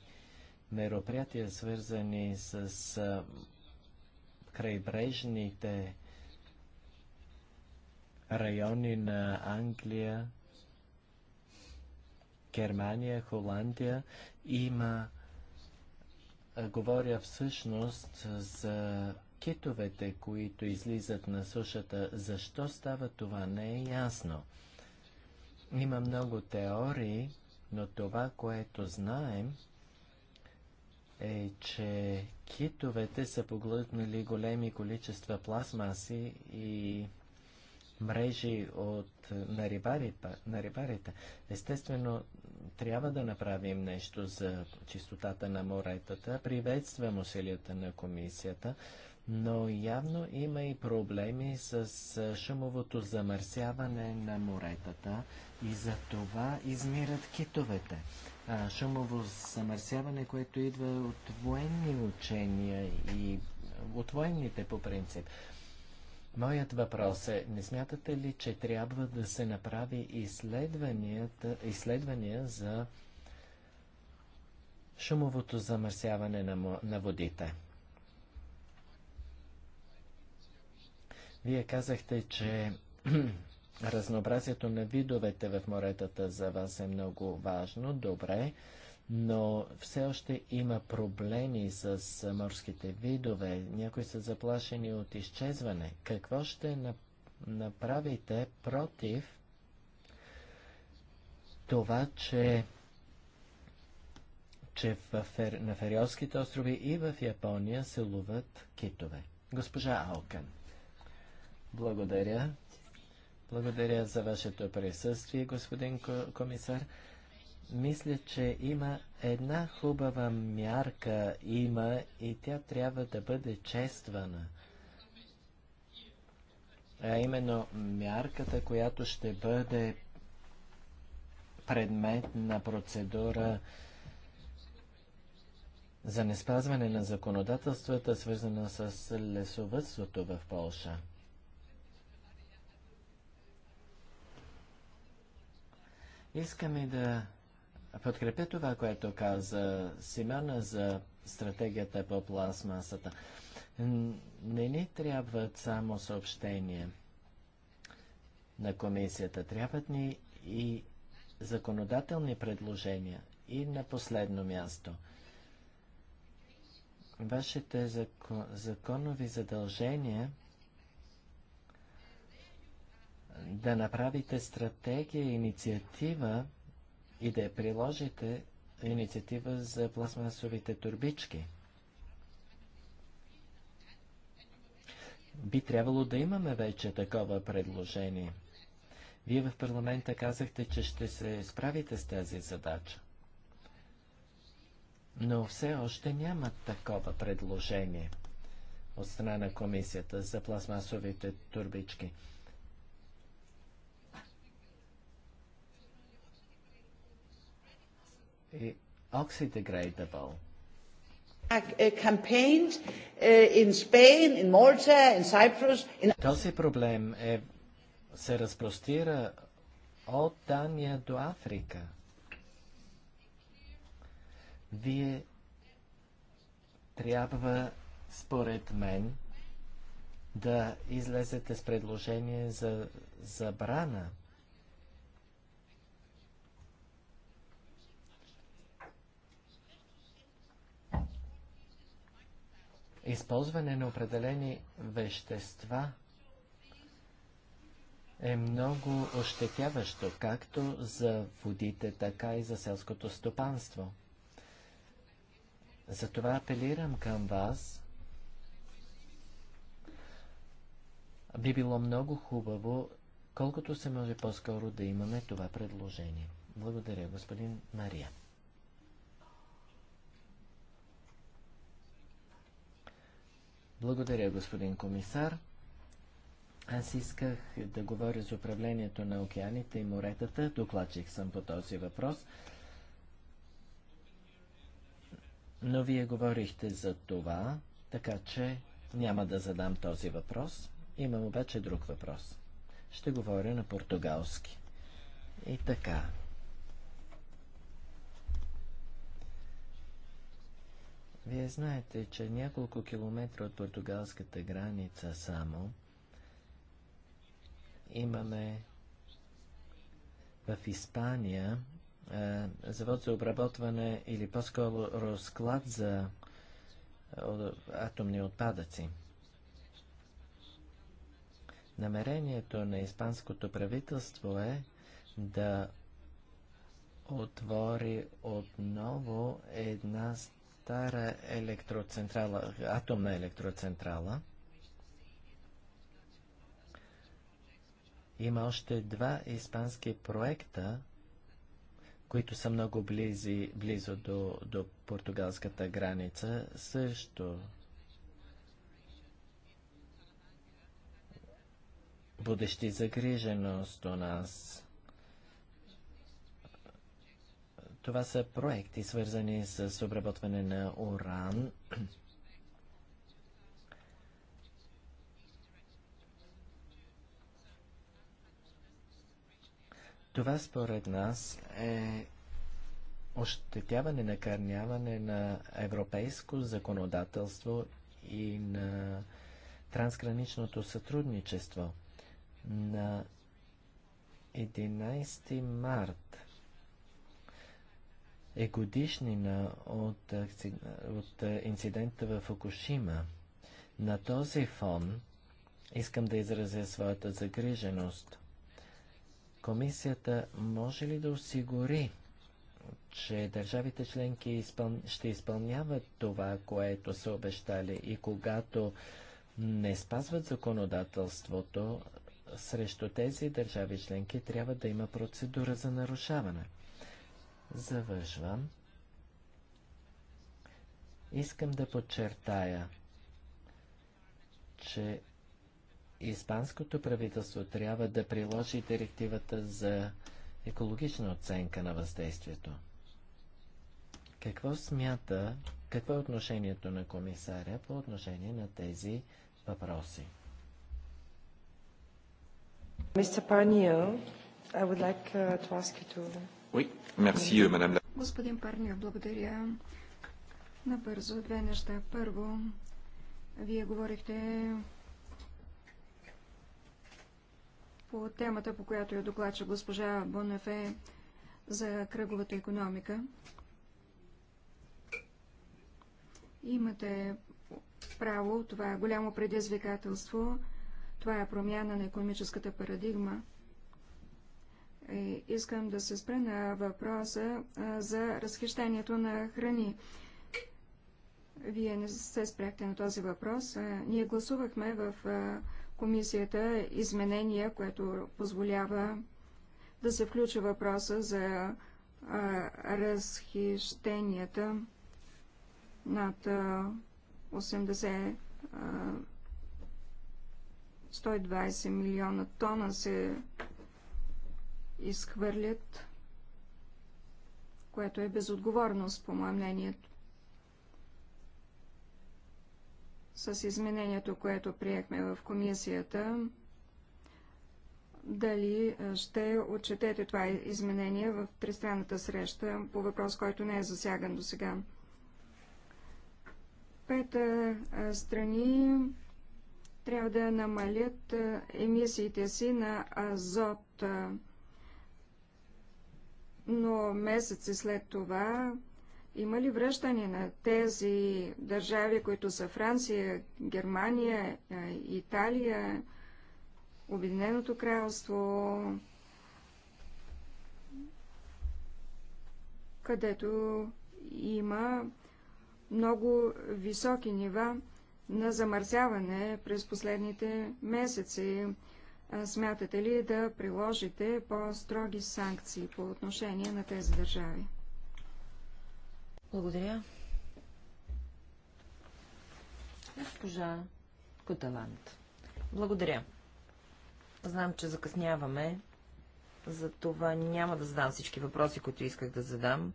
мероприятия, свързани с крайбрежните райони на Англия, Германия, Холандия има говоря всъщност за китовете, които излизат на сушата. Защо става това? Не е ясно. Има много теории, но това, което знаем, е, че китовете са поглътнали големи количества пластмаси и мрежи от, на, рибарите, на рибарите. Естествено, трябва да направим нещо за чистотата на моретата. Приветствам усилията на комисията, но явно има и проблеми с шумовото замърсяване на моретата и за това измират китовете. шумово замърсяване, което идва от военни учения и от военните по принцип. Моят въпрос е, не смятате ли, че трябва да се направи изследвания за шумовото замърсяване на, на водите? Вие казахте, че разнообразието на видовете в моретата за вас е много важно. Добре но все още има проблеми с морските видове. Някои са заплашени от изчезване. Какво ще направите против това, че че в, на фериолските острови и в Япония се ловят китове. Госпожа Алкан, благодаря. Благодаря за вашето присъствие, господин комисар. Мисля, че има една хубава мярка, има и тя трябва да бъде чествана. А именно мярката, която ще бъде предмет на процедура за неспазване на законодателствата, свързана с лесовътството в Полша. Искаме да подкрепя това, което каза Симена за стратегията по пластмасата. Не ни трябват само съобщения на комисията. Трябват ни и законодателни предложения. И на последно място. Вашите закон, законови задължения да направите стратегия, инициатива и да приложите инициатива за пластмасовите турбички. Би трябвало да имаме вече такова предложение. Вие в парламента казахте, че ще се справите с тази задача. Но все още няма такова предложение от страна на комисията за пластмасовите турбички. е oxidegradable. Е, е, е, Този проблем е, се разпростира от Дания до Африка. Вие трябва, според мен, да излезете с предложение за забрана – използване на определени вещества е много ощетяващо, както за водите, така и за селското стопанство. Затова апелирам към вас. Би било много хубаво, колкото се може по-скоро да имаме това предложение. Благодаря, господин Мария. Благодаря, господин комисар. Аз исках да говоря за управлението на океаните и моретата. Докладчих съм по този въпрос. Но вие говорихте за това, така че няма да задам този въпрос. Имам обаче друг въпрос. Ще говоря на португалски. И така, Вие знаете, че няколко километра от португалската граница само имаме в Испания е, завод за обработване или по-скоро склад за е, атомни отпадъци. Намерението на испанското правителство е да отвори отново една стара електроцентрала, атомна електроцентрала. Има още два испански проекта, които са много близи, близо до, до португалската граница, също Бъдещи загриженост у нас. Това са проекти, свързани с обработване на уран. Това според нас е ощетяване, накърняване на европейско законодателство и на трансграничното сътрудничество. На 11 март е годишнина от, от е, инцидента в Фукушима. На този фон искам да изразя своята загриженост. Комисията може ли да осигури, че държавите членки изпъл... ще изпълняват това, което са обещали и когато не спазват законодателството, срещу тези държави членки трябва да има процедура за нарушаване. Завършвам. Искам да подчертая, че Испанското правителство трябва да приложи директивата за екологична оценка на въздействието. Какво смята, какво е отношението на комисаря по отношение на тези въпроси? Мистер Паниел, I would like uh, to ask you to Euh, Господин Парнир, благодаря. Набързо две неща. Първо, вие говорихте по темата, по която я е докладча госпожа Бонафе за кръговата економика. Имате право, това е голямо предизвикателство, това е промяна на економическата парадигма – и е, искам да се спра на въпроса за разхищението на храни. Вие не се спряхте на този въпрос. Ние гласувахме в комисията изменения, което позволява да се включи въпроса за разхищенията над 80 120 милиона тона се изхвърлят, което е безотговорност, по мое мнението. С изменението, което приехме в комисията, дали ще отчетете това изменение в тристранната среща по въпрос, който не е засяган до сега. Пета страни трябва да намалят емисиите си на азот но месеци след това има ли връщане на тези държави, които са Франция, Германия, Италия, Обединеното кралство, където има много високи нива на замърсяване през последните месеци смятате ли да приложите по-строги санкции по отношение на тези държави? Благодаря. Госпожа Куталант. Благодаря. Знам, че закъсняваме, затова няма да задам всички въпроси, които исках да задам.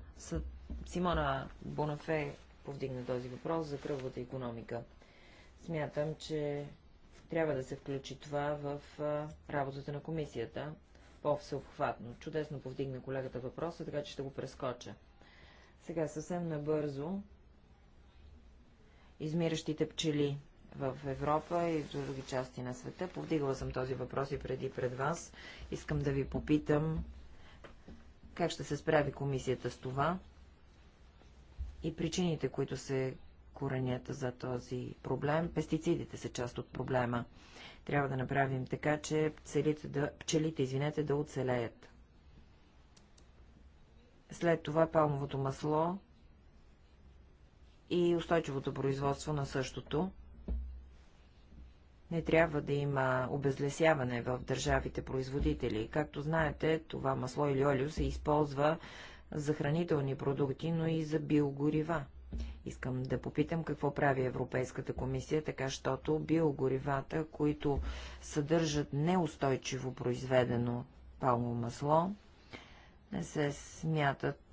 Симона Бонафе повдигна този въпрос за кръвната економика. Смятам, че трябва да се включи това в работата на комисията по-всеобхватно. Чудесно повдигна колегата въпроса, така че ще го прескоча. Сега съвсем набързо измиращите пчели в Европа и в други части на света. Повдигала съм този въпрос и преди пред вас. Искам да ви попитам как ще се справи комисията с това и причините, които се коренята за този проблем. Пестицидите са част от проблема. Трябва да направим така, че пчелите да, пчелите, извинете, да оцелеят. След това палмовото масло и устойчивото производство на същото. Не трябва да има обезлесяване в държавите производители. Както знаете, това масло или олио се използва за хранителни продукти, но и за биогорива. Искам да попитам какво прави Европейската комисия, така щото биогоривата, които съдържат неустойчиво произведено палмо масло, не се смятат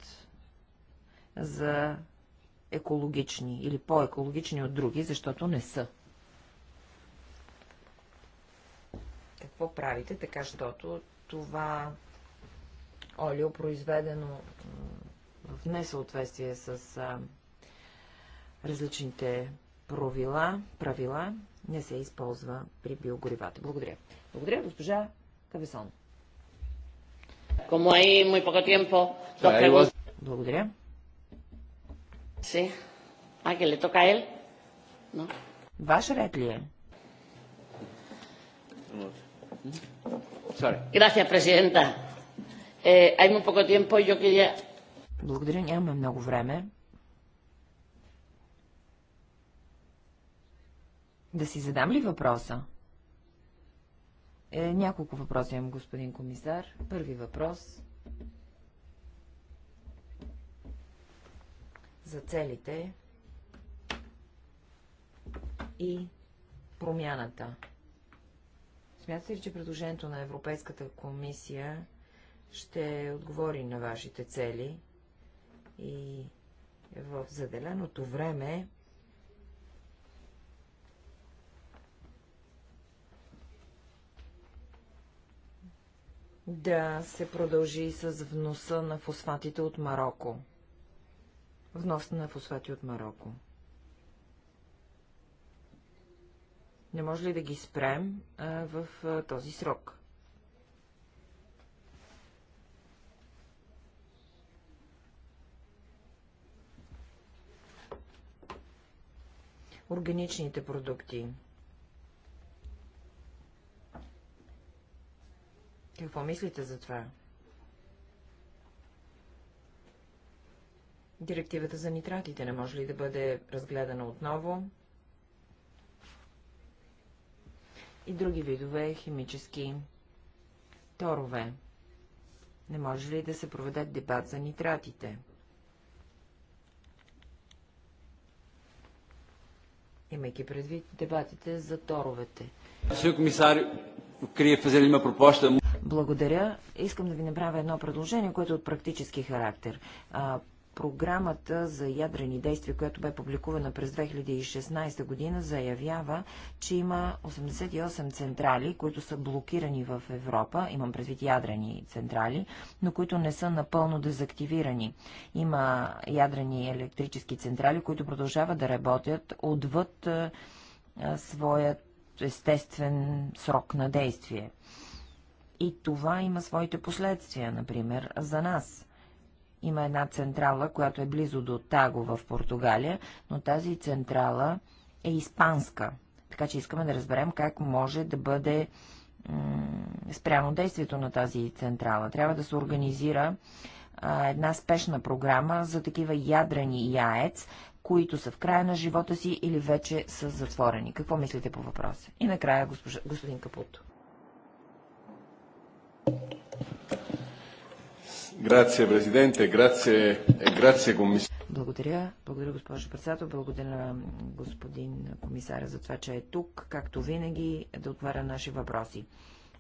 за екологични или по-екологични от други, защото не са. Какво правите, така щото това олио, произведено в несъответствие с различните правила, правила не се използва при биогоривата. Благодаря. Благодаря, госпожа Кавесон. Благодаря. Ваша ah, Ваш ред ли е? Eh, Благодаря, нямаме много време. Да си задам ли въпроса? Е, няколко въпроса имам, господин комисар. Първи въпрос. За целите и промяната. Смятате ли, че предложението на Европейската комисия ще отговори на вашите цели и в заделеното време да се продължи с вноса на фосфатите от Марокко. Внос на фосфати от Марокко. Не може ли да ги спрем а, в а, този срок? Органичните продукти. Какво мислите за това? Директивата за нитратите не може ли да бъде разгледана отново? И други видове химически торове. Не може ли да се проведе дебат за нитратите? Имайки предвид дебатите за торовете. Senhor Comissário, queria fazer благодаря. Искам да ви направя едно предложение, което е от практически характер. програмата за ядрени действия, която бе публикувана през 2016 година, заявява, че има 88 централи, които са блокирани в Европа, имам предвид ядрени централи, но които не са напълно дезактивирани. Има ядрени електрически централи, които продължават да работят отвъд своят естествен срок на действие. И това има своите последствия, например, за нас. Има една централа, която е близо до Таго в Португалия, но тази централа е испанска. Така че искаме да разберем как може да бъде спрямо действието на тази централа. Трябва да се организира а, една спешна програма за такива ядрени яец, които са в края на живота си или вече са затворени. Какво мислите по въпроса? И накрая госпожа, господин Капуто. E Благодаря. Благодаря, госпожо председател. Благодаря господин комисаря за това, че е тук, както винаги, да отваря наши въпроси.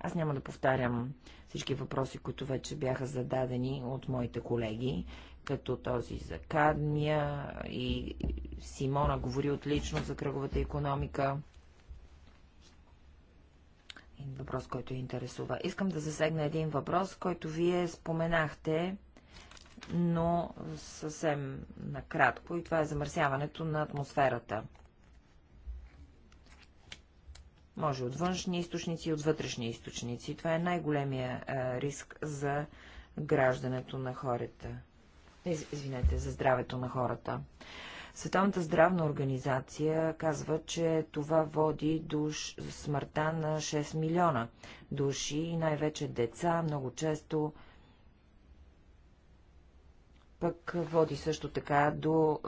Аз няма да повтарям всички въпроси, които вече бяха зададени от моите колеги, като този за Кадмия и Симона говори отлично за кръговата економика въпрос, който интересува. Искам да засегна един въпрос, който вие споменахте, но съвсем накратко, и това е замърсяването на атмосферата. Може от външни източници и от вътрешни източници. Това е най-големия е, риск за граждането на хората. Извинете, за здравето на хората. Световната здравна организация казва, че това води до смъртта на 6 милиона души и най-вече деца, много често пък води също така до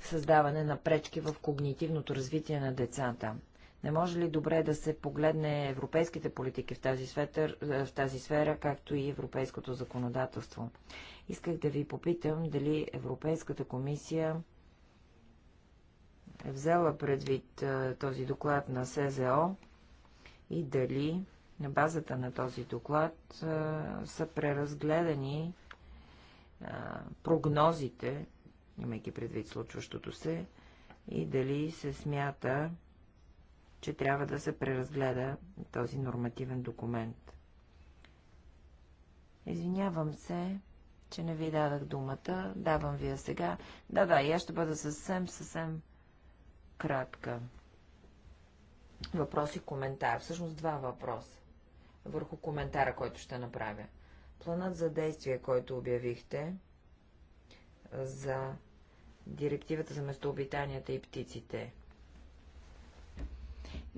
създаване на пречки в когнитивното развитие на децата. Не може ли добре да се погледне европейските политики в тази, сфера, в тази сфера, както и европейското законодателство? Исках да ви попитам дали Европейската комисия е взела предвид този доклад на СЗО и дали на базата на този доклад са преразгледани прогнозите, имайки предвид случващото се, и дали се смята че трябва да се преразгледа този нормативен документ. Извинявам се, че не ви дадах думата. Давам ви я сега. Да, да, я ще бъда съвсем, съвсем кратка. Въпрос и коментар. Всъщност два въпроса. Върху коментара, който ще направя. Планът за действие, който обявихте за директивата за местообитанията и птиците.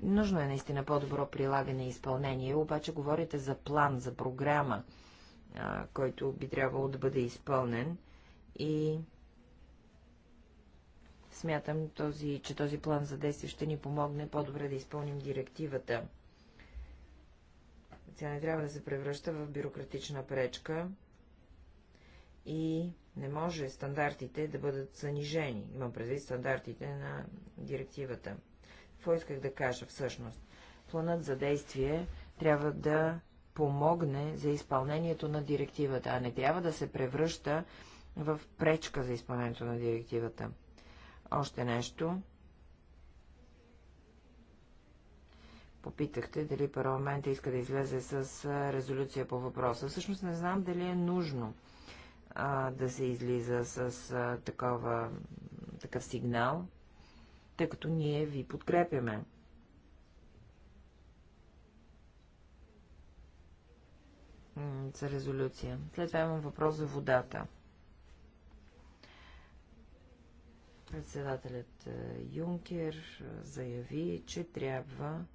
Нужно е наистина по-добро прилагане и изпълнение, обаче говорите за план, за програма, а, който би трябвало да бъде изпълнен и смятам, този, че този план за действие ще ни помогне по-добре да изпълним директивата. Тя не трябва да се превръща в бюрократична пречка и не може стандартите да бъдат занижени. Имам предвид стандартите на директивата. Какво исках да кажа всъщност? Планът за действие трябва да помогне за изпълнението на директивата, а не трябва да се превръща в пречка за изпълнението на директивата. Още нещо. Попитахте дали парламента иска да излезе с резолюция по въпроса. Всъщност не знам дали е нужно а, да се излиза с а, такова, такъв сигнал тъй като ние ви подкрепяме. за резолюция. След това имам въпрос за водата. Председателят е, Юнкер е, заяви, че трябва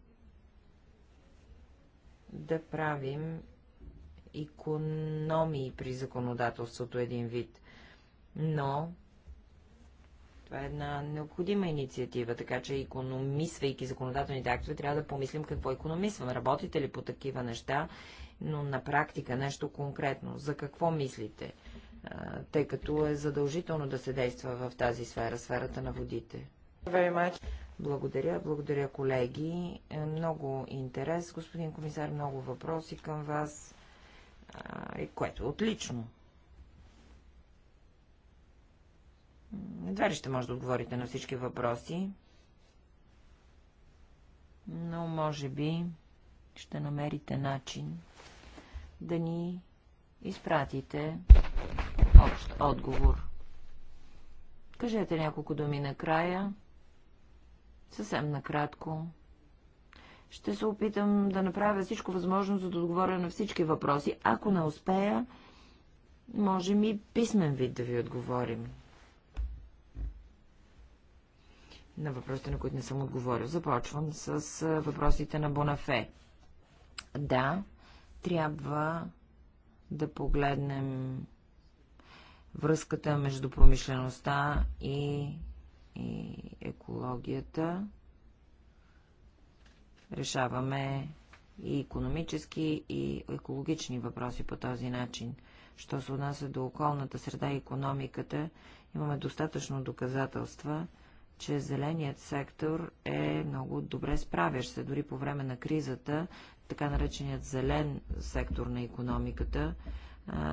да правим економии при законодателството един вид. Но това е една необходима инициатива, така че економисвайки законодателните актове, трябва да помислим какво економисвам. Работите ли по такива неща, но на практика нещо конкретно? За какво мислите? Тъй като е задължително да се действа в тази сфера, сферата на водите. Благодаря, благодаря колеги. Е, много интерес, господин комисар, много въпроси към вас, което е отлично. Едва ли ще може да отговорите на всички въпроси, но може би ще намерите начин да ни изпратите общ отговор. Кажете няколко думи накрая, съвсем накратко. Ще се опитам да направя всичко възможно, за да отговоря на всички въпроси. Ако не успея, можем и писмен вид да ви отговорим. на въпросите, на които не съм отговорил. Започвам с въпросите на Бонафе. Да, трябва да погледнем връзката между промишлеността и, и екологията. Решаваме и економически, и екологични въпроси по този начин. Що се отнася до околната среда и економиката, имаме достатъчно доказателства, че зеленият сектор е много добре справящ се. Дори по време на кризата, така нареченият зелен сектор на економиката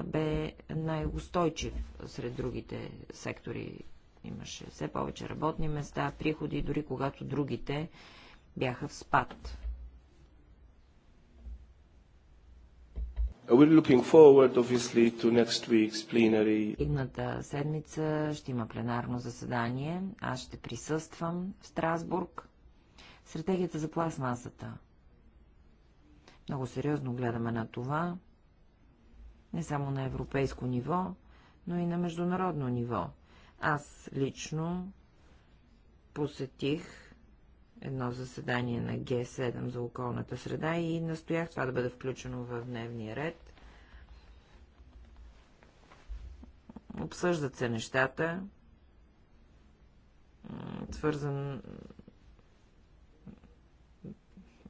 бе най-устойчив сред другите сектори. Имаше все повече работни места, приходи, дори когато другите бяха в спад. We're looking forward, obviously, to next week's plenary. Идната седмица ще има пленарно заседание. Аз ще присъствам в Страсбург. Стратегията за пластмасата. Много сериозно гледаме на това. Не само на европейско ниво, но и на международно ниво. Аз лично посетих едно заседание на Г7 за околната среда и настоях това да бъде включено в дневния ред. Обсъждат се нещата, свързан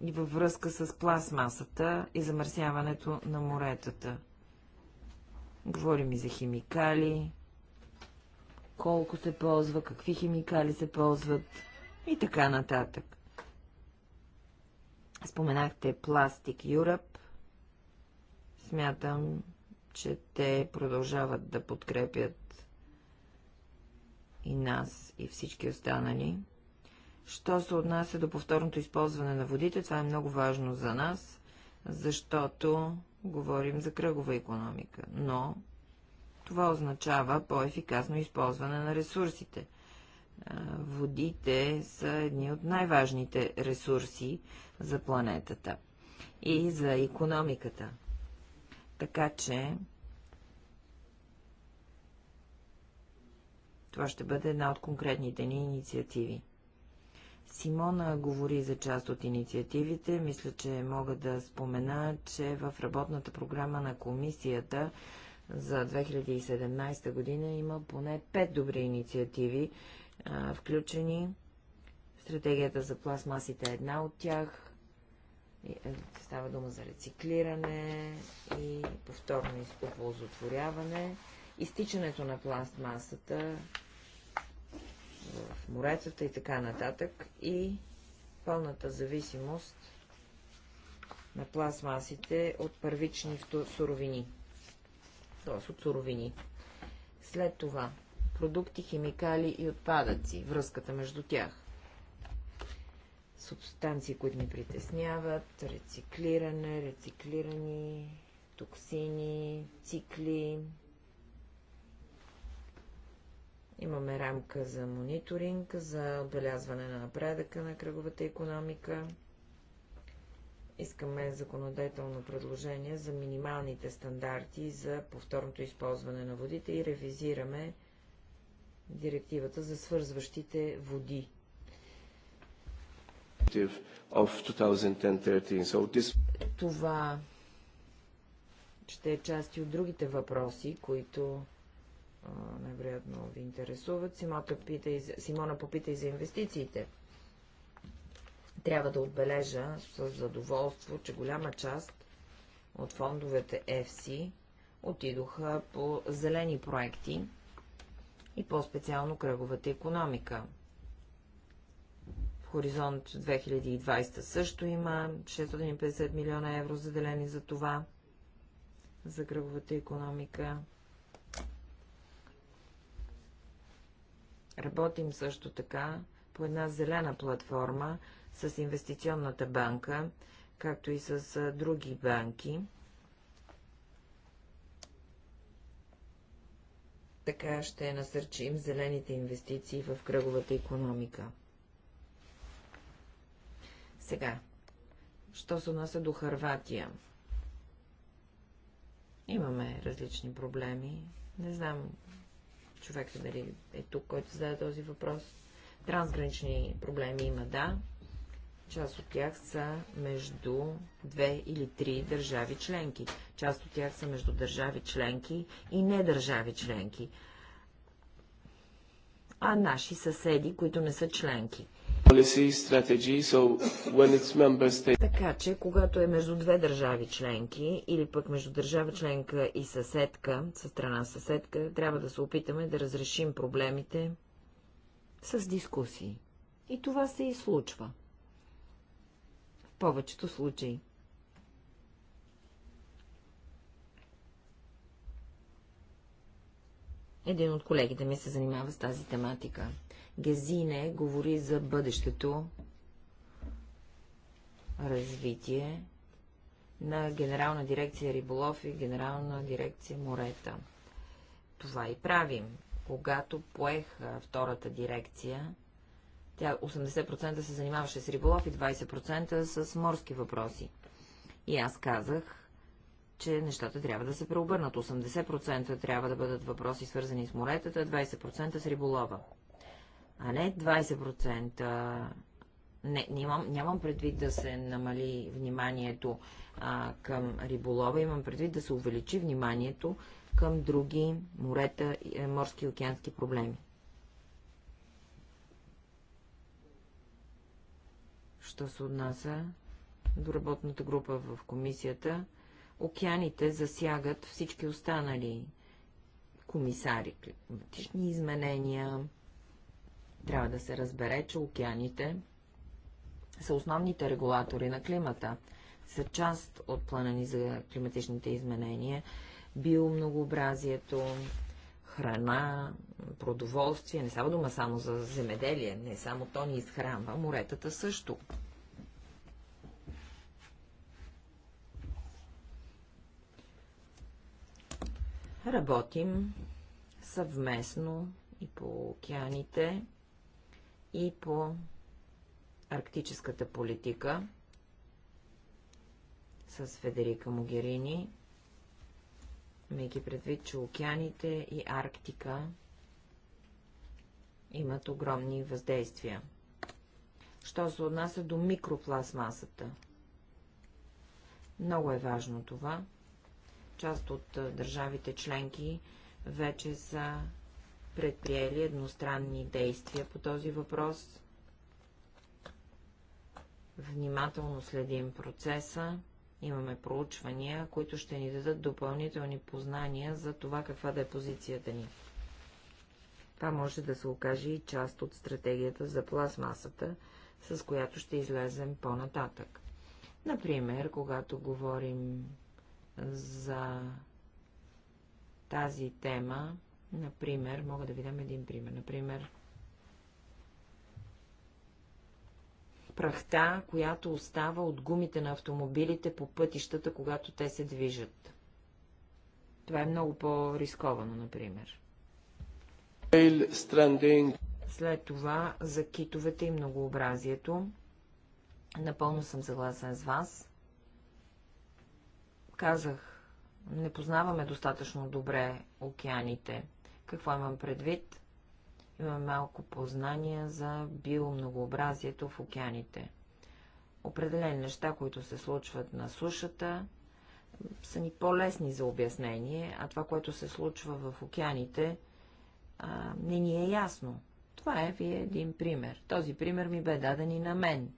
и във връзка с пластмасата и замърсяването на моретата. Говорим и за химикали, колко се ползва, какви химикали се ползват и така нататък. Споменахте Plastic Europe. Смятам, че те продължават да подкрепят и нас, и всички останали. Що се отнася до повторното използване на водите, това е много важно за нас, защото говорим за кръгова економика, но това означава по-ефикасно използване на ресурсите водите са едни от най-важните ресурси за планетата и за економиката. Така че това ще бъде една от конкретните ни инициативи. Симона говори за част от инициативите. Мисля, че мога да спомена, че в работната програма на комисията за 2017 година има поне 5 добри инициативи, а, включени. Стратегията за пластмасите е една от тях. Е, става дума за рециклиране и повторно използотворяване. Изтичането на пластмасата в моретата и така нататък. И пълната зависимост на пластмасите от първични суровини. Тоест от суровини. След това продукти, химикали и отпадъци, връзката между тях. Субстанции, които ни притесняват, рециклиране, рециклирани, токсини, цикли. Имаме рамка за мониторинг, за отбелязване на напредъка на кръговата економика. Искаме законодателно предложение за минималните стандарти за повторното използване на водите и ревизираме директивата за свързващите води. Това ще е части от другите въпроси, които най-вероятно ви интересуват. Пита и... Симона попита и за инвестициите. Трябва да отбележа с задоволство, че голяма част от фондовете EFSI отидоха по зелени проекти, и по-специално кръговата економика. В хоризонт 2020 също има 650 милиона евро заделени за това, за кръговата економика. Работим също така по една зелена платформа с инвестиционната банка, както и с други банки Така ще насърчим зелените инвестиции в кръговата економика. Сега, що се отнася до Харватия? Имаме различни проблеми. Не знам човекът дали е тук, който зададе този въпрос. Трансгранични проблеми има, да. Част от тях са между две или три държави членки. Част от тях са между държави членки и не държави членки, а наши съседи, които не са членки. Така че, когато е между две държави членки или пък между държава членка и съседка, със страна съседка, трябва да се опитаме да разрешим проблемите с дискусии. И това се и случва повечето случаи. Един от колегите ми се занимава с тази тематика. Гезине говори за бъдещето развитие на Генерална дирекция Риболов и Генерална дирекция Морета. Това и правим. Когато поех втората дирекция, тя 80% се занимаваше с риболов и 20% с морски въпроси. И аз казах, че нещата трябва да се преобърнат. 80% трябва да бъдат въпроси свързани с моретата, 20% с риболова. А не 20%. Не, нямам, нямам предвид да се намали вниманието а, към риболова, имам предвид да се увеличи вниманието към други морета, е, морски и океански проблеми. що се отнася до работната група в комисията, океаните засягат всички останали комисари. Климатични изменения. Трябва да се разбере, че океаните са основните регулатори на климата, са част от плана ни за климатичните изменения, биомногообразието, храна, продоволствие. Не става дума само за земеделие, не само то ни изхранва, моретата също. Работим съвместно и по океаните, и по арктическата политика с Федерика Могерини имайки предвид, че океаните и Арктика имат огромни въздействия. Що се отнася до микропластмасата? Много е важно това. Част от държавите членки вече са предприели едностранни действия по този въпрос. Внимателно следим процеса. Имаме проучвания, които ще ни дадат допълнителни познания за това каква да е позицията ни. Това може да се окаже и част от стратегията за пластмасата, с която ще излезем по-нататък. Например, когато говорим за тази тема, например, мога да ви дам един пример. Например, прахта, която остава от гумите на автомобилите по пътищата, когато те се движат. Това е много по-рисковано, например. След това за китовете и многообразието. Напълно съм съгласен с вас. Казах, не познаваме достатъчно добре океаните. Какво имам предвид? имаме малко познания за биомногообразието в океаните. Определени неща, които се случват на сушата, са ни по-лесни за обяснение, а това, което се случва в океаните, а, не ни е ясно. Това е ви един пример. Този пример ми бе даден и на мен.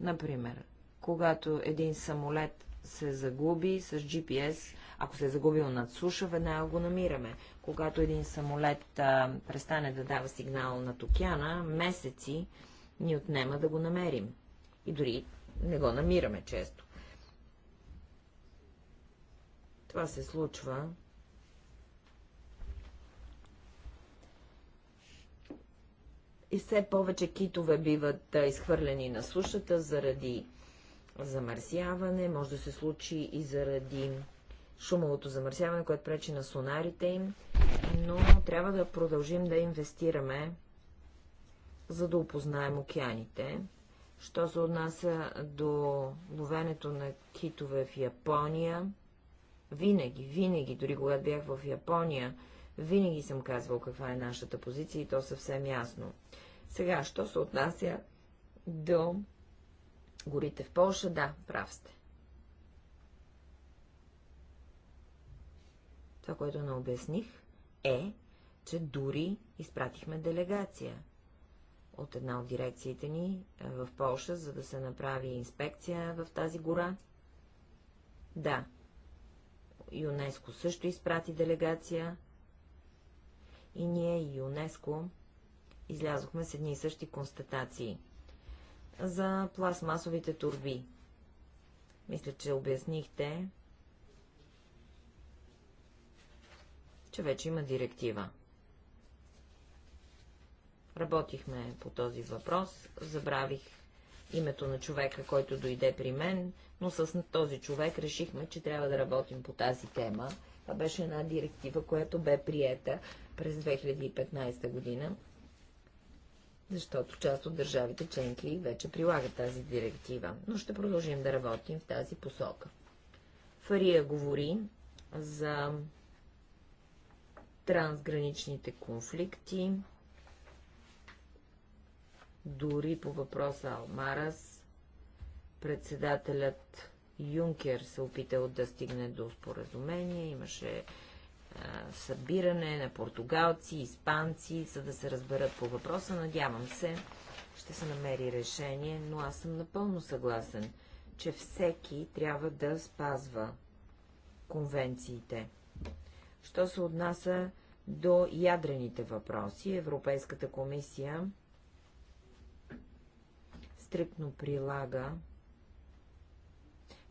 Например, когато един самолет се загуби с GPS, ако се е загубил над суша, веднага го намираме. Когато един самолет а, престане да дава сигнал над океана, месеци ни отнема да го намерим. И дори не го намираме често. Това се случва и все повече китове биват изхвърлени на сушата заради замърсяване, може да се случи и заради шумовото замърсяване, което пречи на сонарите им, но трябва да продължим да инвестираме, за да опознаем океаните. Що се отнася до ловенето на китове в Япония, винаги, винаги, дори когато бях в Япония, винаги съм казвал каква е нашата позиция и то съвсем ясно. Сега, що се отнася до горите в Польша, да, прав сте. Това, което не обясних, е, че дори изпратихме делегация от една от дирекциите ни е, в Польша, за да се направи инспекция в тази гора. Да, ЮНЕСКО също изпрати делегация и ние и ЮНЕСКО излязохме с едни и същи констатации за пластмасовите турби. Мисля, че обяснихте, че вече има директива. Работихме по този въпрос, забравих името на човека, който дойде при мен, но с този човек решихме, че трябва да работим по тази тема. Това беше една директива, която бе приета през 2015 година защото част от държавите членки вече прилагат тази директива, но ще продължим да работим в тази посока. Фария говори за трансграничните конфликти, дори по въпроса Алмарас, председателят Юнкер се опитал да стигне до споразумение, имаше събиране на португалци, испанци, за да се разберат по въпроса. Надявам се, ще се намери решение, но аз съм напълно съгласен, че всеки трябва да спазва конвенциите. Що се отнася до ядрените въпроси, Европейската комисия стриктно прилага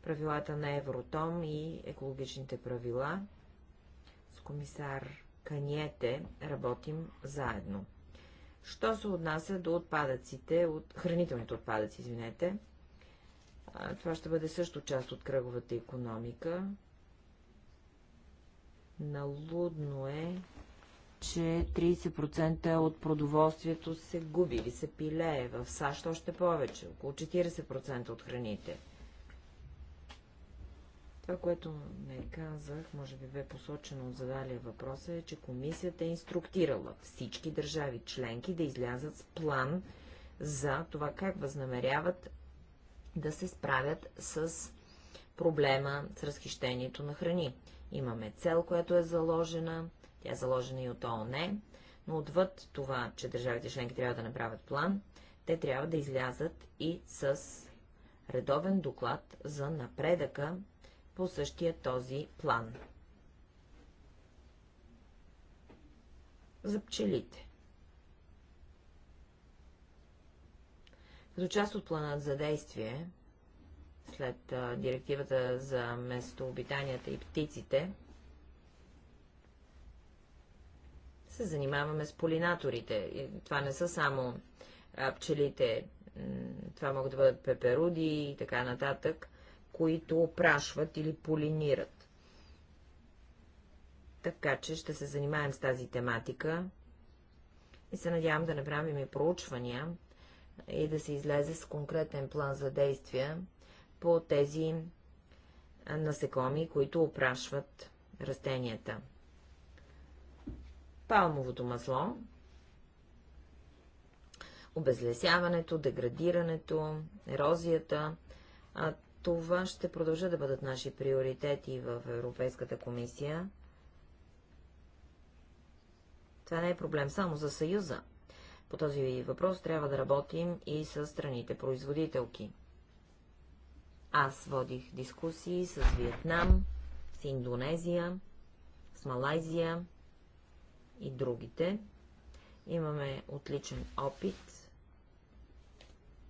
правилата на Евротом и екологичните правила, комисар Каниете работим заедно. Що се отнася до отпадъците, от хранителните отпадъци, извинете, това ще бъде също част от кръговата економика. Налудно е, че 30% от продоволствието се губи или се пилее. В САЩ още повече, около 40% от храните – това, което не казах, може би бе посочено от задалия въпроса, е, че комисията е инструктирала всички държави членки да излязат с план за това как възнамеряват да се справят с проблема с разхищението на храни. Имаме цел, която е заложена, тя е заложена и от ООН, но отвъд това, че държавите членки трябва да направят план, те трябва да излязат и с редовен доклад за напредъка по същия този план. За пчелите Като част от планът за действие, след директивата за местообитанията и птиците, се занимаваме с полинаторите. И това не са само пчелите, това могат да бъдат пеперуди и така нататък които опрашват или полинират. Така че ще се занимаем с тази тематика и се надявам да направим и проучвания и да се излезе с конкретен план за действия по тези насекоми, които опрашват растенията. Палмовото масло, обезлесяването, деградирането, ерозията, това ще продължа да бъдат наши приоритети в Европейската комисия. Това не е проблем само за Съюза. По този въпрос трябва да работим и с страните производителки. Аз водих дискусии с Виетнам, с Индонезия, с Малайзия и другите. Имаме отличен опит.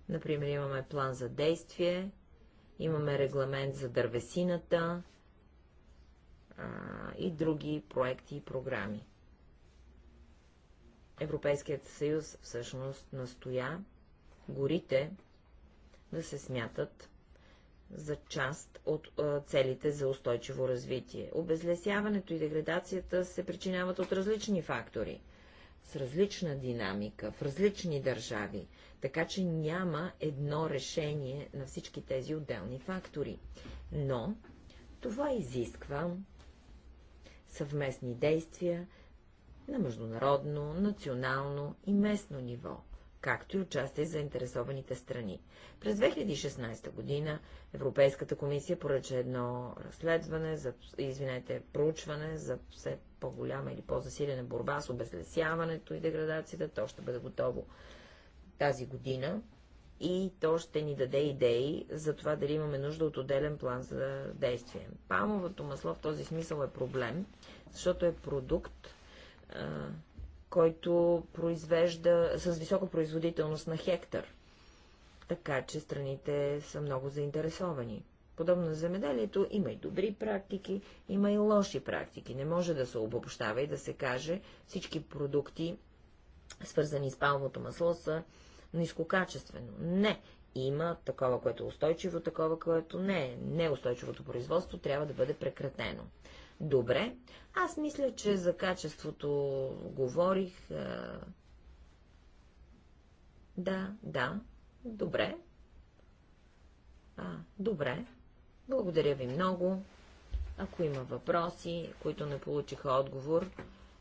Например, имаме план за действие Имаме регламент за дървесината а, и други проекти и програми. Европейският съюз всъщност настоя горите да се смятат за част от а, целите за устойчиво развитие. Обезлесяването и деградацията се причиняват от различни фактори – с различна динамика в различни държави, така че няма едно решение на всички тези отделни фактори. Но това изисква съвместни действия на международно, национално и местно ниво, както и участие за интересованите страни. През 2016 година Европейската комисия поръча едно разследване, за, извинете, проучване за по-голяма или по-засилена борба с обезлесяването и деградацията. То ще бъде готово тази година и то ще ни даде идеи за това дали имаме нужда от отделен план за действие. Памовото масло в този смисъл е проблем, защото е продукт, който произвежда с висока производителност на хектар. Така че страните са много заинтересовани. Подобно на земеделието има и добри практики, има и лоши практики. Не може да се обобщава и да се каже всички продукти, свързани с палмото масло, са нискокачествено. Не, има такова, което е устойчиво, такова, което не е. Неустойчивото производство трябва да бъде прекратено. Добре, аз мисля, че за качеството говорих. Да, да, добре. А, добре. Благодаря ви много. Ако има въпроси, които не получиха отговор,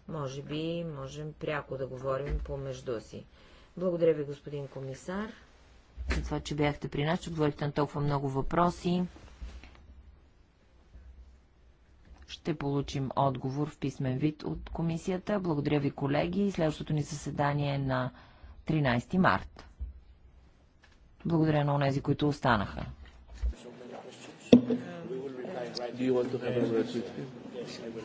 може би можем пряко да говорим помежду си. Благодаря ви, господин комисар, за това, че бяхте при нас, че отговорихте на толкова много въпроси. Ще получим отговор в писмен вид от комисията. Благодаря ви, колеги. Следващото ни заседание е на 13 март. Благодаря на тези, които останаха. Do you want to have a word with him? Yes, I will.